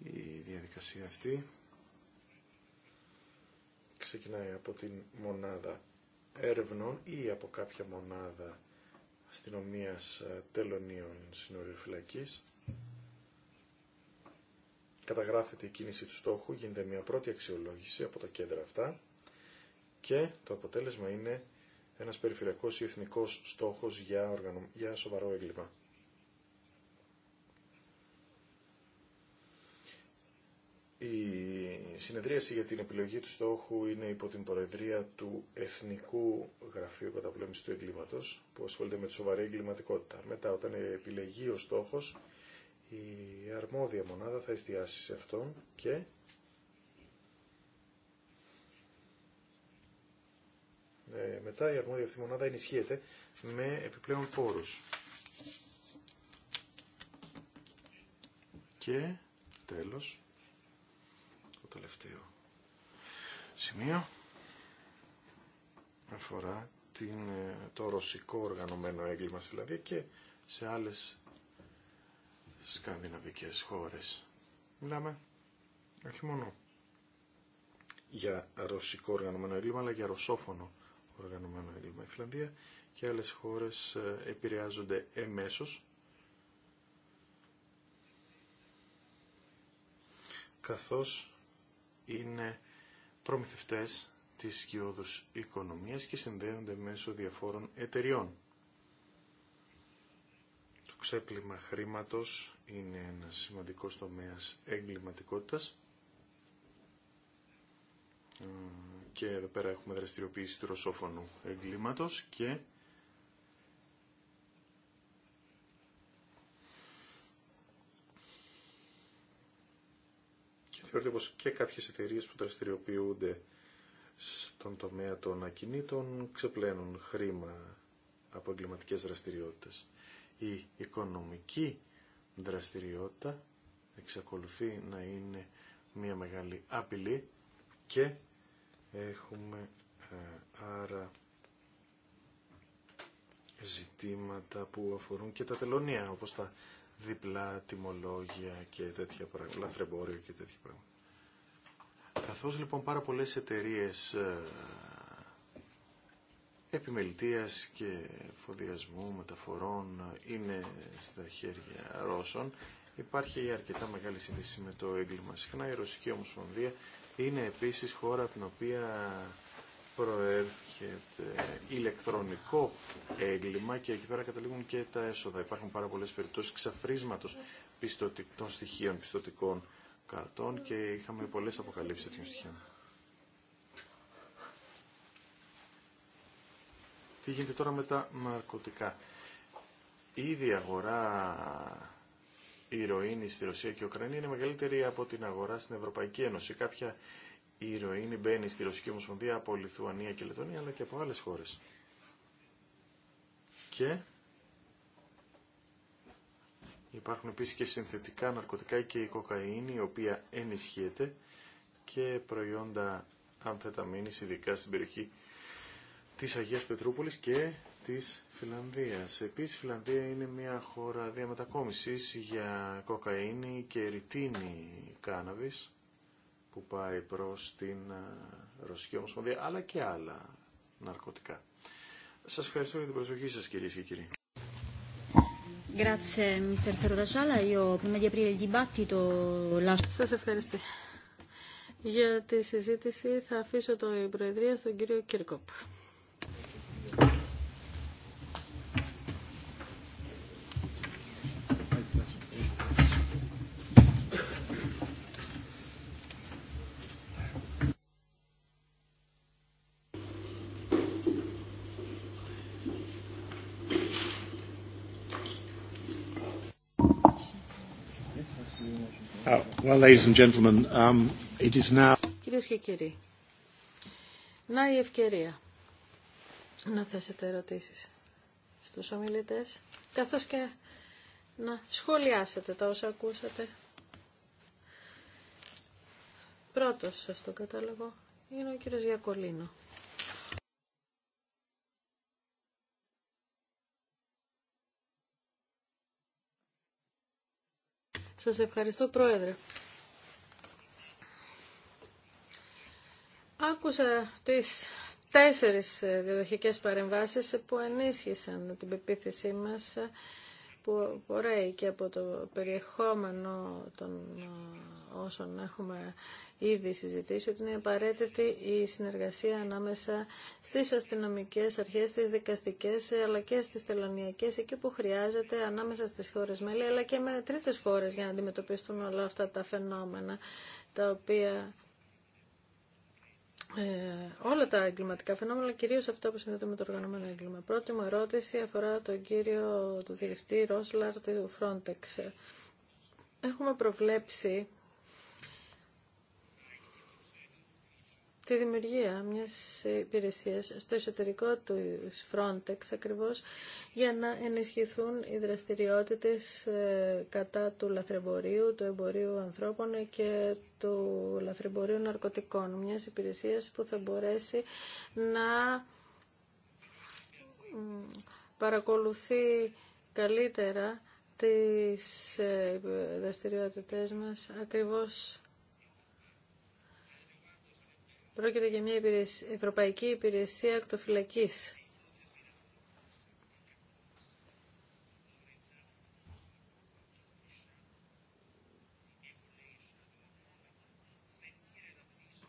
Η διαδικασία αυτή ξεκινάει από την μονάδα έρευνων ή από κάποια μονάδα αστυνομία ε, τελωνίων συνοριοφυλακής. Καταγράφεται η απο καποια μοναδα αστυνομια τελωνιων φυλακης καταγραφεται η κινηση του στόχου, γίνεται μια πρώτη αξιολόγηση από τα κέντρα αυτά και το αποτέλεσμα είναι ένας περιφερειακός ή εθνικός στόχος για, οργανω... για σοβαρό έγκλημα. Η συνεδρίαση για την επιλογή του στόχου είναι υπό την προεδρία του Εθνικού Γραφείου Καταπολέμησης του Εγκλήματος, που ασχολείται με τη σοβαρή εγκληματικότητα. Μετά, όταν επιλεγεί ο στόχος, η αρμόδια μονάδα θα εστιάσει σε αυτόν και Ε, μετά η αρμόδια αυτή μονάδα ενισχύεται με επιπλέον πόρους. Και τέλος, το τελευταίο σημείο αφορά την, ε, το ρωσικό οργανωμένο έγκλημα στη και σε άλλες σκανδιναβικές χώρες. Μιλάμε όχι μόνο για ρωσικό οργανωμένο έγκλημα, αλλά για ρωσόφωνο οργανωμένο έγκλημα. Η Φιλανδία και άλλες χώρες ε, επηρεάζονται εμέσως. καθώς είναι προμηθευτές της σκιώδους οικονομίας και συνδέονται μέσω διαφόρων εταιριών. Το ξέπλυμα χρήματος είναι ένα σημαντικό τομέας εγκληματικότητας ε, και εδώ πέρα έχουμε δραστηριοποίηση του ρωσόφωνου εγκλήματος και θεωρείται πως και κάποιες εταιρείες που δραστηριοποιούνται στον τομέα των ακινήτων ξεπλένουν χρήμα από εγκληματικές δραστηριότητες. Η οικονομική δραστηριότητα εξακολουθεί να είναι μια μεγάλη απειλή και Έχουμε ε, άρα ζητήματα που αφορούν και τα τελωνία, όπως τα διπλά τιμολόγια και τέτοια πράγματα, λαθρεμπόριο και τέτοια πράγματα. Καθώς λοιπόν πάρα πολλές εταιρείες ε, επιμελητίας και φοδιασμού μεταφορών είναι στα χέρια Ρώσων, υπάρχει αρκετά μεγάλη σύνδεση με το έγκλημα. Συχνά η Ρωσική Ομοσπονδία είναι επίσης χώρα από την οποία προέρχεται ηλεκτρονικό έγκλημα και εκεί πέρα καταλήγουν και τα έσοδα. Υπάρχουν πάρα πολλές περιπτώσεις ξαφρίσματος των στοιχείων πιστοτικών καρτών και είχαμε πολλές αποκαλύψεις τέτοιων στοιχείων. Τι γίνεται τώρα με τα ναρκωτικά. Ήδη αγορά η ηρωίνη στη Ρωσία και η Ουκρανία είναι μεγαλύτερη από την αγορά στην Ευρωπαϊκή Ένωση. Κάποια ηρωίνη μπαίνει στη Ρωσική Ομοσπονδία από Λιθουανία και Λετωνία αλλά και από άλλες χώρες. Και υπάρχουν επίσης και συνθετικά ναρκωτικά και η κοκαίνη η οποία ενισχύεται και προϊόντα αμφεταμίνης ειδικά στην περιοχή της Αγίας Πετρούπολης και της Φιλανδίας. Επίσης, η Φιλανδία είναι μια χώρα διαμετακόμισης για κοκαίνη και ρητίνη κάναβης που πάει προς την Ρωσική Ομοσπονδία, αλλά και άλλα ναρκωτικά. Σας ευχαριστώ για την προσοχή σας, κυρίε και κύριοι. Σας ευχαριστώ. Για τη συζήτηση θα αφήσω το Προεδρία στον κύριο Κύρκοπ. Ladies um, Κυρίες και κύριοι, να η ευκαιρία να θέσετε ερωτήσεις στους ομιλητές, καθώς και να σχολιάσετε τα όσα ακούσατε. Πρώτος σας το κατάλογο είναι ο κύριος Γιακολίνο. Σας ευχαριστώ, Πρόεδρε. Άκουσα τις τέσσερις διαδοχικές ε, παρεμβάσεις που ενίσχυσαν την πεποίθησή μας ε, που μπορεί και από το περιεχόμενο των ε, όσων έχουμε ήδη συζητήσει ότι είναι απαραίτητη η συνεργασία ανάμεσα στις αστυνομικές αρχές, στις δικαστικές αλλά και στις τελωνιακές εκεί που χρειάζεται ανάμεσα στις χώρες μέλη αλλά και με τρίτες χώρες για να αντιμετωπιστούν όλα αυτά τα φαινόμενα τα οποία ε, όλα τα εγκληματικά φαινόμενα, κυρίω αυτό που συνδέεται με το οργανωμένο έγκλημα. Πρώτη μου ερώτηση αφορά τον κύριο του διευθυντή Ρόσλαρ του Frontex. Έχουμε προβλέψει τη δημιουργία μιας υπηρεσίας στο εσωτερικό του Frontex ακριβώς για να ενισχυθούν οι δραστηριότητες ε, κατά του λαθρεμπορίου, του εμπορίου ανθρώπων και του λαθρεμπορίου ναρκωτικών. Μιας υπηρεσίας που θα μπορέσει να παρακολουθεί καλύτερα τις ε, δραστηριότητες μας ακριβώς Πρόκειται για μια Ευρωπαϊκή Υπηρεσία Ακτοφυλακής.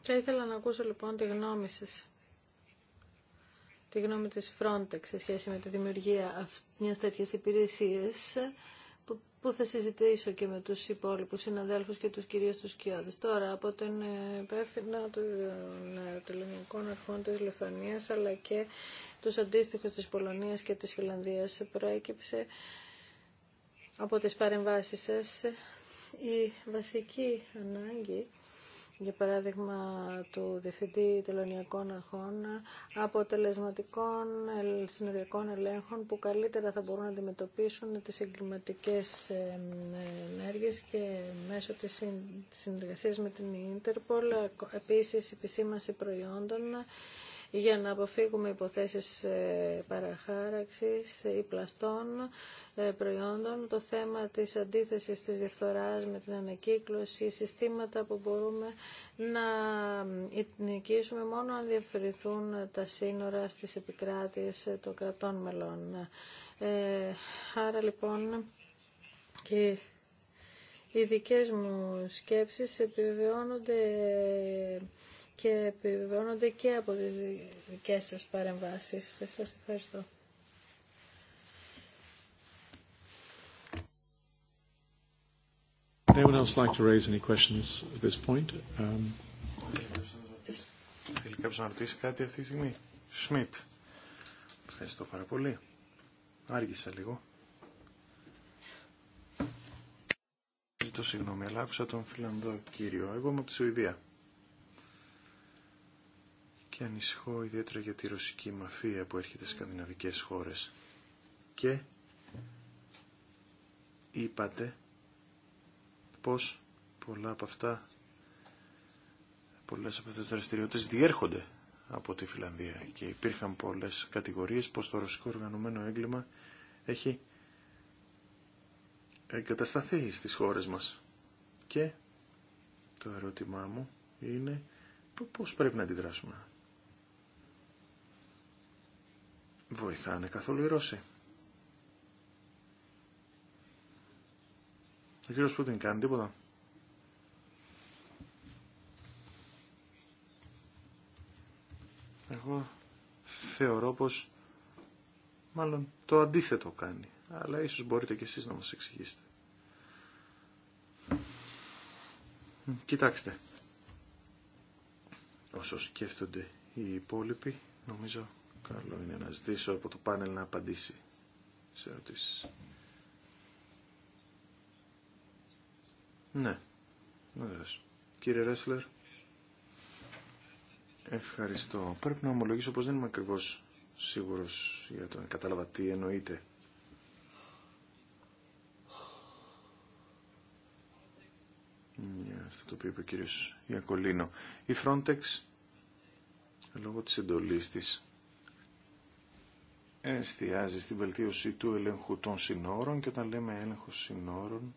Θα ήθελα να ακούσω λοιπόν τη γνώμη σας, τη γνώμη της Frontex σε σχέση με τη δημιουργία μιας τέτοιας υπηρεσίας που θα συζητήσω και με τους υπόλοιπους συναδέλφους και τους κυρίως τους σκιώδες. Τώρα από τον ε, υπεύθυνο των ε, τελωνιακών αρχών της Λεφανίας αλλά και τους αντίστοιχους της Πολωνίας και της Φιλανδίας προέκυψε από τις παρεμβάσεις σας η βασική ανάγκη για παράδειγμα του Διευθυντή Τελωνιακών Αρχών, αποτελεσματικών συνοριακών ελέγχων που καλύτερα θα μπορούν να αντιμετωπίσουν τις εγκληματικές ενέργειες και μέσω της συνεργασίας με την Ιντερπολ, επίσης επισήμαση προϊόντων για να αποφύγουμε υποθέσεις ε, παραχάραξης ή πλαστών ε, προϊόντων, το θέμα της αντίθεσης της διαφθοράς με την ανακύκλωση, συστήματα που μπορούμε να ε, νικήσουμε μόνο αν διαφερηθούν τα σύνορα στις επικράτειες των κρατών μελών. άρα λοιπόν και οι δικές μου σκέψεις επιβεβαιώνονται και επιβεβαιώνονται και από τις δικές σας παρεμβάσεις. Σας ευχαριστώ. Anyone else like to raise any questions at this point? Um... Θέλει κάποιος να ρωτήσει κάτι αυτή τη στιγμή. Σμιτ. Ευχαριστώ πάρα πολύ. Άργησα λίγο. Ζητώ συγγνώμη, αλλά άκουσα τον Φιλανδό κύριο. Εγώ είμαι από τη Σουηδία και ανησυχώ ιδιαίτερα για τη ρωσική μαφία που έρχεται στις σκανδιναβικές χώρες. Και είπατε πως πολλά από αυτά, πολλές από αυτές τις δραστηριότητες διέρχονται από τη Φιλανδία και υπήρχαν πολλές κατηγορίες πως το ρωσικό οργανωμένο έγκλημα έχει εγκατασταθεί στις χώρες μας. Και το ερώτημά μου είναι πώς πρέπει να αντιδράσουμε. βοηθάνε καθόλου οι Ρώσοι. Ο κύριος Πούτιν κάνει τίποτα. Εγώ θεωρώ πως μάλλον το αντίθετο κάνει. Αλλά ίσως μπορείτε και εσείς να μας εξηγήσετε. Κοιτάξτε. Όσο σκέφτονται οι υπόλοιποι, νομίζω καλό είναι να ζητήσω από το πάνελ να απαντήσει σε ερωτήσει. Ναι, Κύριε Ρέσλερ, ευχαριστώ. Πρέπει να ομολογήσω πως δεν είμαι ακριβώ σίγουρος για το να κατάλαβα τι εννοείται. αυτό το οποίο είπε ο κύριος Ιακολίνο. Η Frontex, λόγω της εντολής της, εστιάζει στην βελτίωση του ελέγχου των συνόρων και όταν λέμε έλεγχο συνόρων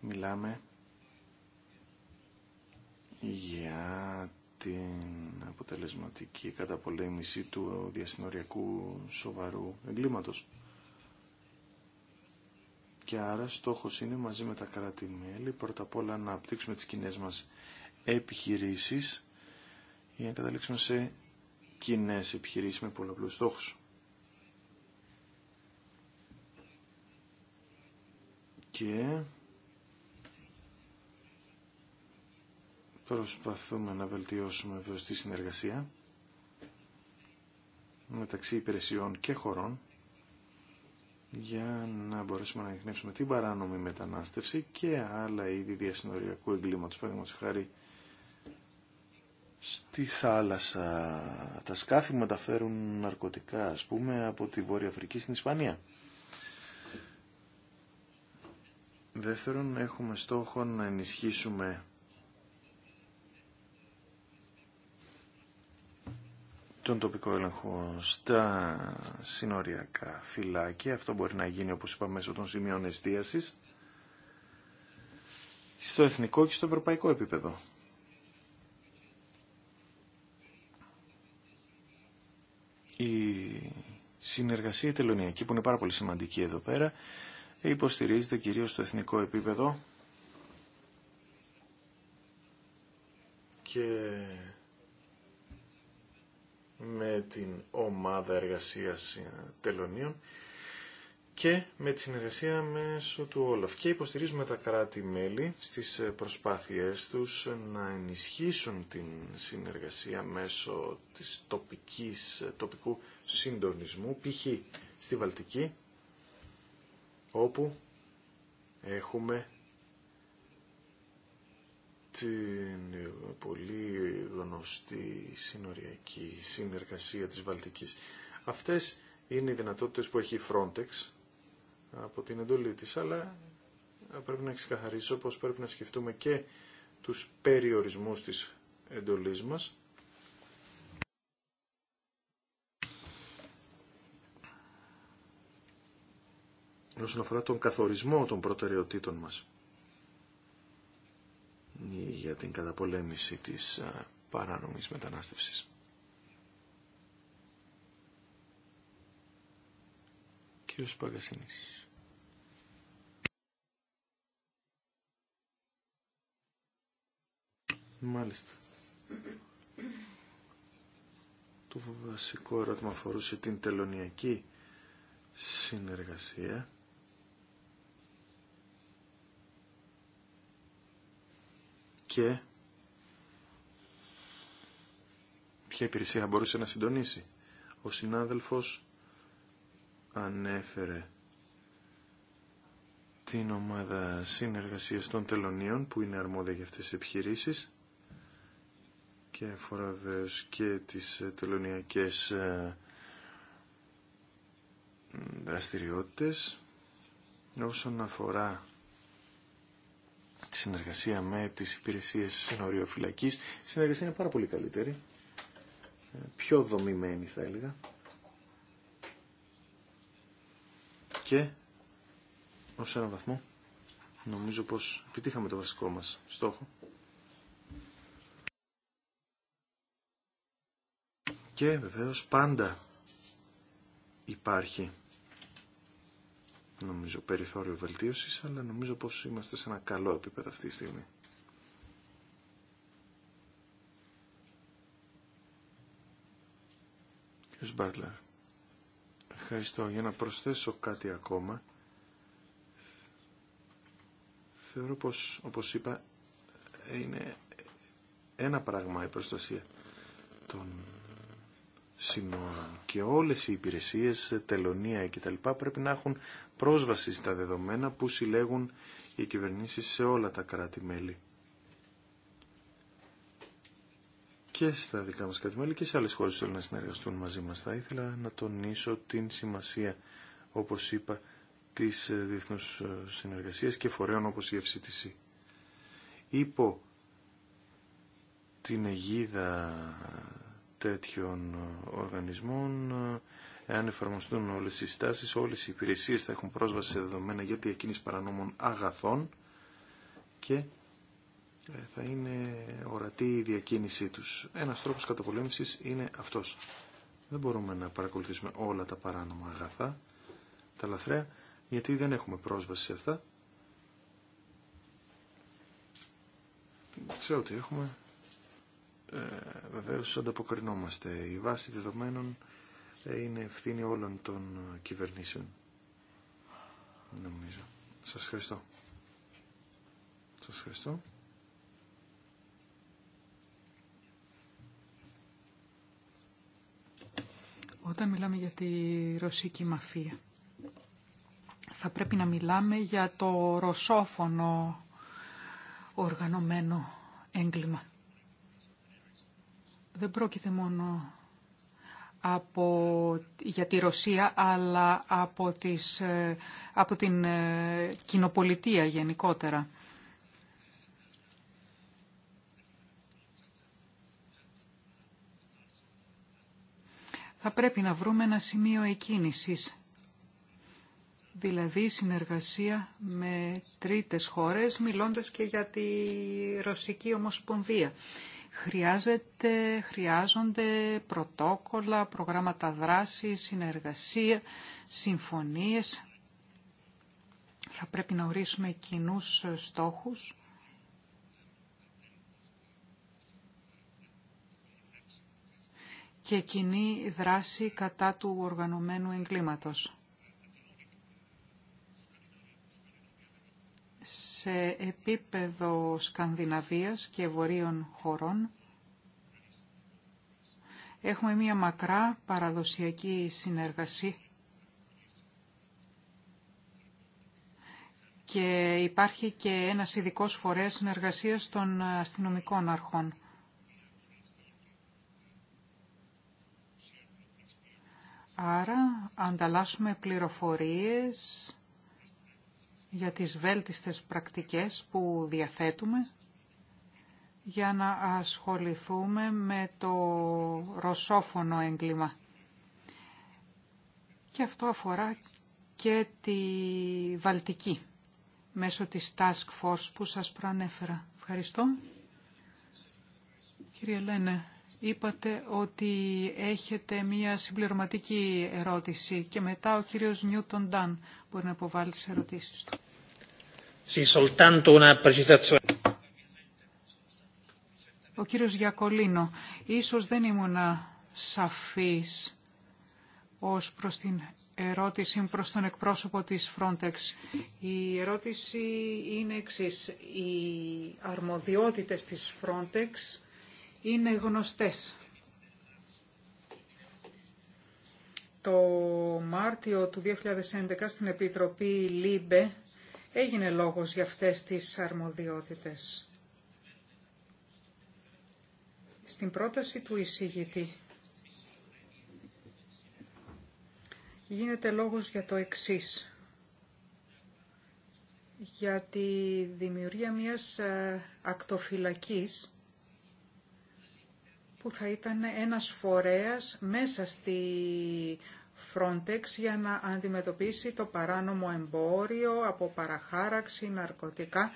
μιλάμε για την αποτελεσματική καταπολέμηση του διασυνοριακού σοβαρού εγκλήματος. Και άρα στόχος είναι μαζί με τα κράτη-μέλη πρώτα απ' όλα να απτύξουμε τις κοινέ μας επιχειρήσεις για να καταλήξουμε σε κοινέ επιχειρήσει με πολλαπλούς στόχους. Και προσπαθούμε να βελτιώσουμε βεβαίως τη συνεργασία μεταξύ υπηρεσιών και χωρών για να μπορέσουμε να εγκνεύσουμε την παράνομη μετανάστευση και άλλα είδη διασυνοριακού εγκλήματος, παραδείγματος χάρη στη θάλασσα. Τα σκάφη μεταφέρουν ναρκωτικά, ας πούμε, από τη Βόρεια Αφρική στην Ισπανία. Δεύτερον, έχουμε στόχο να ενισχύσουμε τον τοπικό έλεγχο στα συνοριακά φυλάκια. Αυτό μπορεί να γίνει, όπως είπα, μέσω των σημείων εστίασης, στο εθνικό και στο ευρωπαϊκό επίπεδο. Η συνεργασία τελωνιακή που είναι πάρα πολύ σημαντική εδώ πέρα υποστηρίζεται κυρίως στο εθνικό επίπεδο και με την ομάδα εργασίας τελωνίων και με τη συνεργασία μέσω του Όλαφ. Και υποστηρίζουμε τα κράτη-μέλη στις προσπάθειές τους να ενισχύσουν την συνεργασία μέσω της τοπικής, τοπικού συντονισμού, π.χ. στη Βαλτική, όπου έχουμε την πολύ γνωστή συνοριακή συνεργασία της Βαλτικής. Αυτές είναι οι δυνατότητες που έχει η Frontex από την εντολή της, αλλά πρέπει να ξεκαθαρίσω πως πρέπει να σκεφτούμε και τους περιορισμούς της εντολής μας. όσον αφορά τον καθορισμό των προτεραιοτήτων μας για την καταπολέμηση της παράνομης μετανάστευσης. κύριος Παγκασίνης. Μάλιστα. Το βασικό ερώτημα αφορούσε την τελωνιακή συνεργασία. Και ποια υπηρεσία μπορούσε να συντονίσει. Ο συνάδελφος ανέφερε την ομάδα συνεργασίας των τελωνίων που είναι αρμόδια για αυτές τις επιχειρήσεις και αφορά βεβαίω και τις τελωνιακές ε, δραστηριότητες όσον αφορά τη συνεργασία με τις υπηρεσίες συνοριοφυλακής η συνεργασία είναι πάρα πολύ καλύτερη ε, πιο δομημένη θα έλεγα Και, ως έναν βαθμό. Νομίζω πως επιτύχαμε το βασικό μας στόχο. Και βεβαίως πάντα υπάρχει νομίζω περιθώριο βελτίωσης, αλλά νομίζω πως είμαστε σε ένα καλό επίπεδο αυτή τη στιγμή. Κύριος Μπάρτλερ. Ευχαριστώ. Για να προσθέσω κάτι ακόμα. Θεωρώ πως, όπως είπα, είναι ένα πράγμα η προστασία των συνόρων και όλες οι υπηρεσίες, τελωνία κτλ. πρέπει να έχουν πρόσβαση στα δεδομένα που συλλέγουν οι κυβερνήσεις σε όλα τα κράτη-μέλη. και στα δικά μας κατημέλη και σε άλλες χώρες θέλουν να συνεργαστούν μαζί μας. Θα ήθελα να τονίσω την σημασία, όπως είπα, της ε, διεθνούς ε, συνεργασίας και φορέων όπως η FCTC. Υπό την αιγίδα τέτοιων ε, οργανισμών, εάν εφαρμοστούν όλες οι στάσεις, όλες οι υπηρεσίες θα έχουν πρόσβαση σε δεδομένα για διακίνηση παρανόμων αγαθών και ε, θα είναι ορατή η διακίνησή τους. Ένας τρόπος καταπολέμησης είναι αυτός. Δεν μπορούμε να παρακολουθήσουμε όλα τα παράνομα αγαθά, τα λαθρέα, γιατί δεν έχουμε πρόσβαση σε αυτά. Σε ό,τι έχουμε, ε, βεβαίως ανταποκρινόμαστε. Η βάση δεδομένων ε, είναι ευθύνη όλων των κυβερνήσεων. Νομίζω. Σας ευχαριστώ. Σας ευχαριστώ. Όταν μιλάμε για τη ρωσική μαφία, θα πρέπει να μιλάμε για το ρωσόφωνο οργανωμένο έγκλημα. Δεν πρόκειται μόνο από, για τη Ρωσία, αλλά από, τις, ε, από την ε, κοινοπολιτεία γενικότερα. θα πρέπει να βρούμε ένα σημείο εκκίνησης, δηλαδή συνεργασία με τρίτες χώρες, μιλώντας και για τη Ρωσική Ομοσπονδία. Χρειάζεται, χρειάζονται πρωτόκολλα, προγράμματα δράσης, συνεργασία, συμφωνίες. Θα πρέπει να ορίσουμε κοινούς στόχους και κοινή δράση κατά του οργανωμένου εγκλήματος. Σε επίπεδο Σκανδιναβίας και βορείων χωρών έχουμε μία μακρά παραδοσιακή συνεργασία και υπάρχει και ένας ειδικός φορέας συνεργασίας των αστυνομικών αρχών. Άρα ανταλλάσσουμε πληροφορίες για τις βέλτιστες πρακτικές που διαθέτουμε για να ασχοληθούμε με το ρωσόφωνο έγκλημα. Και αυτό αφορά και τη Βαλτική μέσω της Task Force που σας προανέφερα. Ευχαριστώ. Κύριε Λένε, Είπατε ότι έχετε μία συμπληρωματική ερώτηση και μετά ο κύριος Νιούτον Ντάν μπορεί να υποβάλει τις ερωτήσεις του. Ο κύριος Γιακολίνο, ίσως δεν ήμουνα σαφής ως προς την ερώτηση προς τον εκπρόσωπο της Frontex. Η ερώτηση είναι εξής. Οι αρμοδιότητες της Frontex είναι γνωστές. Το Μάρτιο του 2011 στην Επιτροπή ΛΥΜΠΕ έγινε λόγος για αυτές τις αρμοδιότητες. Στην πρόταση του εισηγητή γίνεται λόγος για το εξής για τη δημιουργία μιας ε, ακτοφυλακής που θα ήταν ένας φορέας μέσα στη Frontex για να αντιμετωπίσει το παράνομο εμπόριο από παραχάραξη, ναρκωτικά,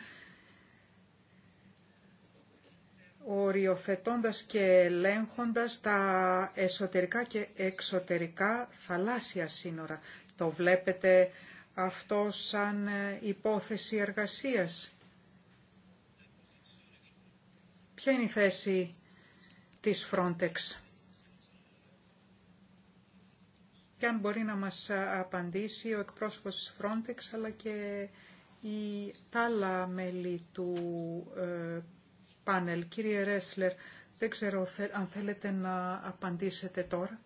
οριοθετώντας και ελέγχοντας τα εσωτερικά και εξωτερικά θαλάσσια σύνορα. Το βλέπετε αυτό σαν υπόθεση εργασίας. Ποια είναι η θέση της Frontex. Και αν μπορεί να μας απαντήσει ο εκπρόσωπος της Frontex αλλά και η τα άλλα μέλη του ε, πάνελ. Κύριε Ρέσλερ, δεν ξέρω αν θέλετε να απαντήσετε τώρα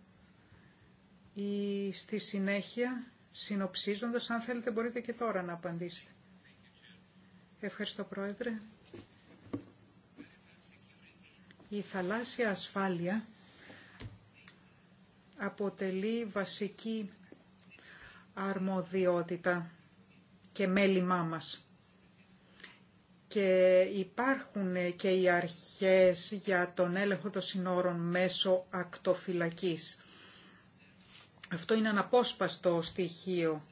ή στη συνέχεια, συνοψίζοντας, αν θέλετε μπορείτε και τώρα να απαντήσετε. Ευχαριστώ Πρόεδρε. Η θαλάσσια ασφάλεια αποτελεί βασική αρμοδιότητα και μέλημά μας. Και υπάρχουν και οι αρχές για τον έλεγχο των συνόρων μέσω ακτοφυλακής. Αυτό είναι αναπόσπαστο στοιχείο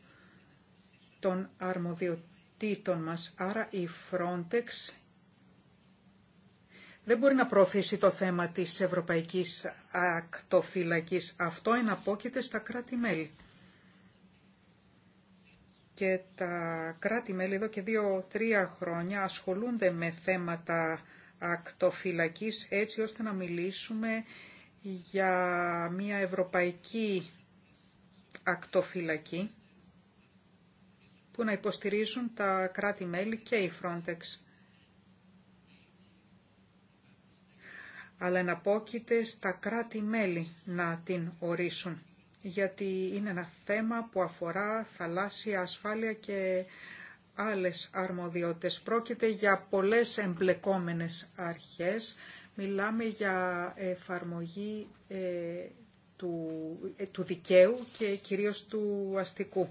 των αρμοδιοτήτων μας. Άρα η Frontex δεν μπορεί να προωθήσει το θέμα της ευρωπαϊκής ακτοφυλακής. Αυτό εναπόκειται στα κράτη-μέλη. Και τα κράτη-μέλη εδώ και δύο-τρία χρόνια ασχολούνται με θέματα ακτοφυλακής έτσι ώστε να μιλήσουμε για μια ευρωπαϊκή ακτοφυλακή που να υποστηρίζουν τα κράτη-μέλη και η Frontex. αλλά εναπόκειται στα κράτη-μέλη να την ορίσουν, γιατί είναι ένα θέμα που αφορά θαλάσσια ασφάλεια και άλλες αρμοδιότητες. Πρόκειται για πολλές εμπλεκόμενες αρχές. Μιλάμε για εφαρμογή ε, του, ε, του δικαίου και κυρίως του αστικού.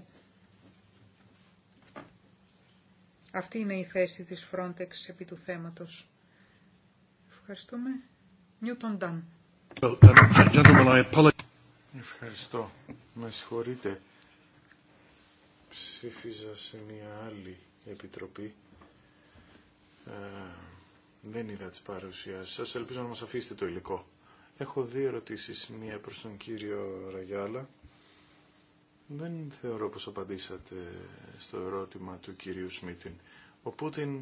Αυτή είναι η θέση της Frontex επί του θέματος. Ευχαριστούμε. Νιούτον Ντάν. Ευχαριστώ. Με συγχωρείτε. Ψήφιζα σε μια άλλη επιτροπή. Ε, δεν είδα τις παρουσιάσεις σας. Ελπίζω να μας αφήσετε το υλικό. Έχω δύο ερωτήσεις. Μία προς τον κύριο Ραγιάλα. Δεν θεωρώ πως απαντήσατε στο ερώτημα του κυρίου Σμίτιν. Ο Πούτιν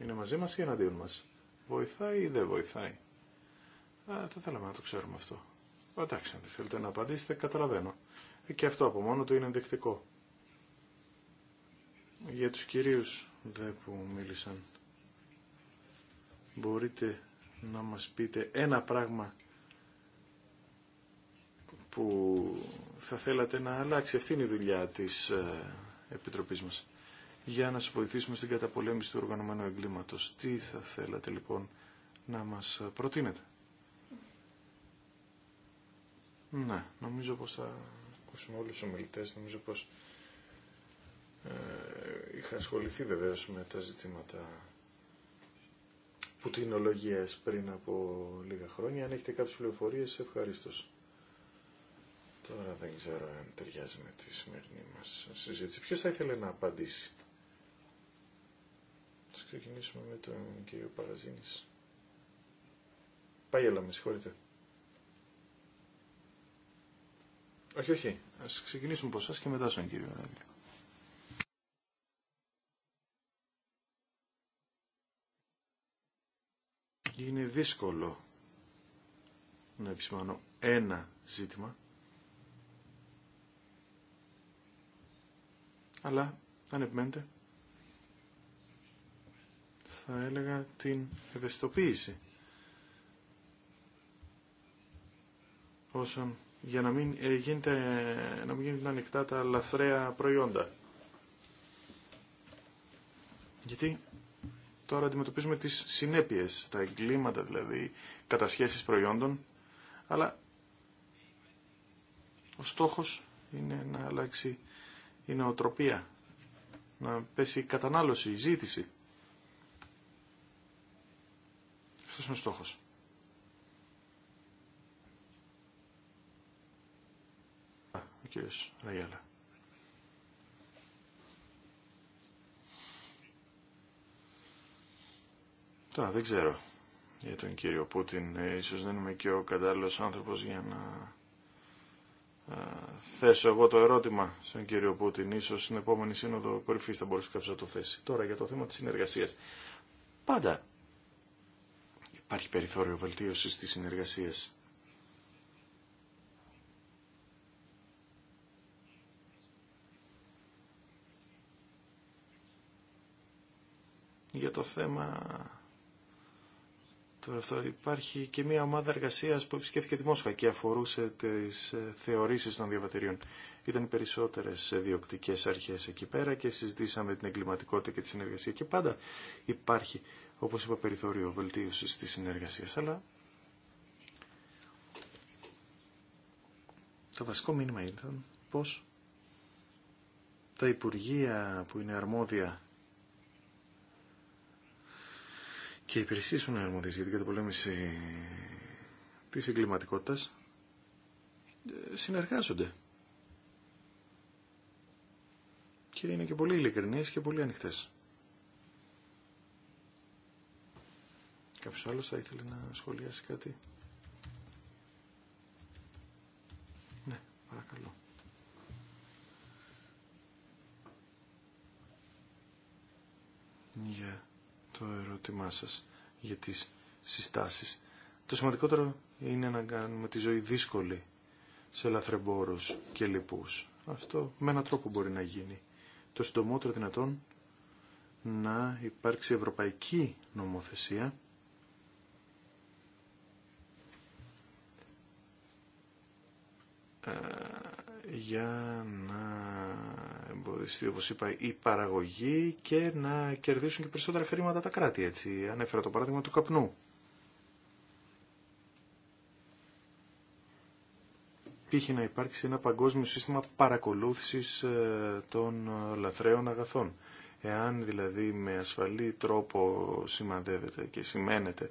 είναι μαζί μας ή εναντίον μας βοηθάει ή δεν βοηθάει. Α, θα θέλαμε να το ξέρουμε αυτό. Εντάξει, αν θέλετε να απαντήσετε, καταλαβαίνω. Ε, και αυτό από μόνο του είναι ενδεικτικό. Για τους κυρίους δε που μίλησαν, μπορείτε να μας πείτε ένα πράγμα που θα θέλατε να αλλάξει. Αυτή η δουλειά της ε, Επιτροπής μας για να σας βοηθήσουμε στην καταπολέμηση του οργανωμένου εγκλήματος. Τι θα θέλατε λοιπόν να μας προτείνετε. Ναι, νομίζω πως θα ακούσουμε όλους τους ομιλητές, νομίζω πως ε, είχα ασχοληθεί βεβαίως με τα ζητήματα πουτινολογίας πριν από λίγα χρόνια. Αν έχετε κάποιες πληροφορίες, ευχαρίστω. Τώρα δεν ξέρω αν ταιριάζει με τη σημερινή μας συζήτηση. Ποιος θα ήθελε να απαντήσει. Ας ξεκινήσουμε με τον κύριο Παραζίνης. Πάγελα, με συγχωρείτε. Όχι, όχι. Ας ξεκινήσουμε από εσάς και μετά στον κύριο Ράγκλη. Είναι δύσκολο να επισημάνω ένα ζήτημα, αλλά αν επιμένετε θα έλεγα, την ευαισθητοποίηση. Όσον, για να μην, ε, γίνεται, να μην γίνονται ανοιχτά τα λαθρέα προϊόντα. Γιατί τώρα αντιμετωπίζουμε τις συνέπειες, τα εγκλήματα δηλαδή, κατασχέσεις προϊόντων, αλλά ο στόχος είναι να αλλάξει η νοοτροπία, να πέσει η κατανάλωση, η ζήτηση. Αυτός είναι ο στόχος. Α, ο κύριος Ραγιάλα. Τώρα δεν ξέρω για τον κύριο Πούτιν. Ε, ίσως δεν είμαι και ο κατάλληλος άνθρωπος για να θέσω εγώ το ερώτημα στον κύριο Πούτιν. Ίσως στην επόμενη σύνοδο κορυφής θα μπορούσε κάποιο να το θέσει. Τώρα για το θέμα της συνεργασίας. Πάντα υπάρχει περιθώριο βελτίωσης της συνεργασίας. Για το θέμα του αυτό υπάρχει και μια ομάδα εργασίας που επισκέφθηκε τη Μόσχα και αφορούσε τις ε, θεωρήσεις των διαβατηρίων. Ήταν οι περισσότερες διοκτικές αρχές εκεί πέρα και συζητήσαμε την εγκληματικότητα και τη συνεργασία και πάντα υπάρχει όπως είπα, περιθώριο βελτίωσης της συνεργασίας, αλλά το βασικό μήνυμα ήταν πως τα Υπουργεία που είναι αρμόδια και οι υπηρεσίες που είναι αρμόδιες για την καταπολέμηση της εγκληματικότητας συνεργάζονται. Και είναι και πολύ ειλικρινείς και πολύ ανοιχτές. Κάποιος άλλος θα ήθελε να σχολιάσει κάτι. Ναι, παρακαλώ. Για το ερώτημά σας, για τις συστάσεις. Το σημαντικότερο είναι να κάνουμε τη ζωή δύσκολη σε λαθρεμπόρους και λοιπούς. Αυτό με έναν τρόπο μπορεί να γίνει. Το συντομότερο δυνατόν να υπάρξει ευρωπαϊκή νομοθεσία Ε, για να εμποδιστεί, όπως είπα, η παραγωγή και να κερδίσουν και περισσότερα χρήματα τα κράτη, έτσι. Ανέφερα το παράδειγμα του καπνού. Πήχε να υπάρξει ένα παγκόσμιο σύστημα παρακολούθησης ε, των ε, λαθρέων αγαθών. Εάν δηλαδή με ασφαλή τρόπο σημαδεύεται και σημαίνεται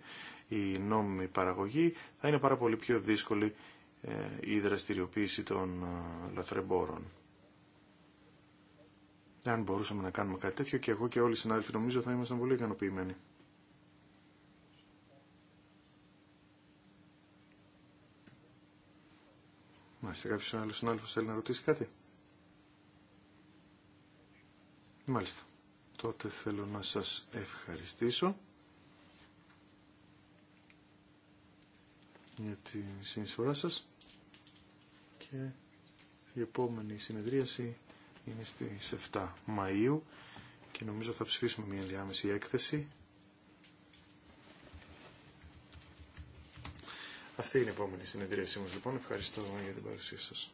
η νόμιμη παραγωγή, θα είναι πάρα πολύ πιο δύσκολη ε, η δραστηριοποίηση των ε, λαθρεμπόρων. Αν μπορούσαμε να κάνουμε κάτι τέτοιο και εγώ και όλοι οι συνάδελφοι νομίζω θα ήμασταν πολύ ικανοποιημένοι. Μάλιστα, κάποιος άλλος συνάδελφος θέλει να ρωτήσει κάτι. Μάλιστα. Τότε θέλω να σας ευχαριστήσω. για τη συνεισφορά σας και η επόμενη συνεδρίαση είναι στις 7 Μαΐου και νομίζω θα ψηφίσουμε μια διάμεση έκθεση. Αυτή είναι η επόμενη συνεδρίασή μας λοιπόν. Ευχαριστώ για την παρουσία σας.